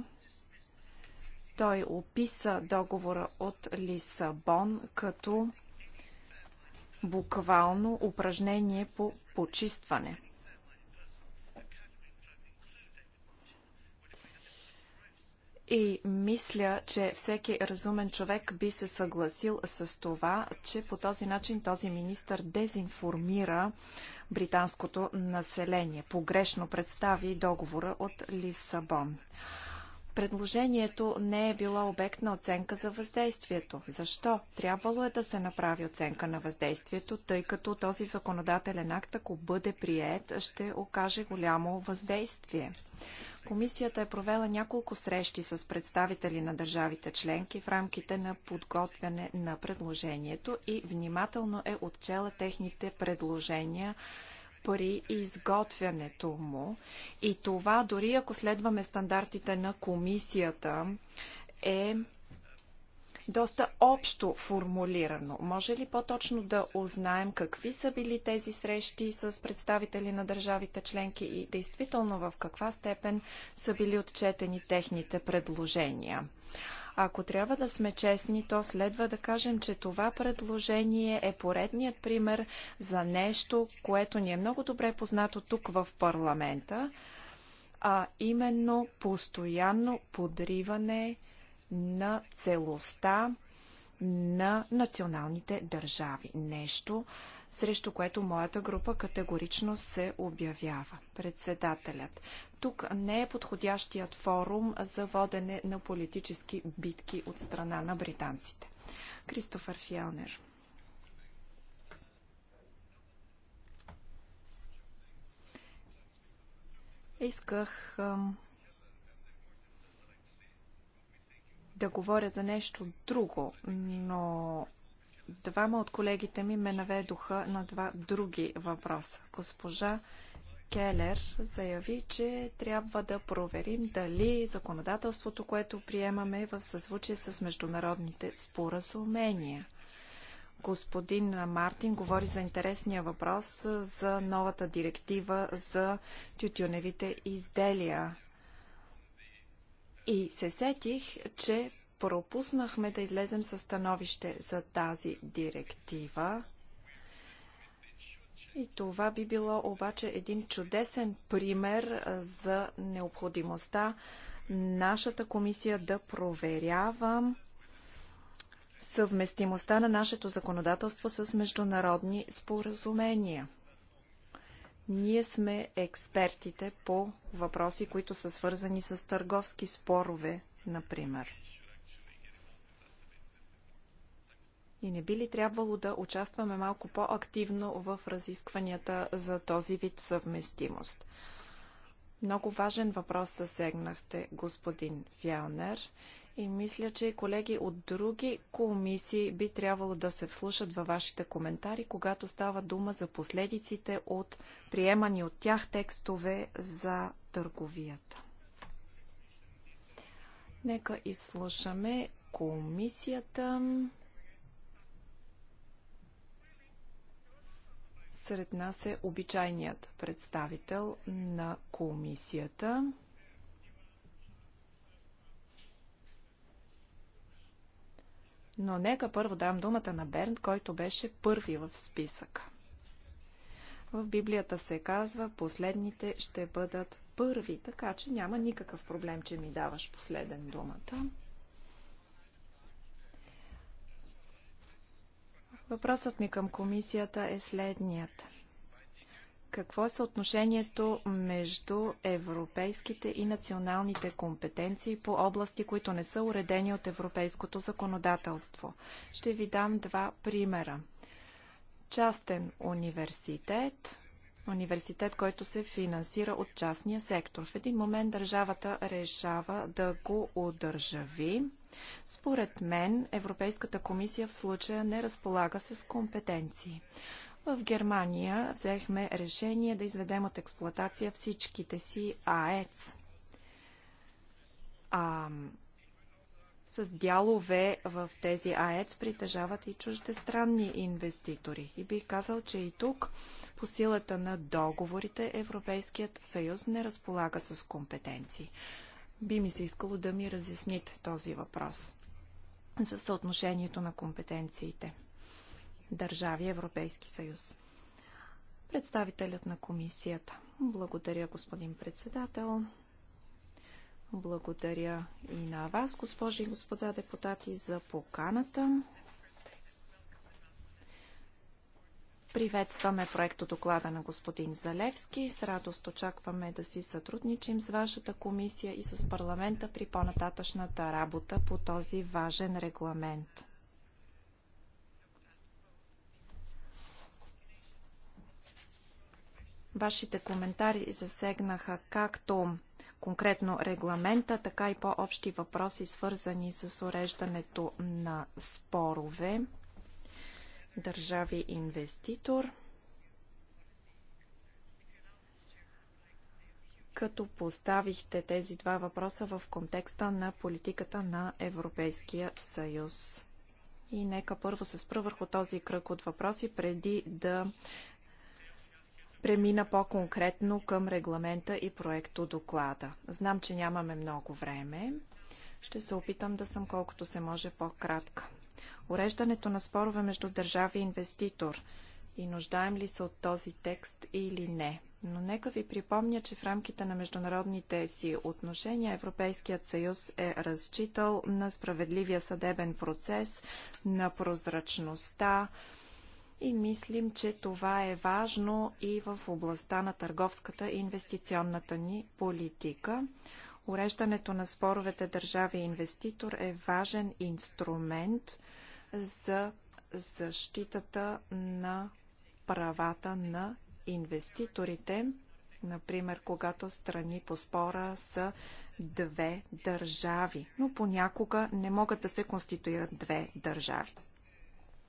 Той описа договора от Лисабон като буквално упражнение по почистване. И мисля, че всеки разумен човек би се съгласил с това, че по този начин този министр дезинформира британското население. Погрешно представи договора от Лисабон. Предложението не е било обект на оценка за въздействието. Защо? Трябвало е да се направи оценка на въздействието, тъй като този законодателен акт, ако бъде прият, ще окаже голямо въздействие. Комисията е провела няколко срещи с представители на държавите членки в рамките на подготвяне на предложението и внимателно е отчела техните предложения при изготвянето му. И това, дори ако следваме стандартите на комисията, е доста общо формулирано. Може ли по-точно да узнаем какви са били тези срещи с представители на държавите членки и действително в каква степен са били отчетени техните предложения? Ако трябва да сме честни, то следва да кажем, че това предложение е поредният пример за нещо, което ни е много добре познато тук в парламента, а именно постоянно подриване на целостта на националните държави. Нещо, срещу което моята група категорично се обявява. Председателят. Тук не е подходящият форум за водене на политически битки от страна на британците. Кристофър Фиелнер. Исках да говоря за нещо друго, но двама от колегите ми ме наведоха на два други въпроса. Госпожа Келер заяви, че трябва да проверим дали законодателството, което приемаме е в съзвучие с международните споразумения. Господин Мартин говори за интересния въпрос за новата директива за тютюневите изделия. И се сетих, че пропуснахме да излезем със становище за тази директива. И това би било обаче един чудесен пример за необходимостта нашата комисия да проверява съвместимостта на нашето законодателство с международни споразумения. Ние сме експертите по въпроси, които са свързани с търговски спорове, например. И не би ли трябвало да участваме малко по-активно в разискванията за този вид съвместимост? Много важен въпрос засегнахте, господин Фялнер. И мисля, че и колеги от други комисии би трябвало да се вслушат във вашите коментари, когато става дума за последиците от приемани от тях текстове за търговията. Нека изслушаме комисията. Сред нас е обичайният представител на комисията. Но нека първо дам думата на Бернт, който беше първи в списъка. В Библията се казва, последните ще бъдат първи, така че няма никакъв проблем, че ми даваш последен думата. Въпросът ми към комисията е следният. Какво е съотношението между европейските и националните компетенции по области, които не са уредени от европейското законодателство? Ще ви дам два примера. Частен университет, университет, който се финансира от частния сектор. В един момент държавата решава да го удържави. Според мен, Европейската комисия в случая не разполага с компетенции. В Германия взехме решение да изведем от експлоатация всичките си АЕЦ. А, с дялове в тези АЕЦ притежават и чуждестранни инвеститори. И бих казал, че и тук по силата на договорите Европейският съюз не разполага с компетенции. Би ми се искало да ми разясните този въпрос за съотношението на компетенциите държави Европейски съюз. Представителят на комисията. Благодаря, господин председател. Благодаря и на вас, госпожи и господа депутати, за поканата. Приветстваме проекто доклада на господин Залевски. С радост очакваме да си сътрудничим с вашата комисия и с парламента при по-нататъчната работа по този важен регламент. Вашите коментари засегнаха както конкретно регламента, така и по-общи въпроси, свързани с уреждането на спорове държави инвеститор. като поставихте тези два въпроса в контекста на политиката на Европейския съюз. И нека първо се спра върху този кръг от въпроси, преди да премина по-конкретно към регламента и проекто доклада. Знам, че нямаме много време. Ще се опитам да съм колкото се може по-кратка. Уреждането на спорове между държави и инвеститор и нуждаем ли се от този текст или не. Но нека ви припомня, че в рамките на международните си отношения Европейският съюз е разчитал на справедливия съдебен процес, на прозрачността, и мислим, че това е важно и в областта на търговската и инвестиционната ни политика. Уреждането на споровете държави и инвеститор е важен инструмент за защитата на правата на инвеститорите, например, когато страни по спора са две държави, но понякога не могат да се конституират две държави.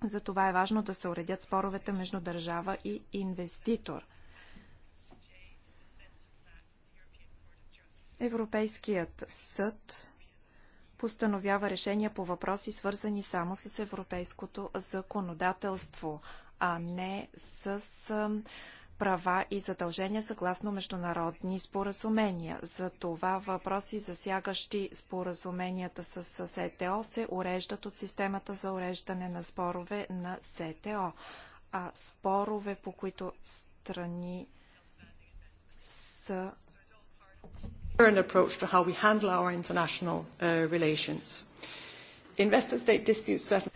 Затова е важно да се уредят споровете между държава и инвеститор. Европейският съд постановява решения по въпроси, свързани само с европейското законодателство, а не с права и задължения съгласно международни споразумения. За това въпроси, засягащи споразуменията с СТО, се уреждат от системата за уреждане на спорове на СТО. А спорове, по които страни са approach to how we handle our international uh, relations. Investor-state settlement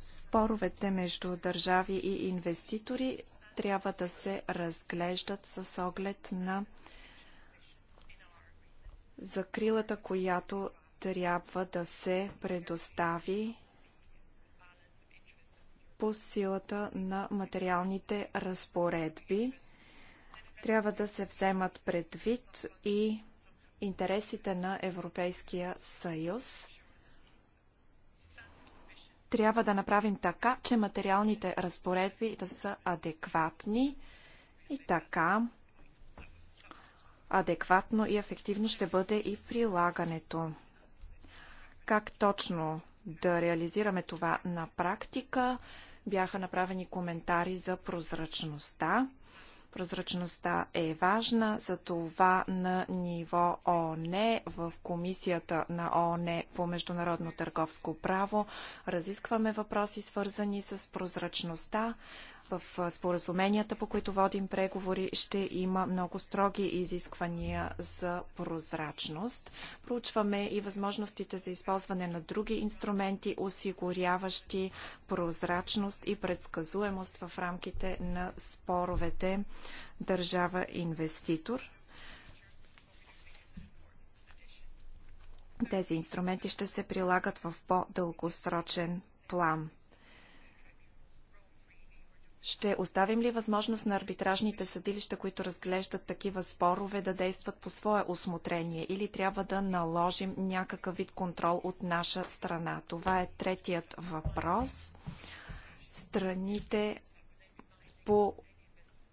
Споровете между държави и инвеститори трябва да се разглеждат с оглед на закрилата, която трябва да се предостави по силата на материалните разпоредби. Трябва да се вземат предвид и интересите на Европейския съюз. Трябва да направим така, че материалните разпоредби да са адекватни и така адекватно и ефективно ще бъде и прилагането. Как точно да реализираме това на практика? Бяха направени коментари за прозрачността. Прозрачността е важна, за това на ниво ООН в Комисията на ООН по международно търговско право разискваме въпроси свързани с прозрачността. В споразуменията, по които водим преговори, ще има много строги изисквания за прозрачност. Проучваме и възможностите за използване на други инструменти, осигуряващи прозрачност и предсказуемост в рамките на споровете държава-инвеститор. Тези инструменти ще се прилагат в по-дългосрочен план. Ще оставим ли възможност на арбитражните съдилища, които разглеждат такива спорове, да действат по свое осмотрение или трябва да наложим някакъв вид контрол от наша страна? Това е третият въпрос. Страните по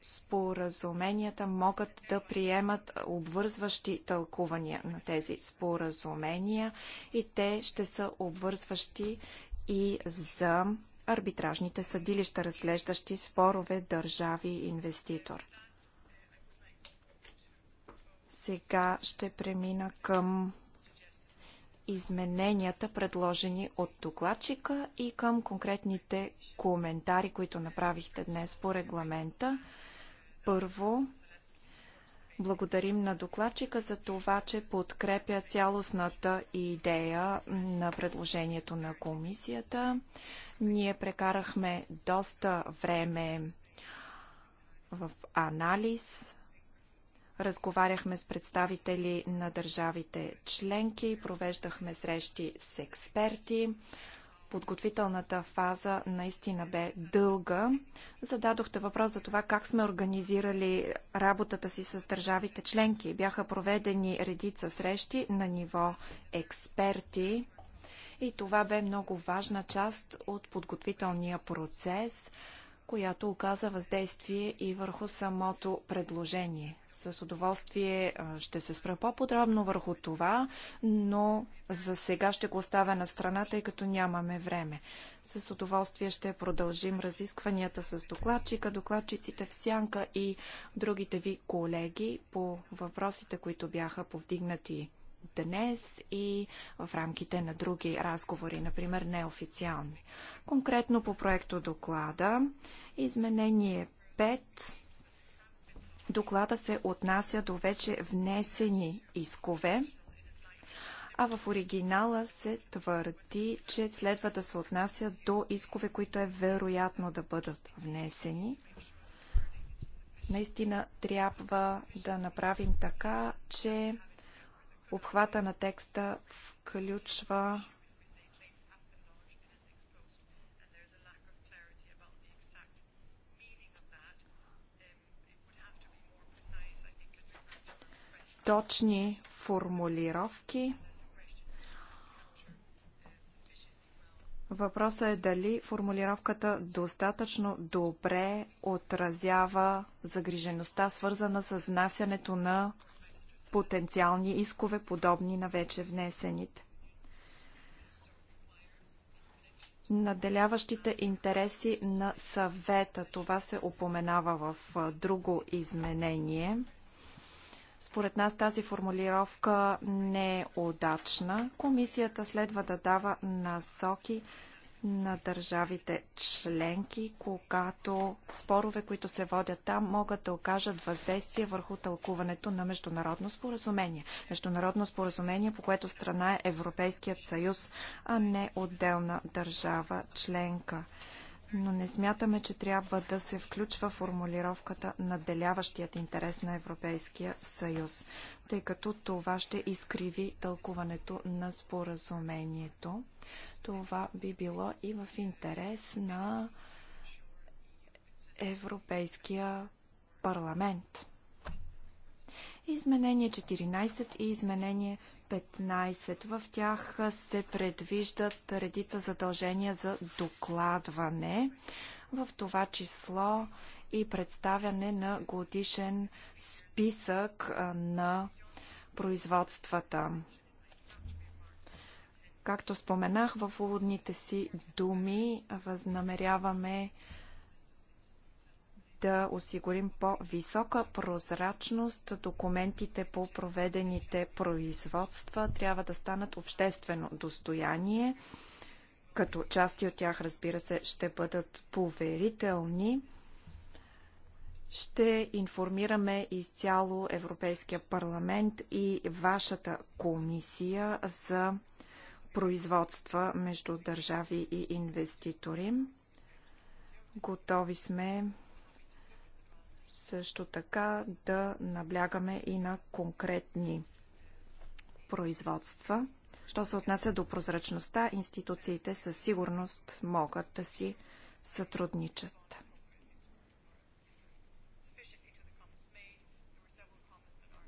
споразуменията могат да приемат обвързващи тълкувания на тези споразумения и те ще са обвързващи и за арбитражните съдилища, разглеждащи спорове държави-инвеститор. Сега ще премина към измененията, предложени от докладчика и към конкретните коментари, които направихте днес по регламента. Първо, Благодарим на докладчика за това, че подкрепя цялостната идея на предложението на комисията. Ние прекарахме доста време в анализ, разговаряхме с представители на държавите членки, провеждахме срещи с експерти подготвителната фаза наистина бе дълга. Зададохте въпрос за това как сме организирали работата си с държавите членки. Бяха проведени редица срещи на ниво експерти и това бе много важна част от подготвителния процес – която оказа въздействие и върху самото предложение. С удоволствие ще се спра по-подробно върху това, но за сега ще го оставя на страна, тъй като нямаме време. С удоволствие ще продължим разискванията с докладчика, докладчиците в сянка и другите ви колеги по въпросите, които бяха повдигнати днес и в рамките на други разговори, например неофициални. Конкретно по проекто доклада, изменение 5 доклада се отнася до вече внесени искове, а в оригинала се твърди, че следва да се отнася до искове, които е вероятно да бъдат внесени. Наистина трябва да направим така, че Обхвата на текста включва точни формулировки. Въпросът е дали формулировката достатъчно добре отразява загрижеността, свързана с внасянето на потенциални искове, подобни на вече внесените. Наделяващите интереси на съвета. Това се упоменава в друго изменение. Според нас тази формулировка не е удачна. Комисията следва да дава насоки на държавите членки, когато спорове, които се водят там, могат да окажат въздействие върху тълкуването на международно споразумение. Международно споразумение, по което страна е Европейският съюз, а не отделна държава членка. Но не смятаме, че трябва да се включва формулировката наделяващият интерес на Европейския съюз, тъй като това ще изкриви тълкуването на споразумението. Това би било и в интерес на Европейския парламент. Изменение 14 и изменение 15. В тях се предвиждат редица задължения за докладване, в това число и представяне на годишен списък на производствата. Както споменах в уводните си думи, възнамеряваме да осигурим по-висока прозрачност. Документите по проведените производства трябва да станат обществено достояние, като части от тях, разбира се, ще бъдат поверителни. Ще информираме изцяло Европейския парламент и вашата комисия за производства между държави и инвеститори. Готови сме също така да наблягаме и на конкретни производства. Що се отнася до прозрачността, институциите със сигурност могат да си сътрудничат.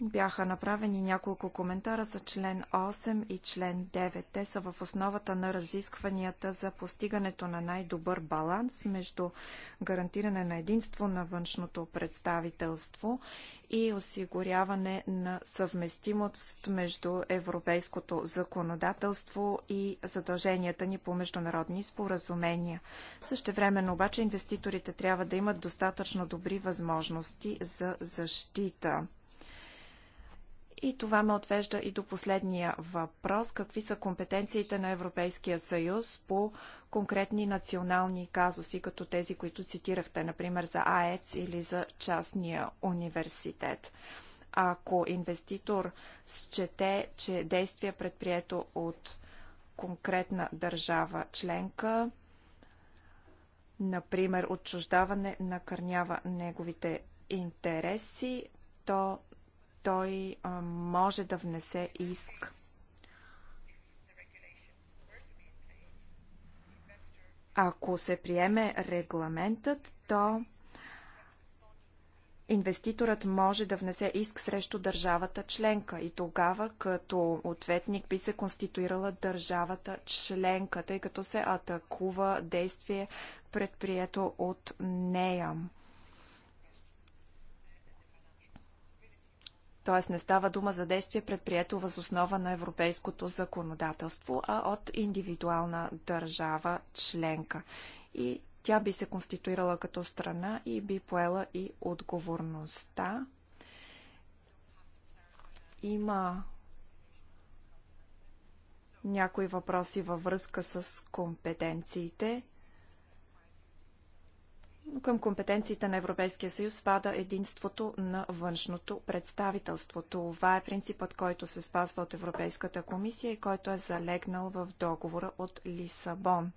Бяха направени няколко коментара за член 8 и член 9. Те са в основата на разискванията за постигането на най-добър баланс между гарантиране на единство на външното представителство и осигуряване на съвместимост между европейското законодателство и задълженията ни по международни споразумения. Същевременно обаче инвеститорите трябва да имат достатъчно добри възможности за защита и това ме отвежда и до последния въпрос. Какви са компетенциите на Европейския съюз по конкретни национални казуси, като тези, които цитирахте, например за АЕЦ или за частния университет? Ако инвеститор счете, че действие предприето от конкретна държава членка, например отчуждаване накърнява неговите интереси, то той може да внесе иск. Ако се приеме регламентът, то инвеститорът може да внесе иск срещу държавата членка и тогава като ответник би се конституирала държавата членка, тъй като се атакува действие предприето от нея. т.е. не става дума за действие предприето възоснова на европейското законодателство, а от индивидуална държава членка. И тя би се конституирала като страна и би поела и отговорността. Има някои въпроси във връзка с компетенциите към компетенциите на Европейския съюз спада единството на външното представителство. Това е принципът, който се спазва от Европейската комисия и който е залегнал в договора от Лисабон.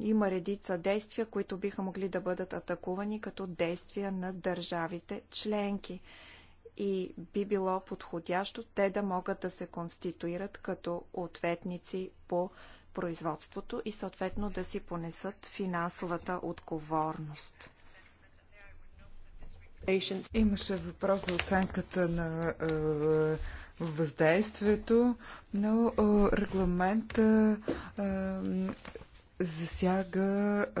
Има редица действия, които биха могли да бъдат атакувани като действия на държавите членки и би било подходящо те да могат да се конституират като ответници по производството и съответно да си понесат финансовата отговорност. Имаше въпрос за оценката на е, въздействието, но е, регламент е, засяга а,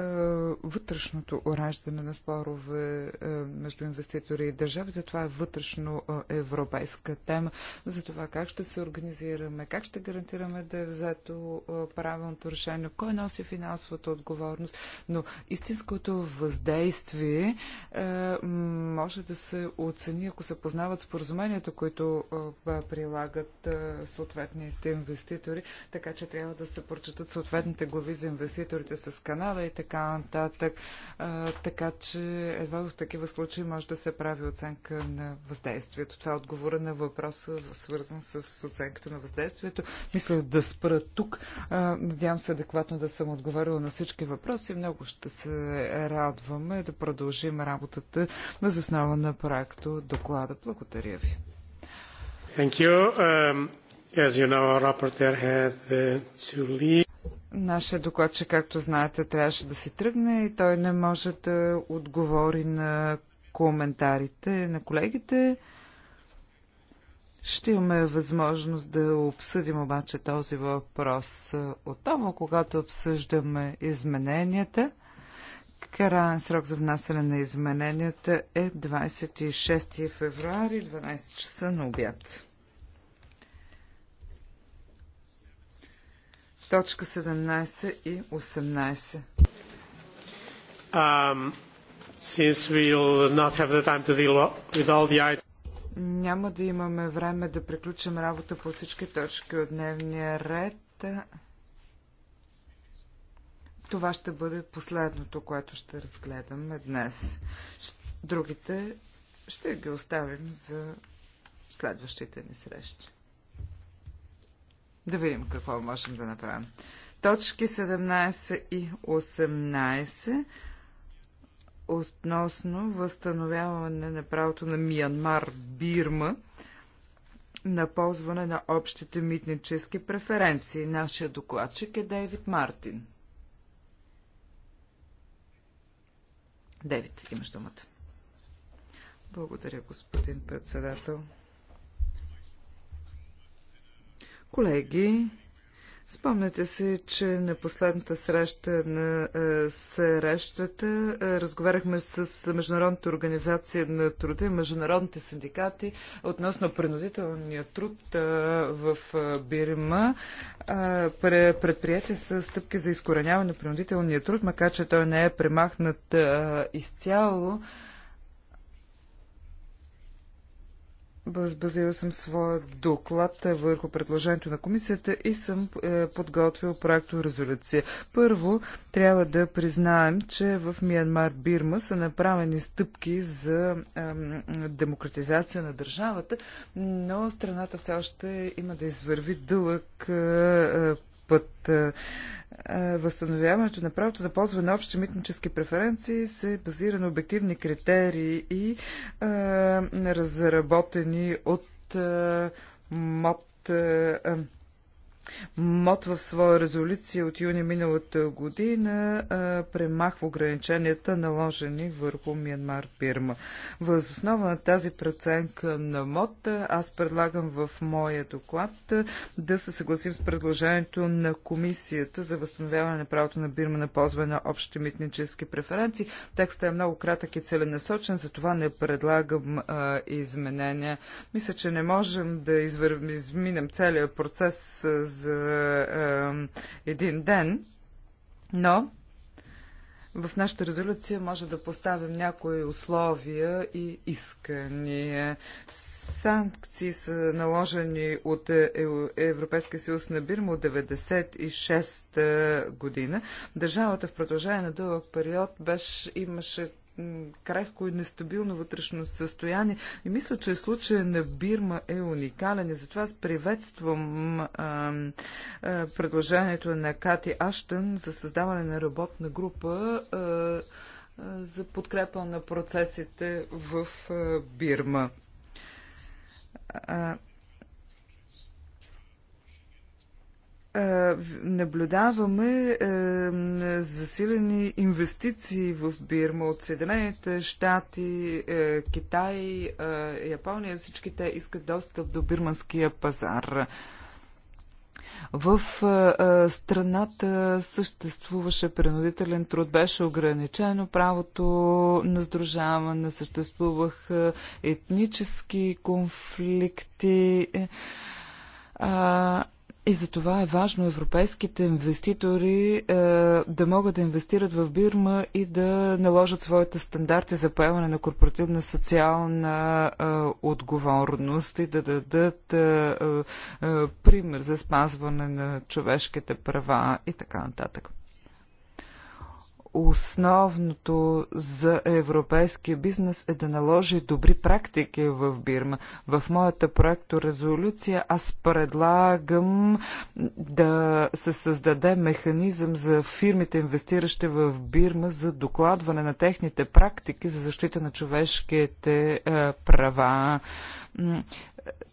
вътрешното ораждане на спорове а, между инвеститори и държавите. Това е вътрешно а, европейска тема за това как ще се организираме, как ще гарантираме да е взето а, правилното решение, кой носи финансовата отговорност, но истинското въздействие а, може да се оцени, ако се познават споразуменията, които а, прилагат а, съответните инвеститори, така че трябва да се прочитат съответните глави за инвеститори инвеститорите с Канада и така нататък. А, така че едва в такива случаи може да се прави оценка на въздействието. Това е отговора на въпроса, свързан с оценката на въздействието. Мисля да спра тук. А, надявам се адекватно да съм отговорила на всички въпроси. Много ще се радваме да продължим работата въз основа на проекто доклада. Благодаря ви. Thank you. Um... As you know, our rapporteur had uh, to leave. Нашия докладчик, както знаете, трябваше да си тръгне и той не може да отговори на коментарите на колегите. Ще имаме възможност да обсъдим обаче този въпрос отново, когато обсъждаме измененията. Каран срок за внасяне на измененията е 26 февруари, 12 часа на обяд. точка 17 и 18. Um, the... Няма да имаме време да приключим работа по всички точки от дневния ред. Това ще бъде последното, което ще разгледаме днес. Другите ще ги оставим за следващите ни срещи. Да видим какво можем да направим. Точки 17 и 18 относно възстановяване на правото на Миянмар Бирма на ползване на общите митнически преференции. Нашия докладчик е Дейвид Мартин. Дейвид, имаш думата. Благодаря, господин председател. Колеги, Спомняте се, че на последната среща на е, срещата е, разговаряхме с Международната организация на труда и международните синдикати относно принудителния труд е, в Бирма. Предприятие са стъпки за изкореняване на принудителния труд, макар че той не е премахнат изцяло. Базирал съм своя доклад върху предложението на комисията и съм е, подготвил проекто резолюция. Първо, трябва да признаем, че в Миянмар Бирма са направени стъпки за е, демократизация на държавата, но страната все още има да извърви дълъг е, е път. Възстановяването на правото за ползване на общи митнически преференции се базира на обективни критерии и разработени от МОД МОД в своя резолюция от юни миналата година а, премахва ограниченията наложени върху Миянмар Бирма. Въз основа на тази преценка на МОД аз предлагам в моя доклад да се съгласим с предложението на Комисията за възстановяване на правото на Бирма на ползване на общите митнически преференции. Текстът е много кратък и целенасочен, затова не предлагам а, изменения. Мисля, че не можем да извър... изминем целият процес за един ден, но в нашата резолюция може да поставим някои условия и искания. Санкции са наложени от е, е, Европейския съюз на Бирма от 96 година. Държавата в продължение на дълъг период беше, имаше крехко и нестабилно вътрешно състояние. И мисля, че случая на Бирма е уникален и затова аз приветствам а, а, предложението на Кати Аштън за създаване на работна група а, а, за подкрепа на процесите в а, Бирма. А, наблюдаваме засилени инвестиции в Бирма от Съединените щати, Китай, Япония. Всички те искат достъп до бирманския пазар. В страната съществуваше принудителен труд, беше ограничено правото на сдружаване, съществуваха етнически конфликти. И за това е важно европейските инвеститори е, да могат да инвестират в Бирма и да наложат своите стандарти за поемане на корпоративна социална е, отговорност и да дадат е, е, е пример за спазване на човешките права и така нататък. Основното за европейския бизнес е да наложи добри практики в Бирма. В моята проекторезолюция аз предлагам да се създаде механизъм за фирмите, инвестиращи в Бирма, за докладване на техните практики за защита на човешките е, права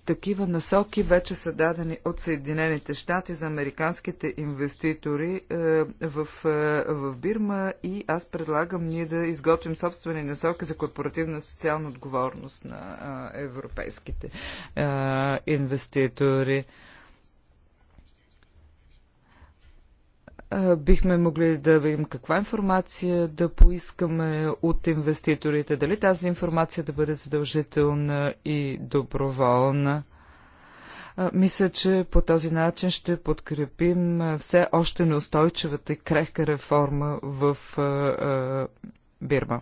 такива насоки вече са дадени от Съединените щати за американските инвеститори е, в, е, в Бирма и аз предлагам ние да изготвим собствени насоки за корпоративна социална отговорност на е, европейските инвеститори. бихме могли да видим каква информация да поискаме от инвеститорите, дали тази информация да бъде задължителна и доброволна. Мисля, че по този начин ще подкрепим все още неустойчивата и крехка реформа в Бирма.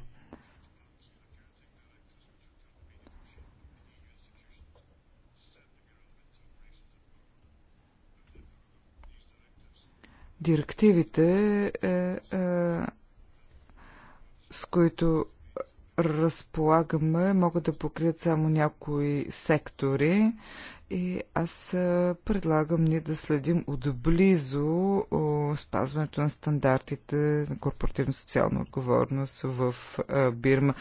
директивите, е, е, с които разполагаме, могат да покрият само някои сектори. И аз предлагам ние да следим отблизо спазването на стандартите на корпоративно-социална отговорност в Бирма.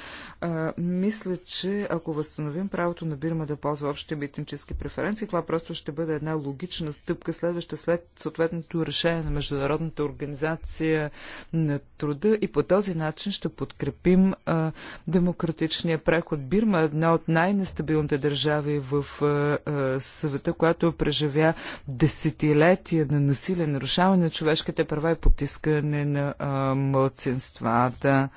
Мисля, че ако възстановим правото на Бирма да ползва общите митнически преференции, това просто ще бъде една логична стъпка, следваща след съответното решение на Международната организация на труда и по този начин ще подкрепим демократичния преход. Бирма е една от най-нестабилните държави в света, която преживя десетилетия на насилие, нарушаване на човешките права и потискане на а, младсинствата.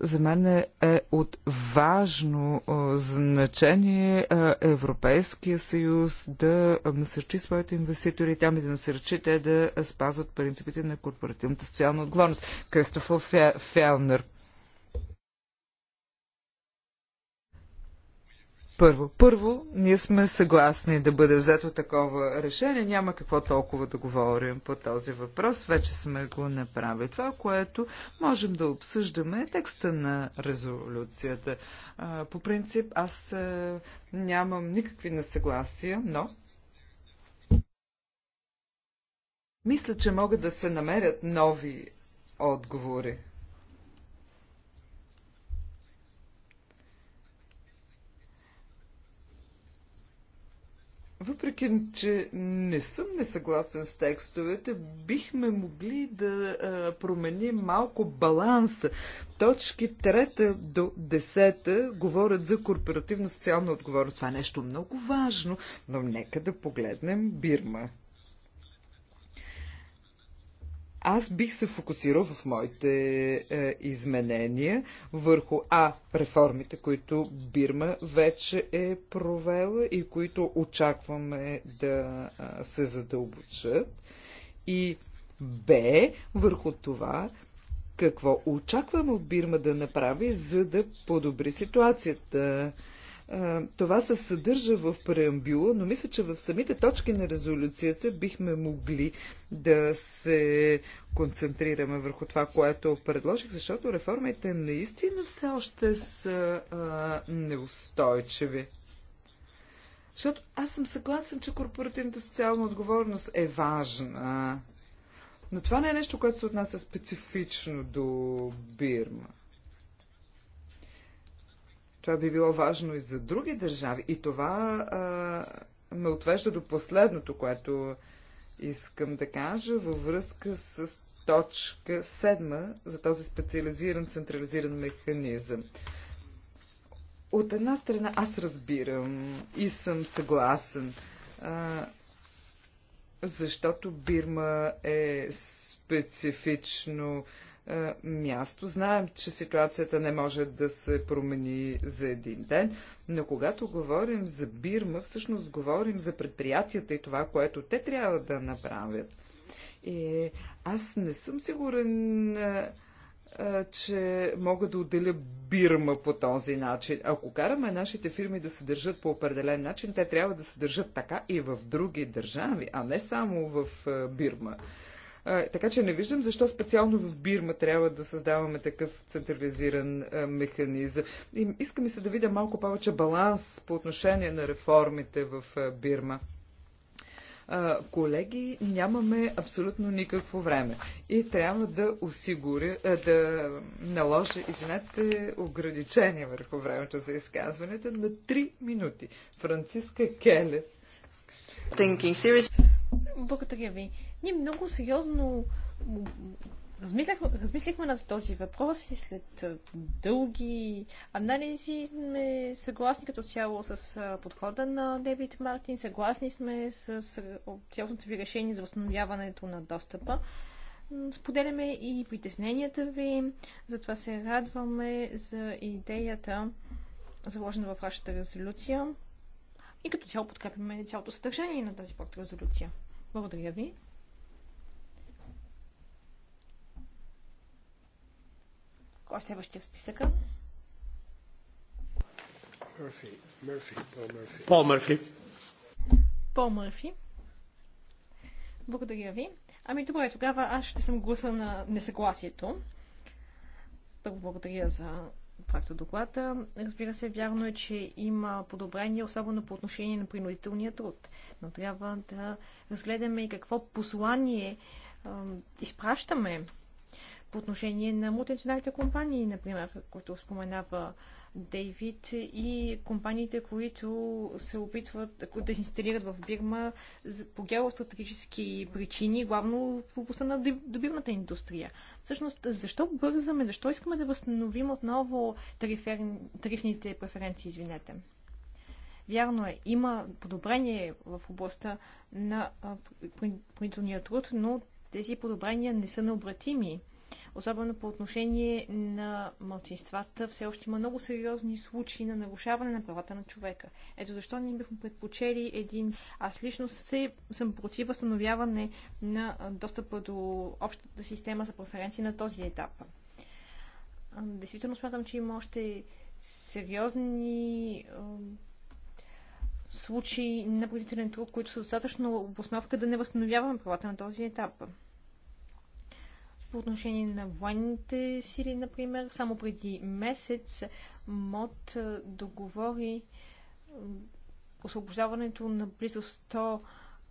За мен е от важно значение Европейския съюз да насърчи своите инвеститори, там и да насърчи те да спазват принципите на корпоративната социална отговорност. Кристофъл Фелнер. първо. Първо, ние сме съгласни да бъде взето такова решение. Няма какво толкова да говорим по този въпрос. Вече сме го направили. Това, което можем да обсъждаме е текста на резолюцията. А, по принцип, аз а, нямам никакви несъгласия, но мисля, че могат да се намерят нови отговори. Въпреки, че не съм несъгласен с текстовете, бихме могли да а, променим малко баланса. Точки трета до десета говорят за корпоративна социална отговорност. Това е нещо много важно, но нека да погледнем Бирма. Аз бих се фокусирал в моите е, изменения върху А. Реформите, които Бирма вече е провела и които очакваме да а, се задълбочат. И Б. Върху това, какво очакваме от Бирма да направи, за да подобри ситуацията. Това се съдържа в преамбюла, но мисля, че в самите точки на резолюцията бихме могли да се концентрираме върху това, което предложих, защото реформите наистина все още са а, неустойчиви. Защото аз съм съгласен, че корпоративната социална отговорност е важна. Но това не е нещо, което се отнася специфично до Бирма. Това би било важно и за други държави. И това а, ме отвежда до последното, което искам да кажа във връзка с точка 7 за този специализиран централизиран механизъм. От една страна аз разбирам и съм съгласен, а, защото Бирма е специфично е, място. Знаем, че ситуацията не може да се промени за един ден, но когато говорим за Бирма, всъщност говорим за предприятията и това, което те трябва да направят. И аз не съм сигурен, е, е, че мога да отделя Бирма по този начин. Ако караме нашите фирми да се държат по определен начин, те трябва да се държат така и в други държави, а не само в Бирма. Така че не виждам защо специално в Бирма трябва да създаваме такъв централизиран механизъм. И искам се да видя малко повече баланс по отношение на реформите в Бирма колеги, нямаме абсолютно никакво време. И трябва да осигуря, да наложа, извинете, ограничение върху времето за изказването на 3 минути. Франциска Келе. Благодаря ви. Ние много сериозно размислихме, размислихме над този въпрос и след дълги анализи сме съгласни като цяло с подхода на Девид Мартин, съгласни сме с цялото ви решение за възстановяването на достъпа. Споделяме и притесненията ви, затова се радваме за идеята, заложена във вашата резолюция. И като цяло подкрепяме цялото съдържание на тази проекта резолюция. Благодаря ви. Кой е следващия списъка? Мърфи. Мърфи. Пол Мърфи. Пол Мърфи. Благодаря ви. Ами добре, тогава аз ще съм гласа на несъгласието. Първо благодаря за проекта доклада. Разбира се, вярно е, че има подобрение, особено по отношение на принудителния труд. Но трябва да разгледаме и какво послание а, изпращаме по отношение на мултинационалните компании, например, които споменава Дейвид и компаниите, които се опитват да се инсталират в Бирма по геостратегически причини, главно в областта на добивната индустрия. Всъщност, защо бързаме, защо искаме да възстановим отново тарифер... тарифните преференции, извинете? Вярно е, има подобрение в областта на принудителния труд, но тези подобрения не са необратими особено по отношение на младсинствата, все още има много сериозни случаи на нарушаване на правата на човека. Ето защо ние бихме предпочели един... Аз лично се, съм против възстановяване на достъпа до общата система за преференции на този етап. Действително смятам, че има още сериозни случаи на принудителен труд, които са достатъчно обосновка да не възстановяваме правата на този етап по отношение на военните сили, например. Само преди месец МОД договори освобождаването на близо 100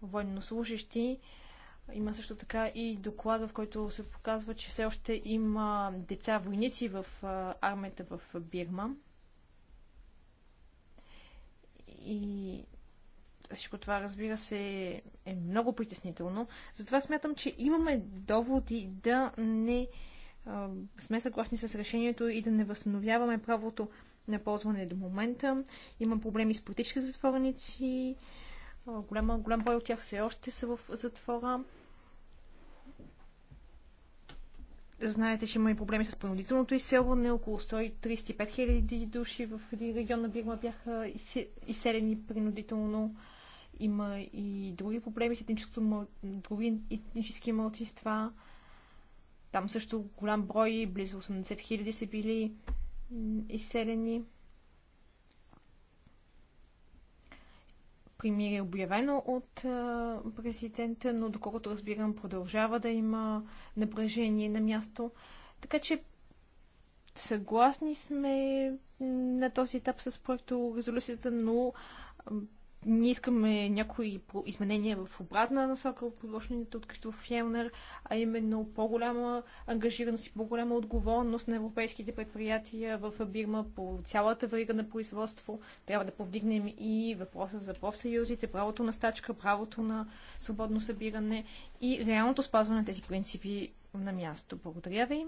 военнослужащи. Има също така и доклад, в който се показва, че все още има деца войници в армията в Бирма. И всичко това, разбира се, е много притеснително. Затова смятам, че имаме доводи да не а, сме съгласни с решението и да не възстановяваме правото на ползване до момента. Има проблеми с политически затворници. Голям, голям брой от тях все още са в затвора. Знаете, че има и проблеми с принудителното изселване. Около 135 000 души в един регион на Бирма бяха изселени принудително. Има и други проблеми с етническо, други етнически малцинства. Там също голям брой, близо 80 хиляди са били изселени. примирие е обявено от президента, но доколкото разбирам, продължава да има напрежение на място. Така че съгласни сме на този етап с проекто резолюцията, но ние искаме някои изменения в обратна насока от предложението от Кристоф Фелнер, а именно по-голяма ангажираност и по-голяма отговорност на европейските предприятия в Бирма по цялата верига на производство. Трябва да повдигнем и въпроса за профсъюзите, правото на стачка, правото на свободно събиране и реалното спазване на тези принципи на място. Благодаря ви.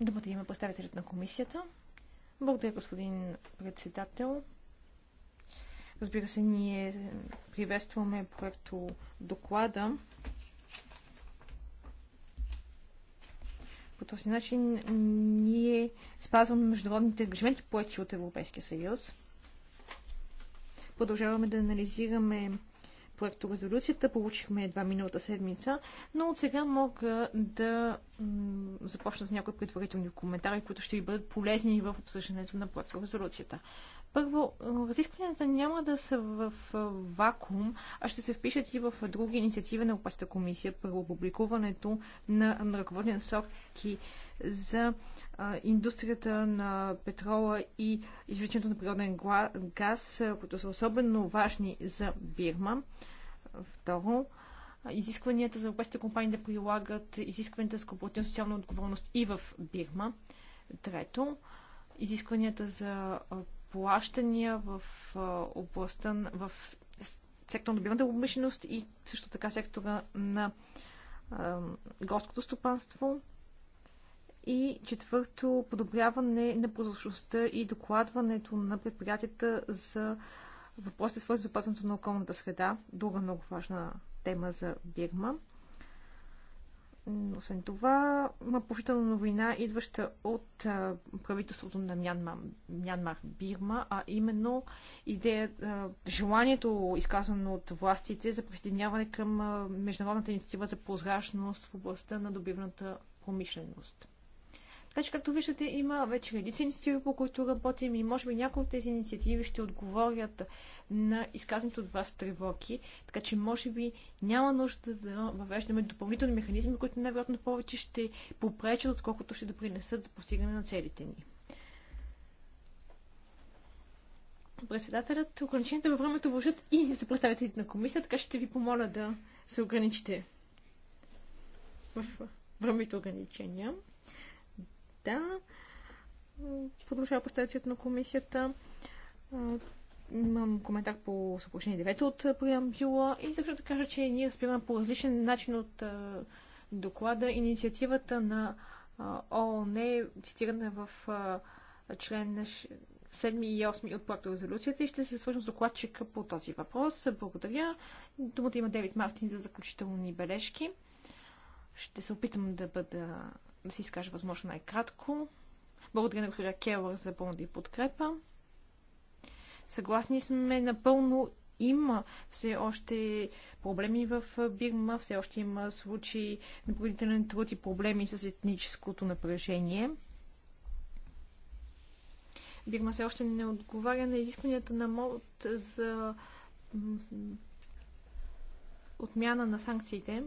Добре, има представителят на комисията. Благодаря, господин председател. Разбира се, ние приветстваме проекто доклада. По този начин ние спазваме международните ангажименти, поети от Европейския съюз. Продължаваме да анализираме проекто резолюцията. Получихме два миналата седмица, но от сега мога да започна с някои предварителни коментари, които ще ви бъдат полезни в обсъждането на проекто резолюцията. Първо, разискванията няма да са в вакуум, а ще се впишат и в други инициативи на Европейската комисия. Първо, публикуването на, на ръководни за а, индустрията на петрола и извлечението на природен газ, които са особено важни за Бирма. Второ, изискванията за европейските компании да прилагат изискванията за корпоративна социална отговорност и в Бирма. Трето, изискванията за плащания в областта, в сектор на добивната обмишленост и също така сектора на горското стопанство. И четвърто, подобряване на прозрачността и докладването на предприятията за въпросите, свързани с опазването на околната среда. Друга много важна тема за Бирма. Освен това, има положителна новина, идваща от правителството на Мянмар, Мянмар Бирма, а именно идея, желанието, изказано от властите за присъединяване към Международната инициатива за прозрачност в областта на добивната промишленост. Така значи, че, както виждате, има вече редици инициативи, по които работим и може би някои от тези инициативи ще отговорят на изказаните от вас тревоги, така че може би няма нужда да въвеждаме допълнителни механизми, които най-вероятно повече ще попречат, отколкото ще допринесат за постигане на целите ни. Председателят, ограниченията във времето вължат и за представителите на комисия, така ще ви помоля да се ограничите в времето ограничения. Да. Продължава представителят на комисията. Имам коментар по съпочение 9 от преамбюла и така да кажа, че ние разбираме по различен начин от доклада инициативата на ООН, цитирана в член 7 и 8 от проекта резолюцията и ще се свържем с докладчика по този въпрос. Благодаря. Думата има Девид Мартин за заключителни бележки. Ще се опитам да бъда да си изкажа възможно най-кратко. Благодаря на госпожа Келър за пълната и подкрепа. Съгласни сме напълно има все още проблеми в Бирма, все още има случаи на принудителен труд и проблеми с етническото напрежение. Бирма все още не отговаря на изискванията на МОД за отмяна на санкциите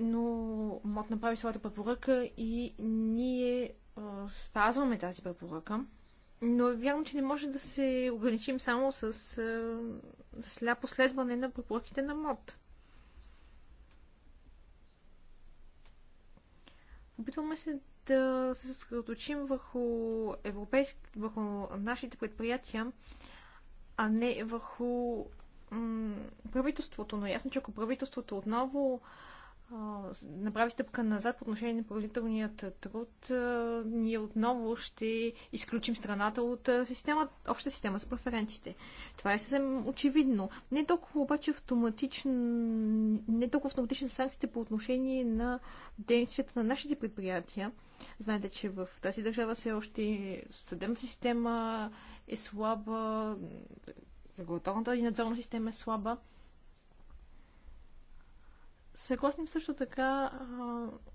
но МОД направи своята препоръка и ние а, спазваме тази препоръка. Но е вярно, че не може да се ограничим само с а, сляпо следване на препоръките на МОД. Опитваме се да се съсредоточим върху, европейски, върху нашите предприятия, а не върху правителството. Но е ясно, че ако правителството отново направи стъпка назад по отношение на правителният труд, ние отново ще изключим страната от система, обща система с преференциите. Това е съвсем очевидно. Не толкова обаче автоматично, не толкова автоматични санкциите по отношение на действията на нашите предприятия. Знаете, че в тази държава все още съдебната система е слаба, регулаторната и надзорна система е слаба. Съгласни също така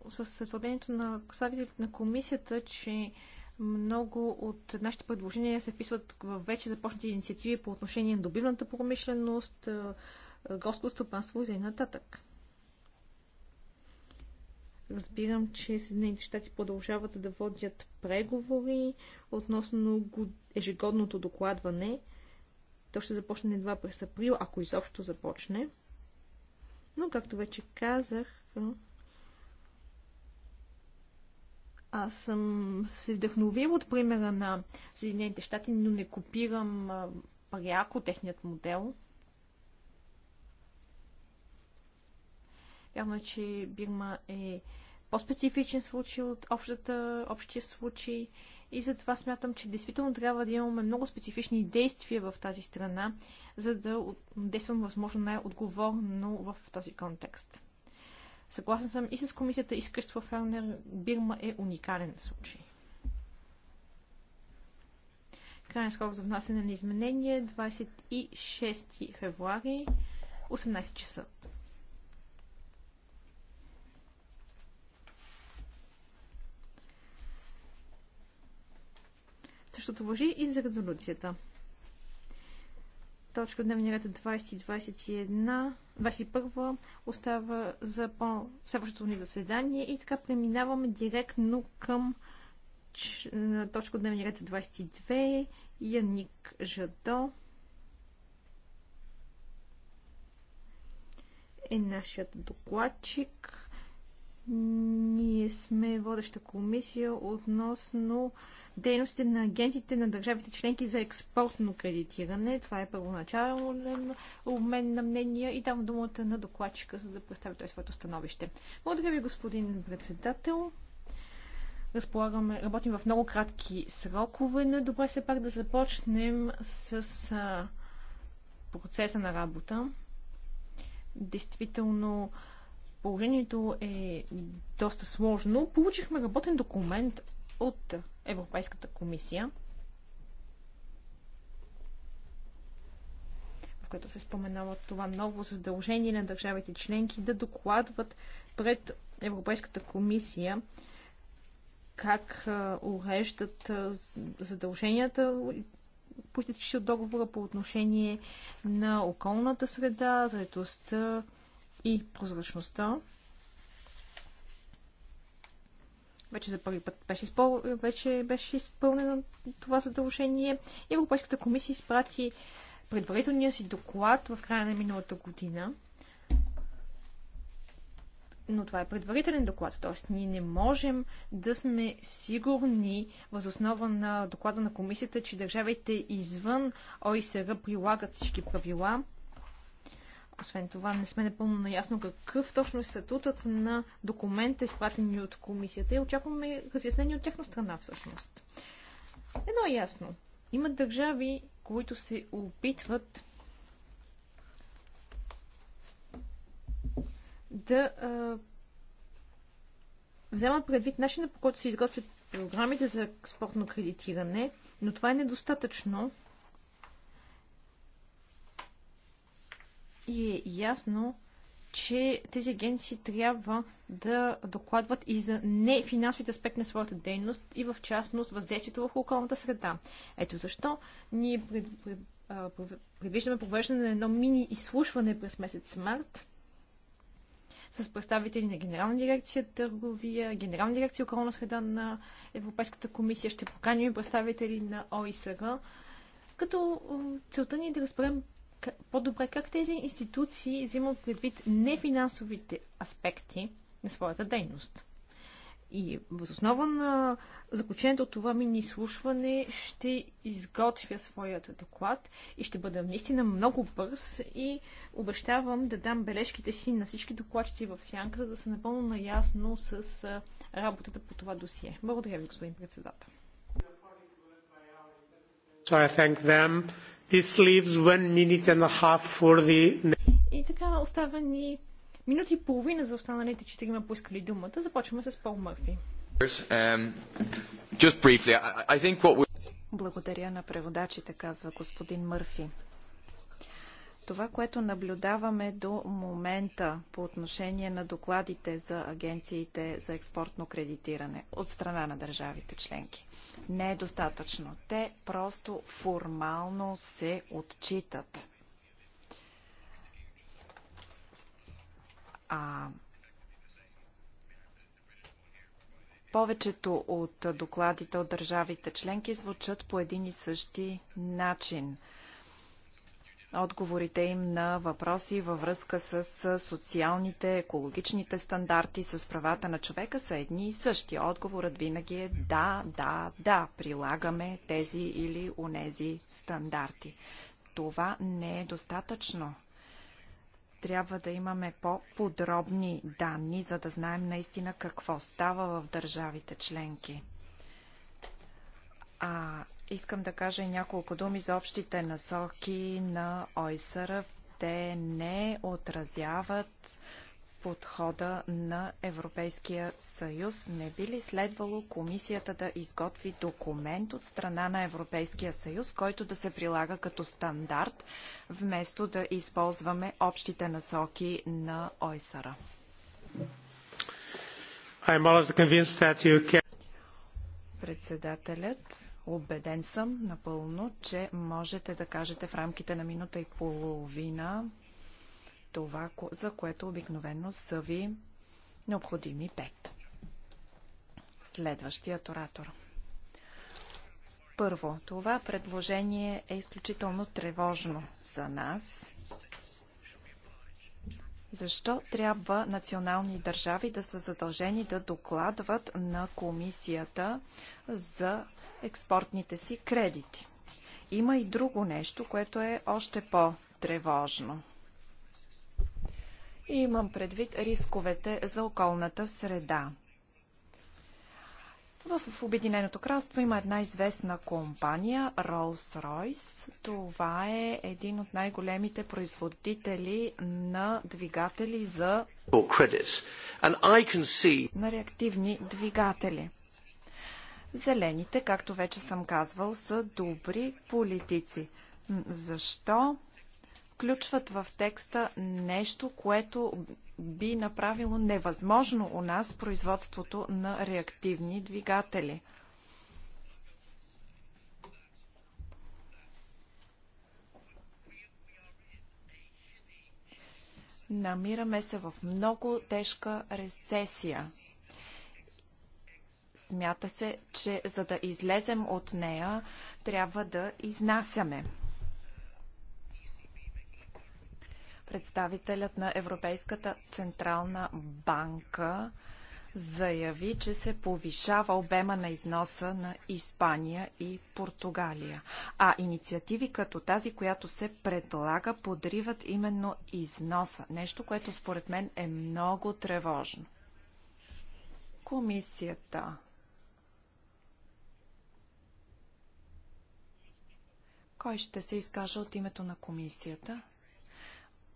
а, с твърдението на представителите на комисията, че много от нашите предложения се вписват в вече започнати инициативи по отношение на добивната промишленост, горско стопанство и т.н. Разбирам, че Съединените щати продължават да водят преговори относно ежегодното докладване. То ще започне едва през април, ако изобщо започне. Но, както вече казах, аз съм се вдъхновил от примера на Съединените щати, но не копирам пряко техният модел. Вярно е, че Бирма е по-специфичен случай от общата, общия случай. И затова смятам, че действително трябва да имаме много специфични действия в тази страна, за да действам възможно най-отговорно в този контекст. Съгласен съм и с комисията, Искърство Фернер. Бирма е уникален случай. Крайен срок за внасяне на изменение 26 е февруари 18 часа. Същото въжи и за резолюцията. Точка от дневния ред 20 е 21 остава за по-следващото ни заседание и така преминаваме директно към точка от дневния ред 22 е Яник Жадо. е нашият докладчик. Ние сме водеща комисия относно дейностите на агенците на държавите членки за експортно кредитиране. Това е първоначален обмен на мнения и дам думата на докладчика, за да представи той своето становище. Благодаря ви, господин председател. Разполагаме, работим в много кратки срокове, но е добре се пак да започнем с а, процеса на работа. Действително, а, положението е доста сложно. Получихме работен документ от Европейската комисия, в който се споменава това ново задължение на държавите членки да докладват пред Европейската комисия как уреждат задълженията, проистичащи от договора по отношение на околната среда, заедостта, и прозрачността. Вече за първи път беше, изпъл... вече беше изпълнено това задължение. Европейската комисия изпрати предварителния си доклад в края на миналата година. Но това е предварителен доклад, т.е. ние не можем да сме сигурни въз основа на доклада на комисията, че държавите извън ОИСР прилагат всички правила освен това, не сме напълно наясно какъв точно е статутът на документа, изпратени от комисията и очакваме разяснение от тяхна страна всъщност. Едно е ясно. Има държави, които се опитват да а, вземат предвид начина по който се изготвят програмите за експортно кредитиране, но това е недостатъчно. и е ясно, че тези агенции трябва да докладват и за нефинансовите аспект на своята дейност и в частност въздействието върху околната среда. Ето защо ние пред, пред, пред, предвиждаме провеждане на едно мини изслушване през месец март с представители на Генерална дирекция търговия, Генерална дирекция околна среда на Европейската комисия. Ще поканим представители на ОИСР, като целта ни е да разберем по-добре как тези институции взимат предвид нефинансовите аспекти на своята дейност. И възоснова на заключението от това мини изслушване ще изготвя своят доклад и ще бъда наистина много бърз и обещавам да дам бележките си на всички докладчици в сянка, за да са напълно наясно с работата по това досие. Благодаря ви, господин председател. So I thank them. He sleeps one minute and a half for the... И така остава ни минути и половина за останалите че четирима поискали думата. Започваме с Пол Мърфи. Um, Благодаря на преводачите, казва господин Мърфи. Това, което наблюдаваме до момента по отношение на докладите за агенциите за експортно кредитиране от страна на държавите членки, не е достатъчно. Те просто формално се отчитат. А повечето от докладите от държавите членки звучат по един и същи начин – отговорите им на въпроси във връзка с социалните, екологичните стандарти, с правата на човека са едни и същи. Отговорът винаги е да, да, да, прилагаме тези или унези стандарти. Това не е достатъчно. Трябва да имаме по-подробни данни, за да знаем наистина какво става в държавите членки. А Искам да кажа и няколко думи за общите насоки на ОИСР. Те не отразяват подхода на Европейския съюз. Не би ли следвало комисията да изготви документ от страна на Европейския съюз, който да се прилага като стандарт, вместо да използваме общите насоки на ОИСР? Председателят Обеден съм напълно, че можете да кажете в рамките на минута и половина това, за което обикновено са ви необходими пет. Следващият оратор. Първо, това предложение е изключително тревожно за нас. Защо трябва национални държави да са задължени да докладват на комисията за експортните си кредити. Има и друго нещо, което е още по-тревожно. И имам предвид рисковете за околната среда. В Обединеното кралство има една известна компания, Rolls-Royce. Това е един от най-големите производители на двигатели за на реактивни двигатели. Зелените, както вече съм казвал, са добри политици. Защо включват в текста нещо, което би направило невъзможно у нас производството на реактивни двигатели? Намираме се в много тежка рецесия. Смята се, че за да излезем от нея, трябва да изнасяме. Представителят на Европейската централна банка заяви, че се повишава обема на износа на Испания и Португалия. А инициативи като тази, която се предлага, подриват именно износа. Нещо, което според мен е много тревожно. Комисията Кой ще се изкаже от името на комисията?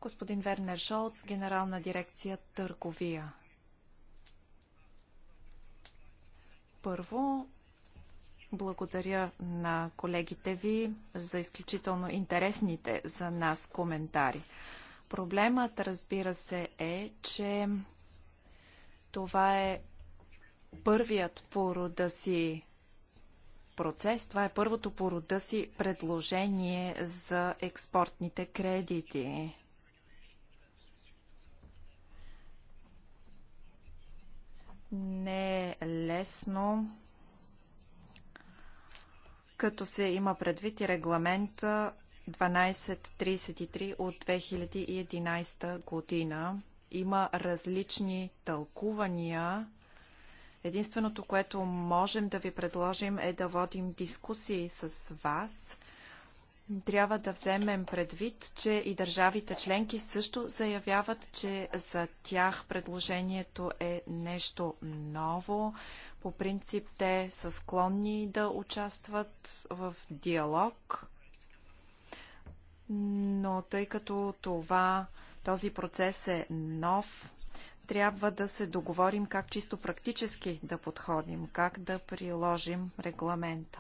Господин Вернер Шолц, генерална дирекция Търговия. Първо, благодаря на колегите ви за изключително интересните за нас коментари. Проблемът, разбира се, е, че това е първият по рода си процес. Това е първото по рода си предложение за експортните кредити. Не е лесно, като се има предвид и регламента 1233 от 2011 година. Има различни тълкувания Единственото, което можем да ви предложим е да водим дискусии с вас. Трябва да вземем предвид, че и държавите членки също заявяват, че за тях предложението е нещо ново. По принцип те са склонни да участват в диалог, но тъй като това, този процес е нов, трябва да се договорим как чисто практически да подходим, как да приложим регламента.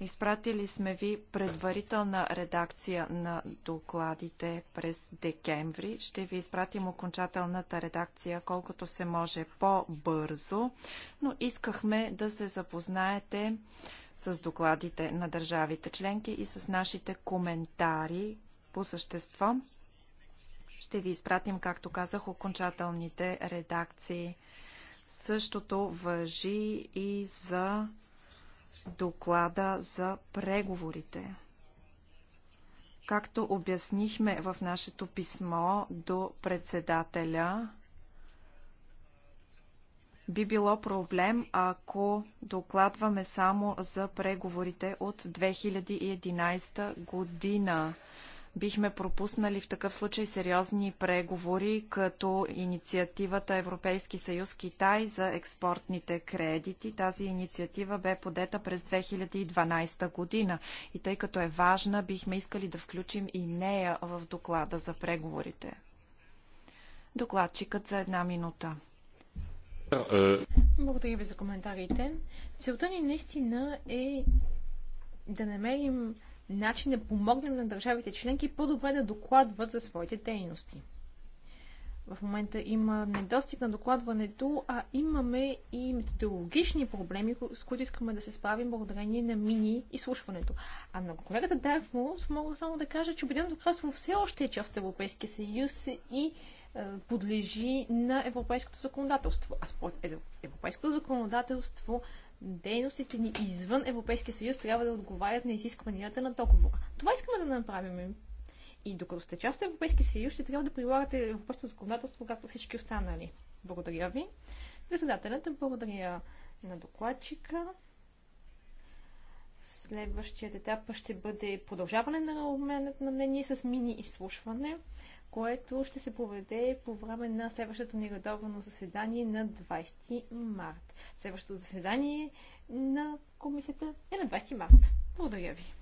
Изпратили сме ви предварителна редакция на докладите през декември. Ще ви изпратим окончателната редакция колкото се може по-бързо, но искахме да се запознаете с докладите на държавите членки и с нашите коментари по същество. Ще ви изпратим, както казах, окончателните редакции. Същото въжи и за доклада за преговорите. Както обяснихме в нашето писмо до председателя, би било проблем, ако докладваме само за преговорите от 2011 година бихме пропуснали в такъв случай сериозни преговори, като инициативата Европейски съюз Китай за експортните кредити. Тази инициатива бе подета през 2012 година и тъй като е важна, бихме искали да включим и нея в доклада за преговорите. Докладчикът за една минута. Благодаря ви за коментарите. Целта ни наистина е да намерим начин да помогнем на държавите членки по-добре да докладват за своите дейности. В момента има недостиг на докладването, а имаме и методологични проблеми, с които искаме да се справим благодарение на мини изслушването. А на колегата Дарфмус мога само да кажа, че Обединеното кралство все още е част от Европейския съюз и е, подлежи на европейското законодателство. А според европейското законодателство дейностите ни извън Европейския съюз трябва да отговарят на изискванията на договора. Това искаме да направим. И докато сте част от Европейския съюз, ще трябва да прилагате европейското законодателство, както всички останали. Благодаря ви. Председателят, благодаря на докладчика. Следващият етап ще бъде продължаване на обменът на мнение с мини изслушване което ще се проведе по време на следващото ни редовно заседание на 20 март. Следващото заседание на комисията е на 20 март. Благодаря ви.